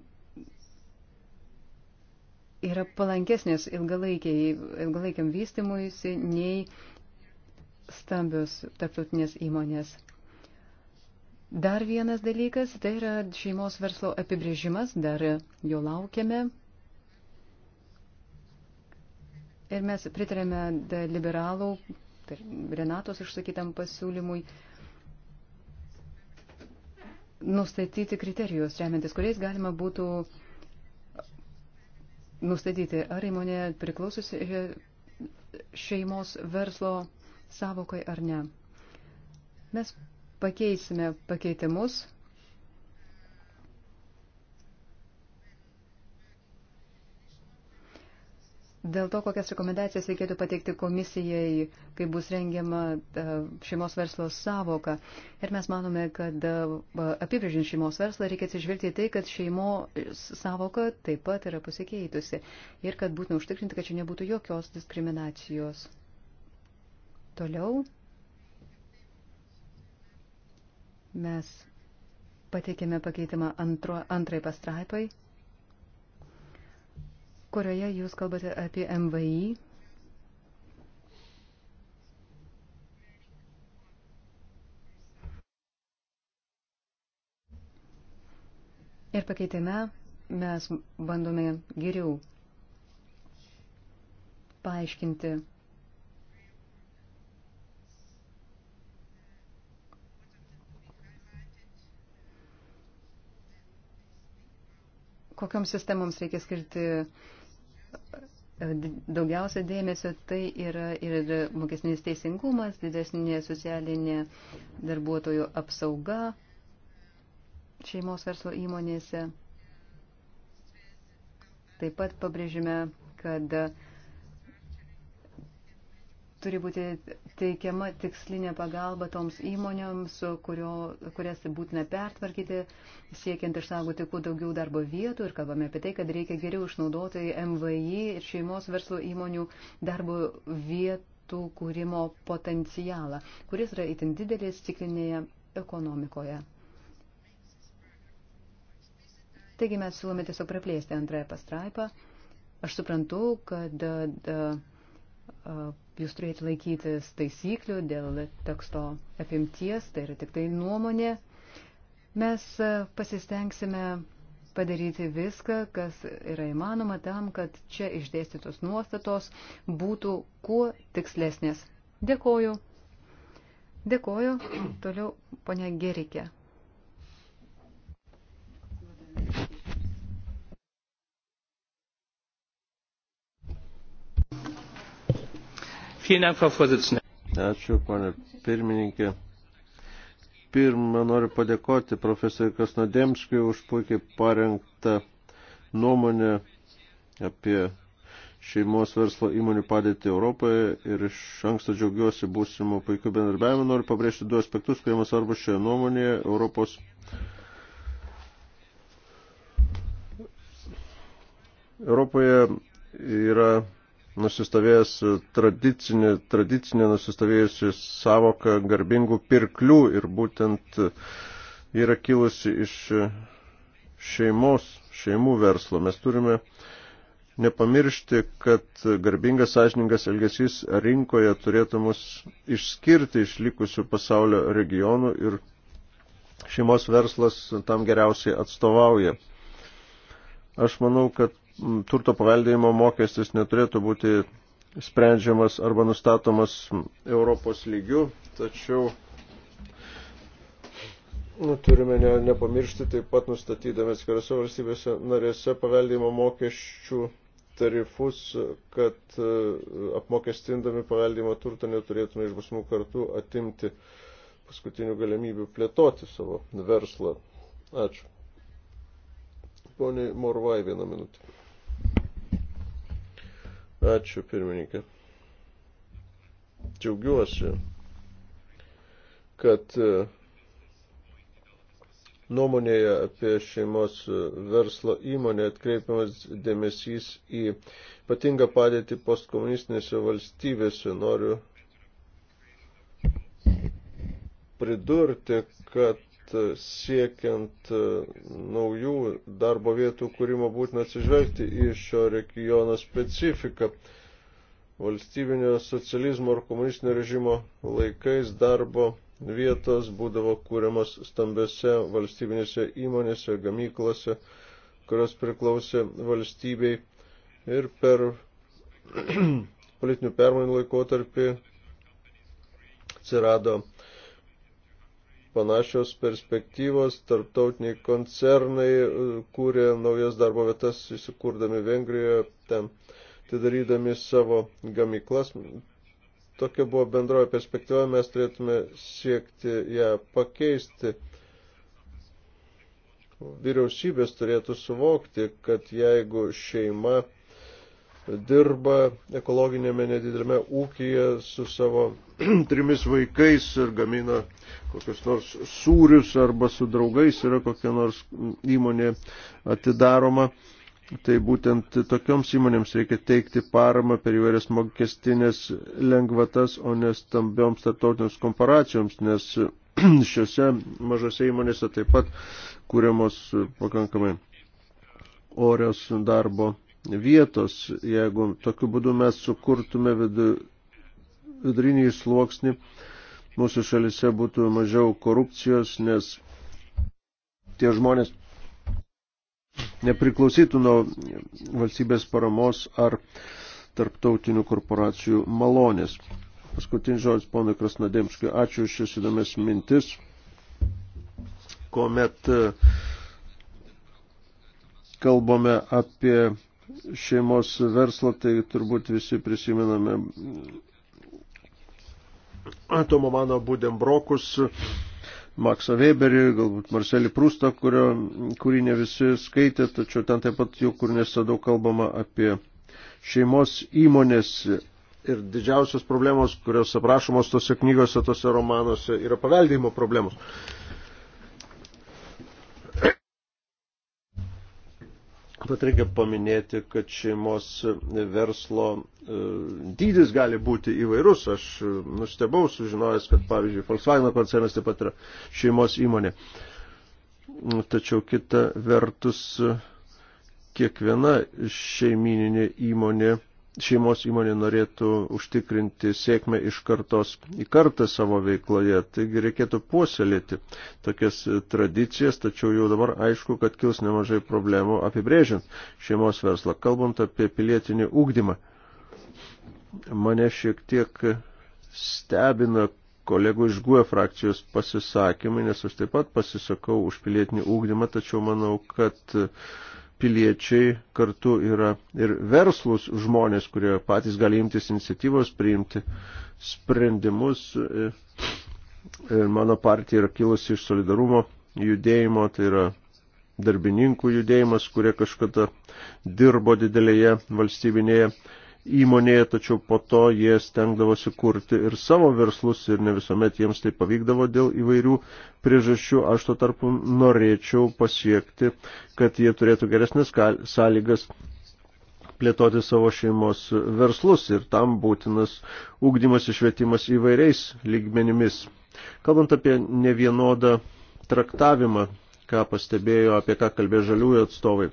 yra palankesnis ilgalaikiam vystimuisi nei uh, stambios tarptautinės įmonės. Dar vienas dalykas, tai yra šeimos verslo apibrėžimas, dar jo laukiame. Ir mes pritarėme liberalų, tai Renatos išsakytam pasiūlymui, nustatyti kriterijus, remiantis kuriais galima būtų nustatyti, ar įmonė priklausosi šeimos verslo savokai ar ne. Mes pakeisime pakeitimus. Dėl to, kokias rekomendacijas reikėtų pateikti komisijai, kai bus rengiama e, šeimos verslo savoka. Ir mes manome, kad e, apibrėžint šeimos verslą reikia atsižvelgti į tai, kad šeimos savoka taip pat yra pasikeitusi ir kad būtina užtikrinti, kad čia nebūtų jokios diskriminacijos. Toliau mes pateikėme pakeitimą antro, antrai pastraipai, kurioje jūs kalbate apie MVI. Ir pakeitime mes bandome geriau paaiškinti kokioms sistemoms reikia skirti e, daugiausia dėmesio, tai yra ir mokesnis teisingumas, didesnė socialinė darbuotojų apsauga šeimos verslo įmonėse. Taip pat pabrėžime, kad turi būti teikiama tikslinė pagalba toms įmonėms, kurio, kurias būtina pertvarkyti, siekiant išsaugoti kuo daugiau darbo vietų ir kalbame apie tai, kad reikia geriau išnaudoti MVI ir šeimos verslo įmonių darbo vietų kūrimo potencialą, kuris yra itin didelis ciklinėje ekonomikoje. Taigi mes siūlome tiesiog praplėsti antrąją pastraipą. Aš suprantu, kad da, da, jūs turėjote laikytis taisyklių dėl teksto apimties, tai yra tik tai nuomonė. Mes pasistengsime padaryti viską, kas yra įmanoma tam, kad čia išdėstytos nuostatos būtų kuo tikslesnės. Dėkoju. Dėkoju. Toliau ponia Gerikė. Ačiū, ponė pirmininkė. Pirmą noriu padėkoti profesoriui Kasnodemskijui už puikiai parengtą nuomonę apie šeimos verslo įmonių padėtį Europoje ir iš anksto džiaugiuosi būsimų puikių bendarbiavimų. Noriu pabrėžti du aspektus, kurie man svarbu šioje nuomonėje. Europos Europoje yra nusistovėjęs tradicinė, tradicinė nusistovėjusi savoka garbingų pirklių ir būtent yra kilusi iš šeimos, šeimų verslo. Mes turime nepamiršti, kad garbingas sąžiningas elgesys rinkoje turėtų mus išskirti iš likusių pasaulio regionų ir šeimos verslas tam geriausiai atstovauja. Aš manau, kad turto paveldėjimo mokestis neturėtų būti sprendžiamas arba nustatomas Europos lygių, tačiau nu, turime ne, nepamiršti taip pat nustatydami atskirose valstybėse narėse paveldėjimo mokesčių tarifus, kad e, apmokestindami paveldėjimo turtą neturėtume iš basmų kartų atimti paskutinių galimybių plėtoti savo verslą. Ačiū. Poniai Morvai vieną minutę. Ačiū pirmininkė. Džiaugiuosi, kad e, nuomonėje apie šeimos e, verslo įmonę atkreipiamas dėmesys į patingą padėtį postkomunistinėse valstybėse. Noriu pridurti, kad kad siekiant e, naujų darbo vietų kūrimo būtina atsižvelgti į šio regiono specifiką. Valstybinio socializmo ar komunistinio režimo laikais darbo vietos būdavo kūriamas stambiose valstybinėse įmonėse, gamyklose, kurios priklausė valstybei ir per politinių permainų laikotarpį atsirado panašios perspektyvos, tarptautiniai koncernai e, kūrė naujas darbo vietas, įsikurdami Vengrijoje, ten atidarydami savo gamyklas. Tokia buvo bendroja perspektyva, mes turėtume siekti ją pakeisti. Vyriausybės turėtų suvokti, kad jeigu šeima dirba ekologinėme nedidelėme ūkyje su savo trimis vaikais ir gamina kokius nors sūrius arba su draugais yra kokia nors įmonė atidaroma. Tai būtent tokioms įmonėms reikia teikti paramą per įvairias mokestinės lengvatas, o ne stambioms tarptautinėms komparacijoms, nes šiuose mažose įmonėse taip pat kūriamos pakankamai orios darbo vietos. Jeigu tokiu būdu mes sukurtume vidurinį sluoksnį, mūsų šalise būtų mažiau korupcijos, nes tie žmonės nepriklausytų nuo valstybės paramos ar tarptautinių korporacijų malonės. Paskutinis žodis ponui Krasnodemskui. Ačiū už šis įdomias mintis, kuomet e, kalbame apie šeimos verslą, tai turbūt visi prisimename Tomo mano Budembrokus, Maksą Weberį, galbūt Marcelį Prustą, kurio, kurį ne visi skaitė, tačiau ten taip pat jau kur nesadaug kalbama apie šeimos įmonės ir didžiausios problemos, kurios aprašomos tose knygose, tose romanuose, yra paveldėjimo problemos. Bet reikia paminėti, kad šeimos verslo e, dydis gali būti įvairus. Aš e, nustebau sužinojęs, kad pavyzdžiui Volkswagen koncernas taip pat yra šeimos įmonė. Tačiau kita vertus, kiekviena šeimininė įmonė šeimos įmonė norėtų užtikrinti sėkmę iš kartos į kartą savo veikloje. Taigi reikėtų puoselėti tokias tradicijas, tačiau jau dabar aišku, kad kils nemažai problemų apibrėžiant šeimos verslą. Kalbant apie pilietinį ūkdymą, mane šiek tiek stebina kolegų iš GUE frakcijos pasisakymai, nes aš taip pat pasisakau už pilietinį ūkdymą, tačiau manau, kad uh, piliečiai kartu yra ir verslus žmonės, kurie patys gali imtis iniciatyvos, priimti sprendimus. Ir mano partija yra kilusi iš solidarumo judėjimo, tai yra darbininkų judėjimas, kurie kažkada dirbo didelėje valstybinėje įmonėje, tačiau po to jie stengdavosi kurti ir savo verslus ir ne visuomet jiems tai pavykdavo dėl įvairių priežasčių. Aš to tarpu norėčiau pasiekti, kad jie turėtų geresnės sąlygas plėtoti savo šeimos verslus ir tam būtinas ūkdymas išvietimas įvairiais lygmenimis. Kalbant apie nevienodą traktavimą ką pastebėjo, apie ką kalbė žaliųjų atstovai.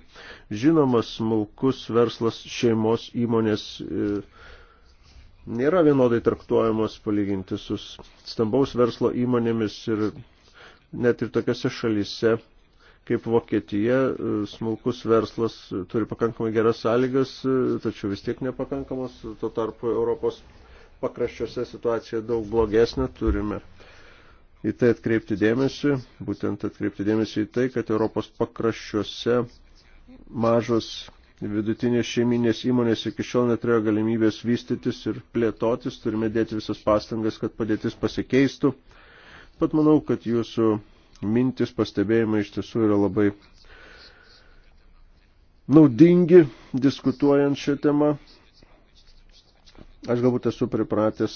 Žinoma, smulkus verslas šeimos įmonės e, nėra vienodai traktuojamos palyginti su stambaus verslo įmonėmis ir net ir tokiose šalise kaip Vokietija, e, smulkus verslas turi pakankamai geras sąlygas, e, tačiau vis tiek nepakankamas, tuo tarpu Europos pakraščiuose situacija daug blogesnė, turime uh, į tai atkreipti dėmesį, būtent atkreipti dėmesį į tai, kad Europos pakraščiuose mažos vidutinės šeiminės įmonės iki šiol neturėjo galimybės vystytis ir plėtotis, turime dėti visas pastangas, kad padėtis pasikeistų. Pat manau, kad jūsų mintis, pastebėjimai iš tiesų yra labai naudingi diskutuojant šią temą Aš galbūt esu pripratęs,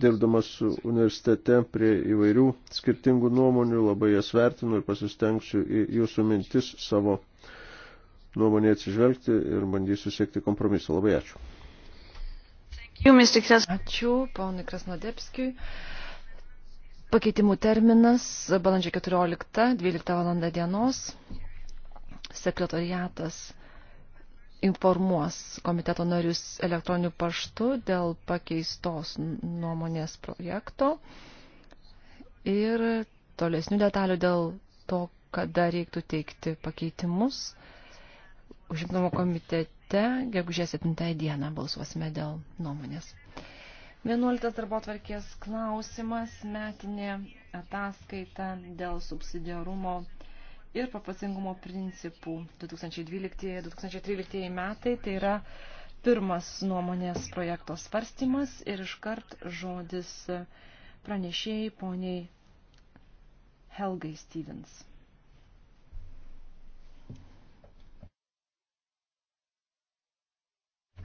dirbdamas universitete, prie įvairių skirtingų nuomonių, labai jas vertinu ir pasistengsiu į jūsų mintis savo nuomonė atsižvelgti ir bandysiu siekti kompromiso. Labai ačiū. Ačiū, ponui Krasnodepskiui. Pakeitimų terminas balandžio 14, 12 val. dienos. Sekretariatas informuos komiteto narius elektroniniu paštu dėl pakeistos nuomonės projekto ir tolesnių detalių dėl to, kada reiktų teikti pakeitimus. Užimtumo komitete gegužės 7 dieną balsuosime dėl nuomonės. 11 darbo tvarkės klausimas, metinė ataskaita dėl subsidiarumo ir proporcingumo principų 2012-2013 metai. Tai yra pirmas nuomonės projekto svarstymas ir iškart žodis pranešėjai poniai Helgai Stevens.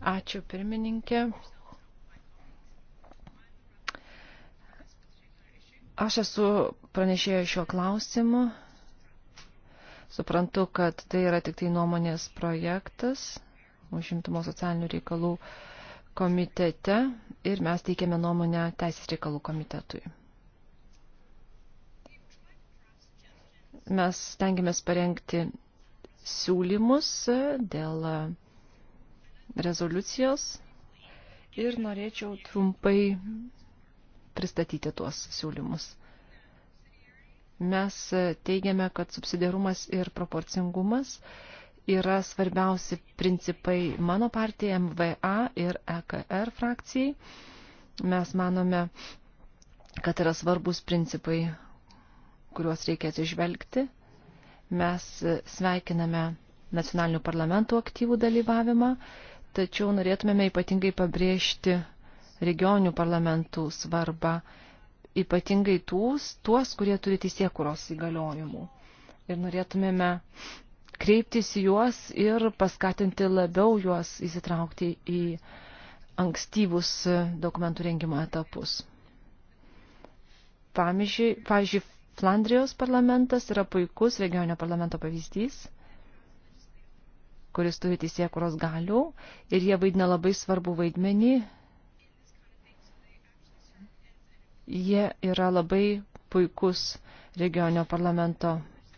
Ačiū pirmininkė. Aš esu pranešėjęs šiuo klausimu Suprantu, kad tai yra tik tai nuomonės projektas užimtumo socialinių reikalų komitete ir mes teikėme nuomonę Teisės reikalų komitetui. Mes stengiamės parengti siūlymus dėl rezoliucijos ir norėčiau trumpai pristatyti tuos siūlymus mes teigiame, kad subsidiarumas ir proporcingumas yra svarbiausi principai mano partijai MVA ir EKR frakcijai. Mes manome, kad yra svarbus principai, kuriuos reikia atsižvelgti. Mes sveikiname nacionalinių parlamentų aktyvų dalyvavimą, tačiau norėtumėme ypatingai pabrėžti regioninių parlamentų svarbą ypatingai tūs, tuos, kurie turi teisėkuros įgaliojimų. Ir norėtumėme kreiptis į juos ir paskatinti labiau juos įsitraukti į ankstyvus dokumentų rengimo etapus. Pavyzdžiui, pavyzdžiui Flandrijos parlamentas yra puikus regioninio parlamento pavyzdys, kuris turi teisėkuros galių ir jie vaidina labai svarbu vaidmenį Jie yra labai puikus regioninio parlamento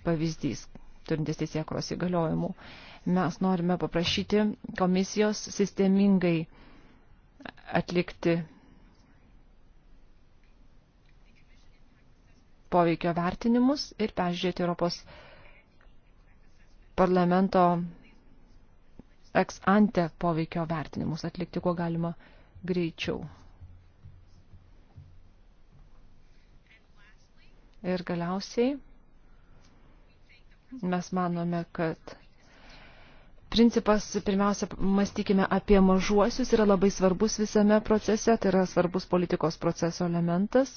pavyzdys, turintis teisėkros įgaliojimų. Mes norime paprašyti komisijos sistemingai atlikti poveikio vertinimus ir peržiūrėti Europos parlamento ex ante poveikio vertinimus atlikti kuo galima greičiau. Ir galiausiai mes manome, kad principas, pirmiausia, mąstykime apie mažuosius, yra labai svarbus visame procese, tai yra svarbus politikos proceso elementas,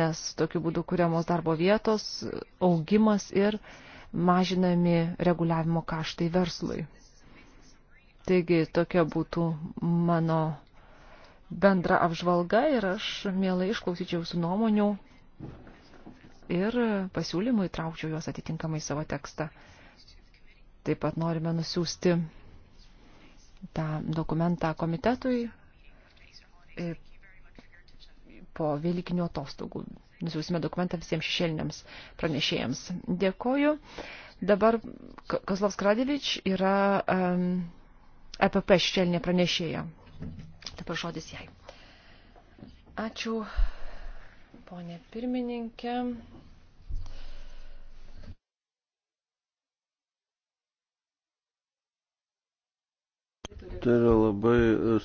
nes tokiu būdu kuriamos darbo vietos, augimas ir mažinami reguliavimo kaštai verslui. Taigi tokia būtų mano bendra apžvalga ir aš mielai išklausyčiau jūsų nuomonių ir pasiūlymų įtraukčiau juos atitinkamai savo tekstą. Taip pat norime nusiųsti tą dokumentą komitetui po vėlykinių atostogų. Nusiųsime dokumentą visiems šešėliniams pranešėjams. Dėkoju. Dabar Kozlovs Kradevič yra um, EPP šešėlinė pranešėja. Dabar žodis jai. Ačiū, ponė pirmininkė. Tai yra labai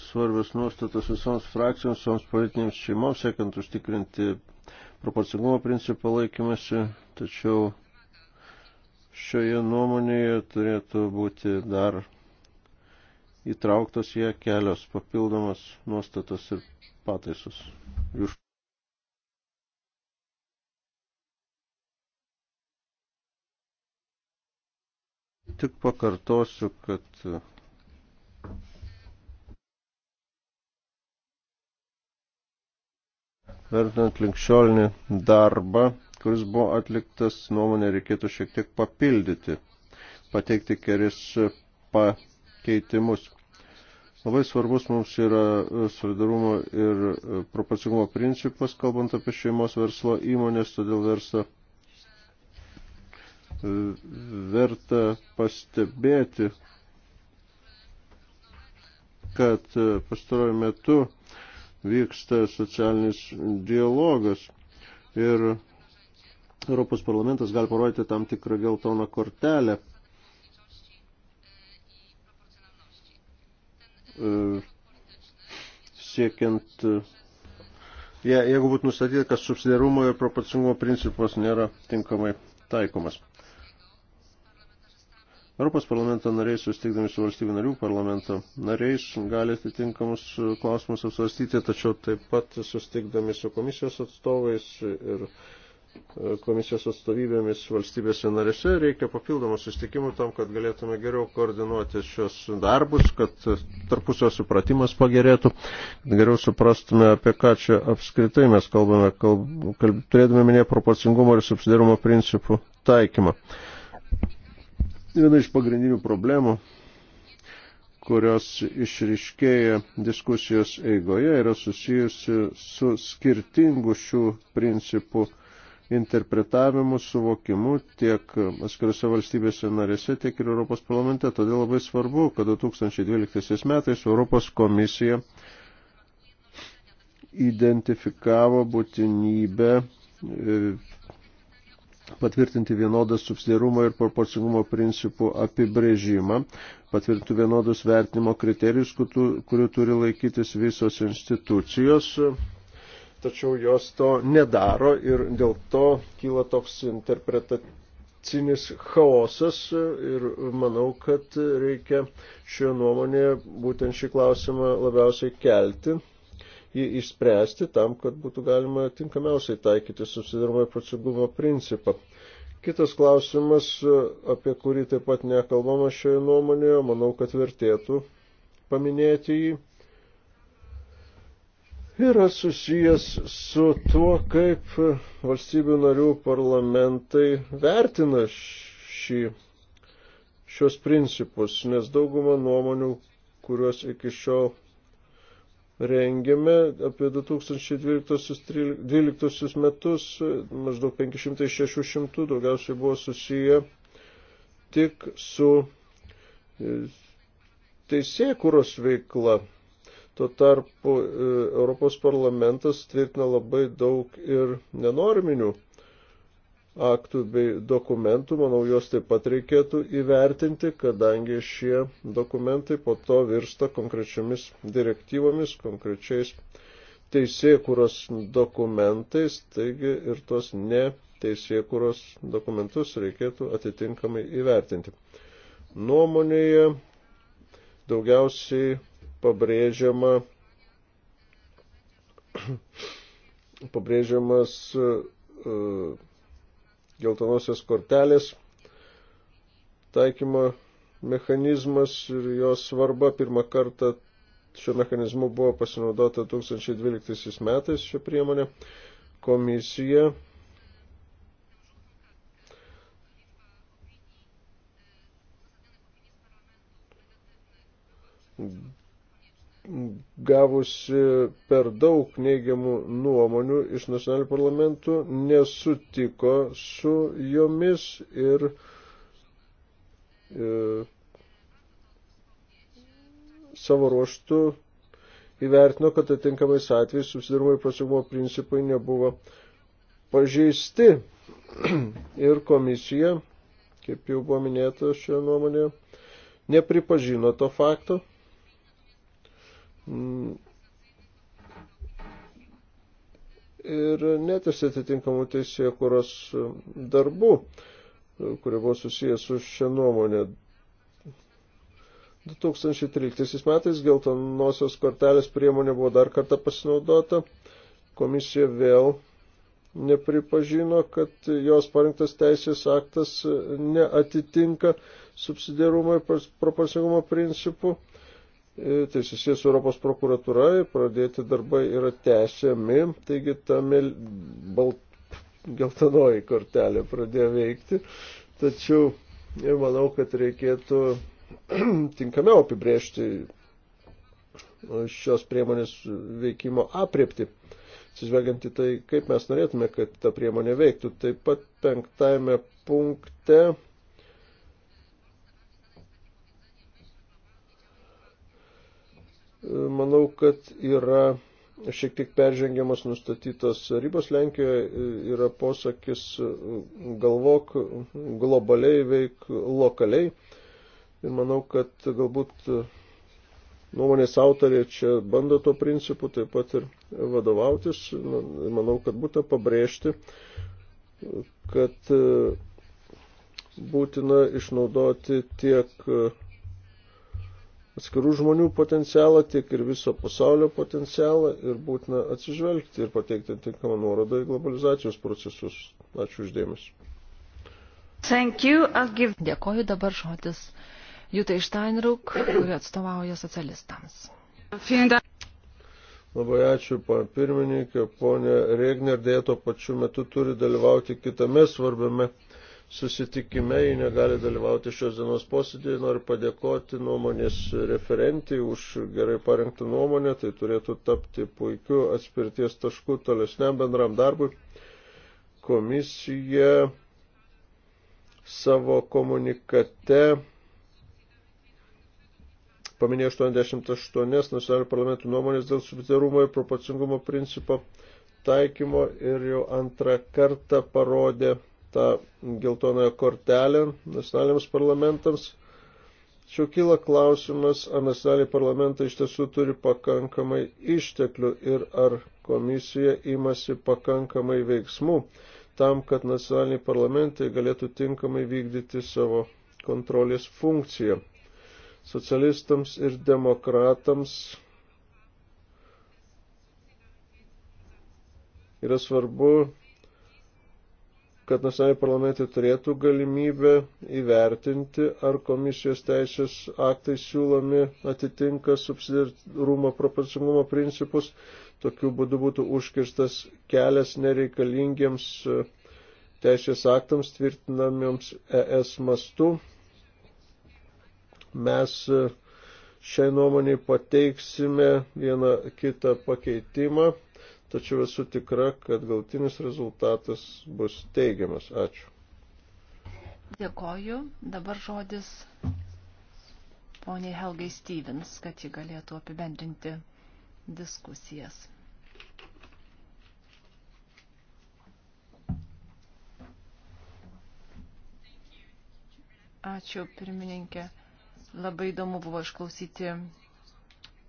svarbios nuostatos visoms frakcijoms, visoms politinėms šeimoms, siekiant užtikrinti proporcingumo principą laikymasi, tačiau šioje nuomonėje turėtų būti dar įtrauktos jie kelios papildomos nuostatos ir pataisos. Jūs tik pakartosiu, kad vertinant linkščiolinį darbą, kuris buvo atliktas, nuomonę reikėtų šiek tiek papildyti, pateikti kelis pa keitimus. Labai svarbus mums yra e, solidarumo ir e, proporcingumo principas, kalbant apie šeimos verslo įmonės, todėl versa, e, verta pastebėti, kad pastaruoju metu vyksta socialinis dialogas ir Europos parlamentas gali parodyti tam tikrą geltoną kortelę E, siekiant, je, jeigu būtų nustatyta, kad subsidiarumo ir proporcingumo principas nėra tinkamai taikomas. Europos parlamento nariai, susitikdami su valstybių narių parlamento nariais, gali atitinkamus klausimus apsvarstyti, tačiau taip pat susitikdami su komisijos atstovais ir uh, komisijos atstovybėmis valstybėse narėse. Reikia papildomų sustikimų tam, kad galėtume geriau koordinuoti šios darbus, kad tarpusio supratimas pagerėtų, kad geriau suprastume, apie ką čia apskritai mes kalbame, kalb, kalb, turėdami minėti proporcingumo ir subsidiarumo principų taikymą. Viena iš pagrindinių problemų kurios išriškėja diskusijos eigoje, yra susijusi su skirtingu šių principų interpretavimu, suvokimu tiek atskirose valstybėse narėse, tiek ir Europos parlamente. Todėl labai svarbu, kad 2012 metais Europos komisija identifikavo būtinybę e, patvirtinti vienodą subsidiarumo ir proporcingumo principų apibrėžimą, patvirtinti vienodus vertinimo kriterijus, kurių turi laikytis visos institucijos tačiau jos to nedaro ir dėl to kyla toks interpretacinis chaosas ir manau, kad reikia šioje nuomonėje būtent šį klausimą labiausiai kelti. Jį išspręsti tam, kad būtų galima tinkamiausiai taikyti susidarmo ir procedūrumo principą. Kitas klausimas, apie kurį taip pat nekalbama šioje nuomonėje, manau, kad vertėtų paminėti jį yra susijęs su tuo, kaip valstybių narių parlamentai vertina šį, šios principus, nes dauguma nuomonių, kuriuos iki šiol rengėme apie 2012 metus, maždaug 500-600, daugiausiai buvo susiję tik su e, teisėkuros veikla Tuo tarpu e, Europos parlamentas tvirtina labai daug ir nenorminių aktų bei dokumentų, manau, juos taip pat reikėtų įvertinti, kadangi šie dokumentai po to virsta konkrečiamis direktyvomis, konkrečiais teisėkuros dokumentais, taigi ir tos ne teisėkuros dokumentus reikėtų atitinkamai įvertinti. Nuomonėje daugiausiai pabrėžiama, pabrėžiamas uh, geltonosios kortelės taikymo mechanizmas ir jos svarba pirmą kartą šio mechanizmu buvo pasinaudota 2012 metais šią priemonę. Komisija gavusi per daug neigiamų nuomonių iš nacionalinių parlamentų, nesutiko su jomis ir e, savo ruoštų įvertino, kad atitinkamais atvejais subsidarumo ir pasiūlymo principai nebuvo pažeisti. ir komisija, kaip jau buvo minėta šioje nuomonėje, nepripažino to fakto ir netesi atitinkamų teisėjų kuros darbų, kurie buvo susijęs su šią nuomonę. 2013 metais geltonosios kortelės priemonė buvo dar kartą pasinaudota. Komisija vėl nepripažino, kad jos parinktas teisės aktas neatitinka subsidiarumo ir proporcingumo principų E, tai susijęs su Europos prokuratūra, pradėti darbai yra tęsiami, taigi ta mėl, balt, geltonoji kortelė pradėjo veikti, tačiau e, manau, kad reikėtų tinkamiau apibrėžti e, šios priemonės veikimo apriepti, atsižvelgiant į tai, kaip mes norėtume, kad ta priemonė veiktų. Taip pat penktajame punkte manau, kad yra šiek tiek peržengiamas nustatytos ribos Lenkijoje, e, yra posakis e, galvok globaliai, veik lokaliai. Ir manau, kad galbūt e, nuomonės autorė čia bando to principu taip pat ir vadovautis. Manau, kad būtų pabrėžti, kad būtina išnaudoti tiek atskirų žmonių potencialą, tiek ir viso pasaulio potencialą ir būtina atsižvelgti ir pateikti tinkamą nuorodą į globalizacijos procesus. Ačiū uždėmesi. Give... Dėkoju dabar žodis Jutai Steinruk, kuri atstovauja socialistams. Labai ačiū, pan pirmininkė, ponė Regner dėto pačiu metu turi dalyvauti kitame svarbiame susitikime, ji negali dalyvauti šios dienos posėdėje. Noriu padėkoti nuomonės referentį už gerai parengtą nuomonę, tai turėtų tapti puikiu atspirties tašku tolesniam bendram darbui. Komisija savo komunikate paminėjo 88 nacionalinių parlamentų nuomonės dėl subsidiarumo ir proporcingumo principo taikymo ir jau antrą kartą parodė tą geltonąją kortelę nacionaliniams parlamentams. Čia kyla klausimas, ar nacionaliniai parlamentai iš tiesų turi pakankamai išteklių ir ar komisija imasi pakankamai veiksmų tam, kad nacionaliniai parlamentai galėtų tinkamai vykdyti savo kontrolės funkciją. Socialistams ir demokratams yra svarbu kad nacionaliniai parlamentai turėtų galimybę įvertinti, ar komisijos teisės aktai siūlomi atitinka subsidiarumo proporcingumo principus. Tokiu būdu būtų užkirstas kelias nereikalingiems e, teisės aktams tvirtinamiems ES mastu. Mes e, šiai nuomonį pateiksime vieną kitą pakeitimą tačiau esu tikra, kad galtinis rezultatas bus teigiamas. Ačiū. Dėkoju. Dabar žodis poniai Helgai Stevens, kad ji galėtų apibendrinti diskusijas. Ačiū, pirmininkė. Labai įdomu buvo išklausyti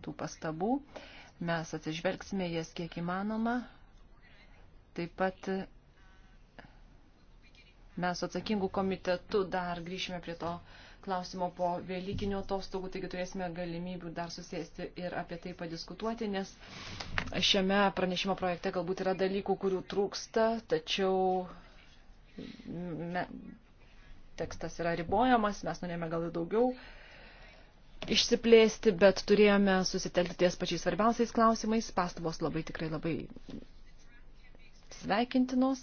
tų pastabų. Uh, Mes atsižvelgsime jas kiek įmanoma. Taip pat mes atsakingų komitetų dar grįšime prie to klausimo po vėlykinių atostogų, taigi turėsime galimybių dar susėsti ir apie tai padiskutuoti, nes šiame pranešimo projekte galbūt yra dalykų, kurių trūksta, tačiau me, tekstas yra ribojamas, mes norėjome gal ir daugiau išsiplėsti, bet turėjome susitelkti ties pačiais svarbiausiais klausimais. Pastabos labai tikrai labai sveikintinos.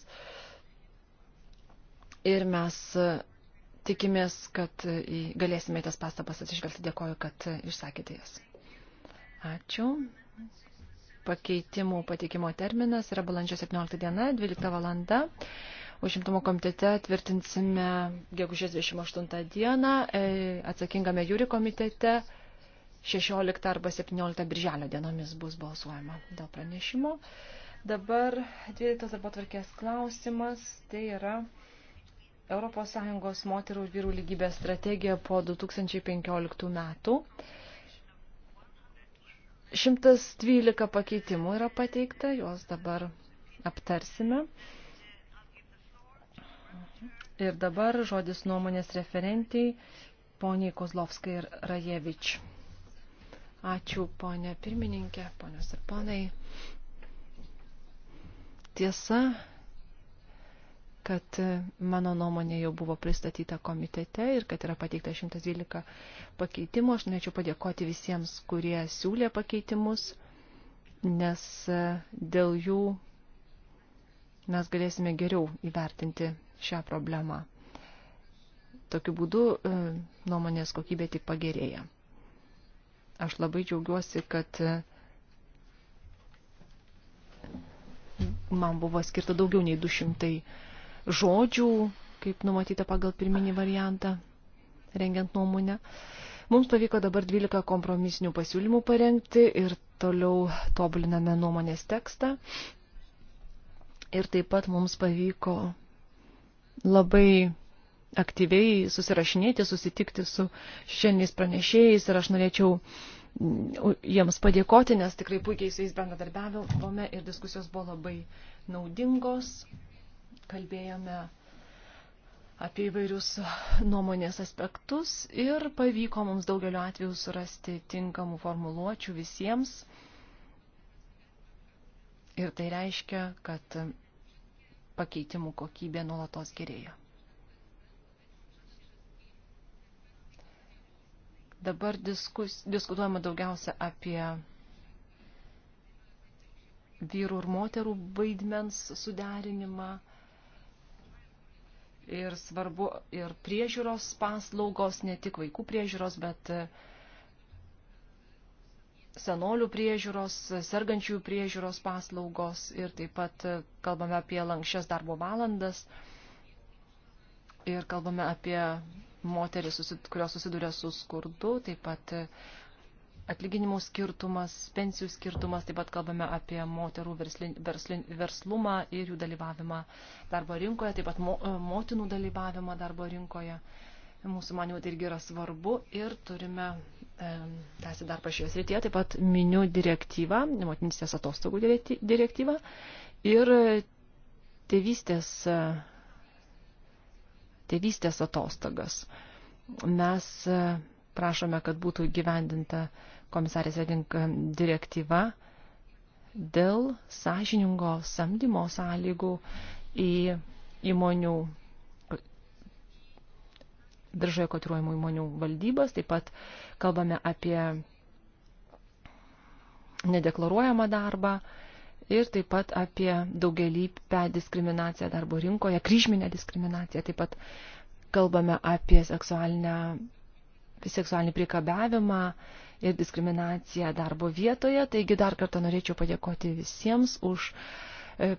Ir mes e, tikimės, kad e, galėsime tas pastabas atsižvelgti. Dėkoju, kad e, išsakėte jas. Ačiū. Pakeitimų pateikimo terminas yra balandžio 17 diena, 12 valanda užimtumo komitete tvirtinsime gegužės 28 dieną, e, atsakingame jūri komitete 16 arba 17 birželio dienomis bus balsuojama dėl pranešimo. Dabar 12 arba tvarkės klausimas, tai yra ES moterų ir vyrų lygybės strategija po 2015 metų. 112 pakeitimų yra pateikta, juos dabar aptarsime. Ir dabar žodis nuomonės referentiai, poniai Kozlovskai ir Rajevič. Ačiū, ponė pirmininkė, ponios ir ponai. Tiesa, kad mano nuomonė jau buvo pristatyta komitete ir kad yra pateikta 112 pakeitimų. Aš norėčiau padėkoti visiems, kurie siūlė pakeitimus, nes dėl jų mes galėsime geriau įvertinti šią problemą. Tokiu būdu e, nuomonės kokybė tik pagerėja. Aš labai džiaugiuosi, kad e, man buvo skirta daugiau nei 200 žodžių, kaip numatyta pagal pirminį variantą, rengiant nuomonę. Mums pavyko dabar 12 kompromisinių pasiūlymų parengti ir toliau tobuliname nuomonės tekstą. Ir taip pat mums pavyko labai aktyviai susirašinėti, susitikti su šiandieniais pranešėjais ir aš norėčiau mm, jiems padėkoti, nes tikrai puikiai su jais bendradarbiavome ir diskusijos buvo labai naudingos. Kalbėjome apie įvairius nuomonės aspektus ir pavyko mums daugeliu atveju surasti tinkamų formuluočių visiems. Ir tai reiškia, kad pakeitimų kokybė nuolatos gerėjo. Dabar diskus, diskutuojama daugiausia apie vyrų ir moterų vaidmens suderinimą. Ir svarbu ir priežiūros paslaugos, ne tik vaikų priežiūros, bet uh, senolių priežiūros, sergančių priežiūros paslaugos ir taip pat e, kalbame apie lankščias darbo valandas ir kalbame apie moteris, kurios susiduria su skurdu, taip pat e, atlyginimų skirtumas, pensijų skirtumas, taip pat kalbame apie moterų verslin, verslin, verslumą ir jų dalyvavimą darbo rinkoje, taip pat mo, e, motinų dalyvavimą darbo rinkoje. Uh, Mūsų manimo tai irgi yra svarbu ir turime e, tęsti darbą šioje srityje. Taip pat miniu direktyvą, motinystės atostogų direktyvą ir tėvystės, e, tėvystės atostogas. Mes e, prašome, kad būtų gyvendinta komisarės Redink direktyva dėl sąžiningo samdymo sąlygų į įmonių diržoje kotiruojamų įmonių valdybas, taip pat kalbame apie nedeklaruojamą darbą ir taip pat apie daugelįpę diskriminaciją darbo rinkoje, kryžminę diskriminaciją, taip pat kalbame apie seksualinį priekabiavimą ir diskriminaciją darbo vietoje. Taigi dar kartą norėčiau padėkoti visiems už e,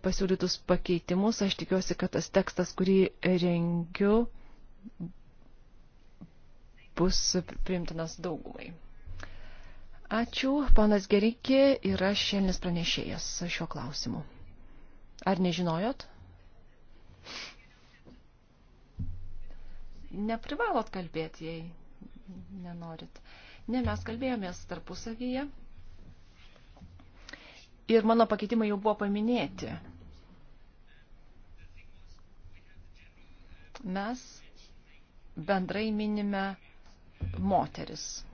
pasiūlytus pakeitimus. Aš tikiuosi, kad tas tekstas, kurį rengiu, bus priimtinas daugumai. Ačiū, ponas Gerikė yra šiandienis pranešėjas šiuo klausimu. Ar nežinojot? Neprivalot kalbėti, jei nenorit. Ne, mes kalbėjomės tarpusavyje. Ir mano pakeitimai jau buvo paminėti. Mes bendrai minime moteris.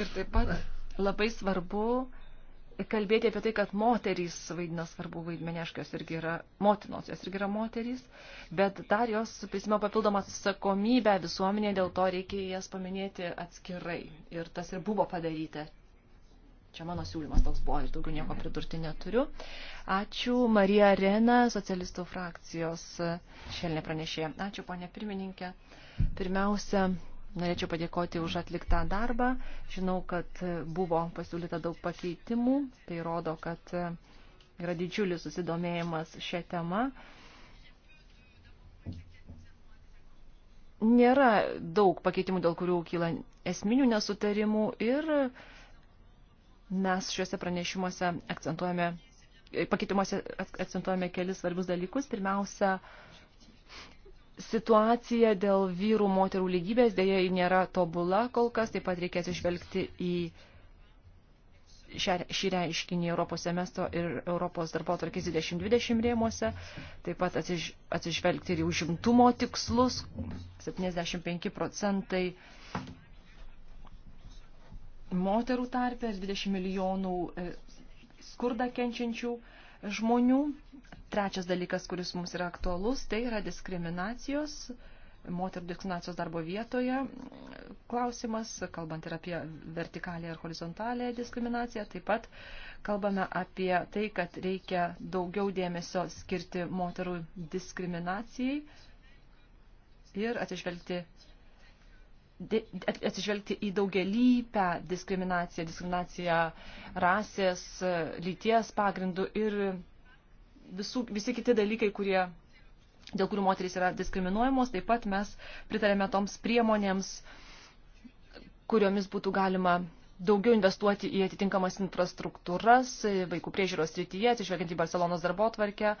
Ir taip pat labai svarbu kalbėti apie tai, kad moterys vaidina svarbu vaidmenį, aišku, jos irgi yra motinos, jos irgi yra moterys, bet dar jos prisima papildomą atsakomybę visuomenė, dėl to reikia jas paminėti atskirai. Ir tas ir buvo padaryta Čia mano siūlymas toks buvo ir daugiau nieko pridurti neturiu. Ačiū Marija Arena, socialistų frakcijos šelnė pranešėja. Ačiū ponė pirmininkė. Pirmiausia, norėčiau padėkoti už atliktą darbą. Žinau, kad buvo pasiūlyta daug pakeitimų. Tai rodo, kad yra didžiulis susidomėjimas šią temą. Nėra daug pakeitimų, dėl kurių kyla esminių nesutarimų ir uh, Mes šiuose pranešimuose akcentuojame, pakeitimuose akcentuojame kelis svarbius dalykus. Pirmiausia, situacija dėl vyrų moterų lygybės dėja nėra tobula kol kas, taip pat reikės išvelgti į šį reiškinį Europos semesto ir Europos darbo tarkis 2020 rėmuose, taip pat atsiž, atsižvelgti ir į užimtumo tikslus, 75 procentai moterų tarpę ir 20 milijonų e, skurdą kenčiančių žmonių. Trečias dalykas, kuris mums yra aktualus, tai yra diskriminacijos, moterų diskriminacijos darbo vietoje klausimas, kalbant ir apie vertikalę ir horizontalę diskriminaciją. Taip pat kalbame apie tai, kad reikia daugiau dėmesio skirti moterų diskriminacijai ir atsižvelgti atsižvelgti į daugelįpę diskriminaciją, diskriminaciją rasės, lyties pagrindų ir visų, visi kiti dalykai, kurie, dėl kurių moteris yra diskriminuojamos, taip pat mes pritarėme toms priemonėms, kuriomis būtų galima daugiau investuoti į atitinkamas infrastruktūras, vaikų priežiūros srityje, atsižvelgiant į Barcelonos darbo tvarkę.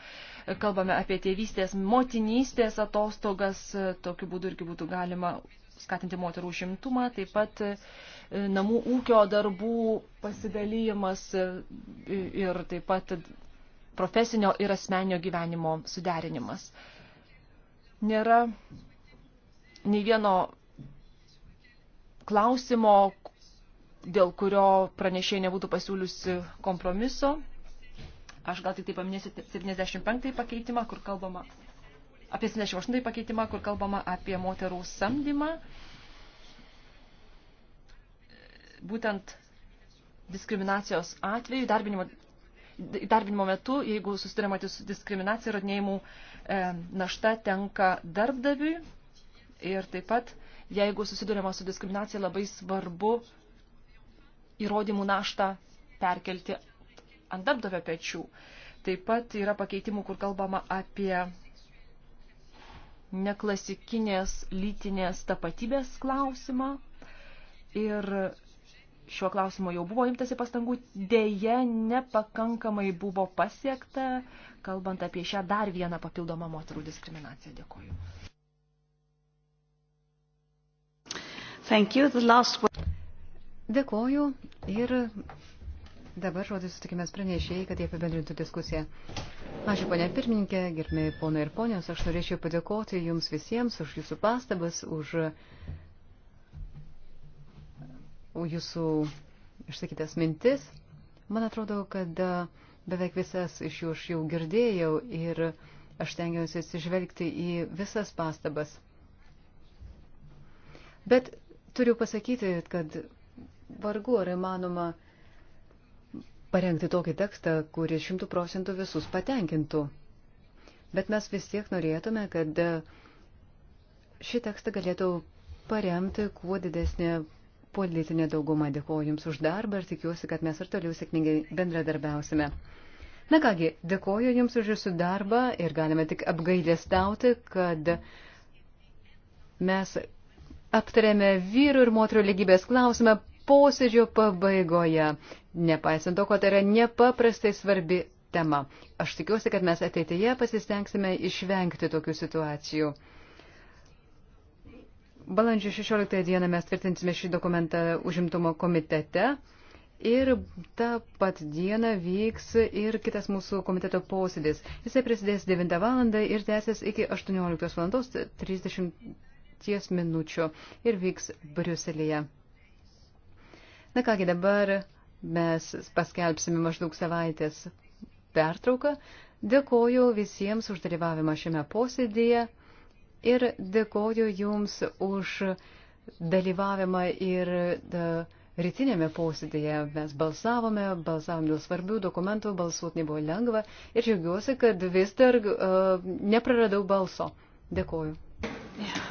Kalbame apie tėvystės, motinystės atostogas, tokiu būdu irgi būtų galima skatinti moterų užimtumą, taip pat e, namų ūkio darbų pasidalymas e, ir taip pat profesinio ir asmenio gyvenimo suderinimas. Nėra nei vieno klausimo, dėl kurio pranešėjai nebūtų pasiūliusi kompromiso. Aš gal tik tai paminėsiu 75 pakeitimą, kur kalbama apie 78 pakeitimą, kur kalbama apie moterų samdymą. Būtent diskriminacijos atveju, darbinimo, darbinimo metu, jeigu susidurima su diskriminacija ir atnėjimų e, našta tenka darbdaviui. Ir taip pat, jeigu susidurima su diskriminacija, labai svarbu įrodymų naštą perkelti ant darbdavio pečių. Taip pat yra pakeitimų, kur kalbama apie neklasikinės lytinės tapatybės klausimą. Ir šiuo klausimu jau buvo imtasi pastangų, dėje nepakankamai buvo pasiekta, kalbant apie šią dar vieną papildomą moterų diskriminaciją. Dėkuoju. Thank you. The last... Dėkuoju ir Dabar žodis sutikimės pranešėjai, kad jie apibendrintų diskusiją. Ačiū, ponė pirmininkė, gerbėjai ponai ir ponios, aš norėčiau padėkoti jums visiems už jūsų pastabas, už jūsų išsakytas mintis. Man atrodo, kad e, beveik visas iš jų aš jau girdėjau ir aš tengiausi atsižvelgti į visas pastabas. Bet turiu pasakyti, kad vargu ar įmanoma parengti tokį tekstą, kuris šimtų procentų visus patenkintų. Bet mes vis tiek norėtume, kad e, šį tekstą galėtų paremti kuo didesnė politinė dauguma. Dėkuoju Jums už darbą ir tikiuosi, kad mes ir toliau sėkmingai bendradarbiausime. Na kągi, dėkuoju Jums už Jūsų darbą ir galime tik apgailėstauti, kad mes aptarėme vyrų ir moterų lygybės klausimą posėdžio pabaigoje, nepaisant to, kad tai yra nepaprastai svarbi tema. Aš tikiuosi, kad mes ateityje pasistengsime išvengti tokių situacijų. Balandžio 16 dieną mes tvirtinsime šį dokumentą užimtumo komitete ir tą pat dieną vyks ir kitas mūsų komiteto posėdis. Jisai prasidės 9 val. ir tęsės iki 18 val. 30 minučių ir vyks Briuselėje. Na kągi, dabar mes paskelbsime maždaug savaitės pertrauką. Dėkoju visiems už dalyvavimą šiame posėdėje ir dėkoju Jums už dalyvavimą ir da, rytinėme posėdėje. Mes balsavome, balsavome dėl svarbių dokumentų, balsuoti nebuvo lengva ir džiaugiuosi, kad vis dar uh, nepraradau balso. Dėkoju. Yeah.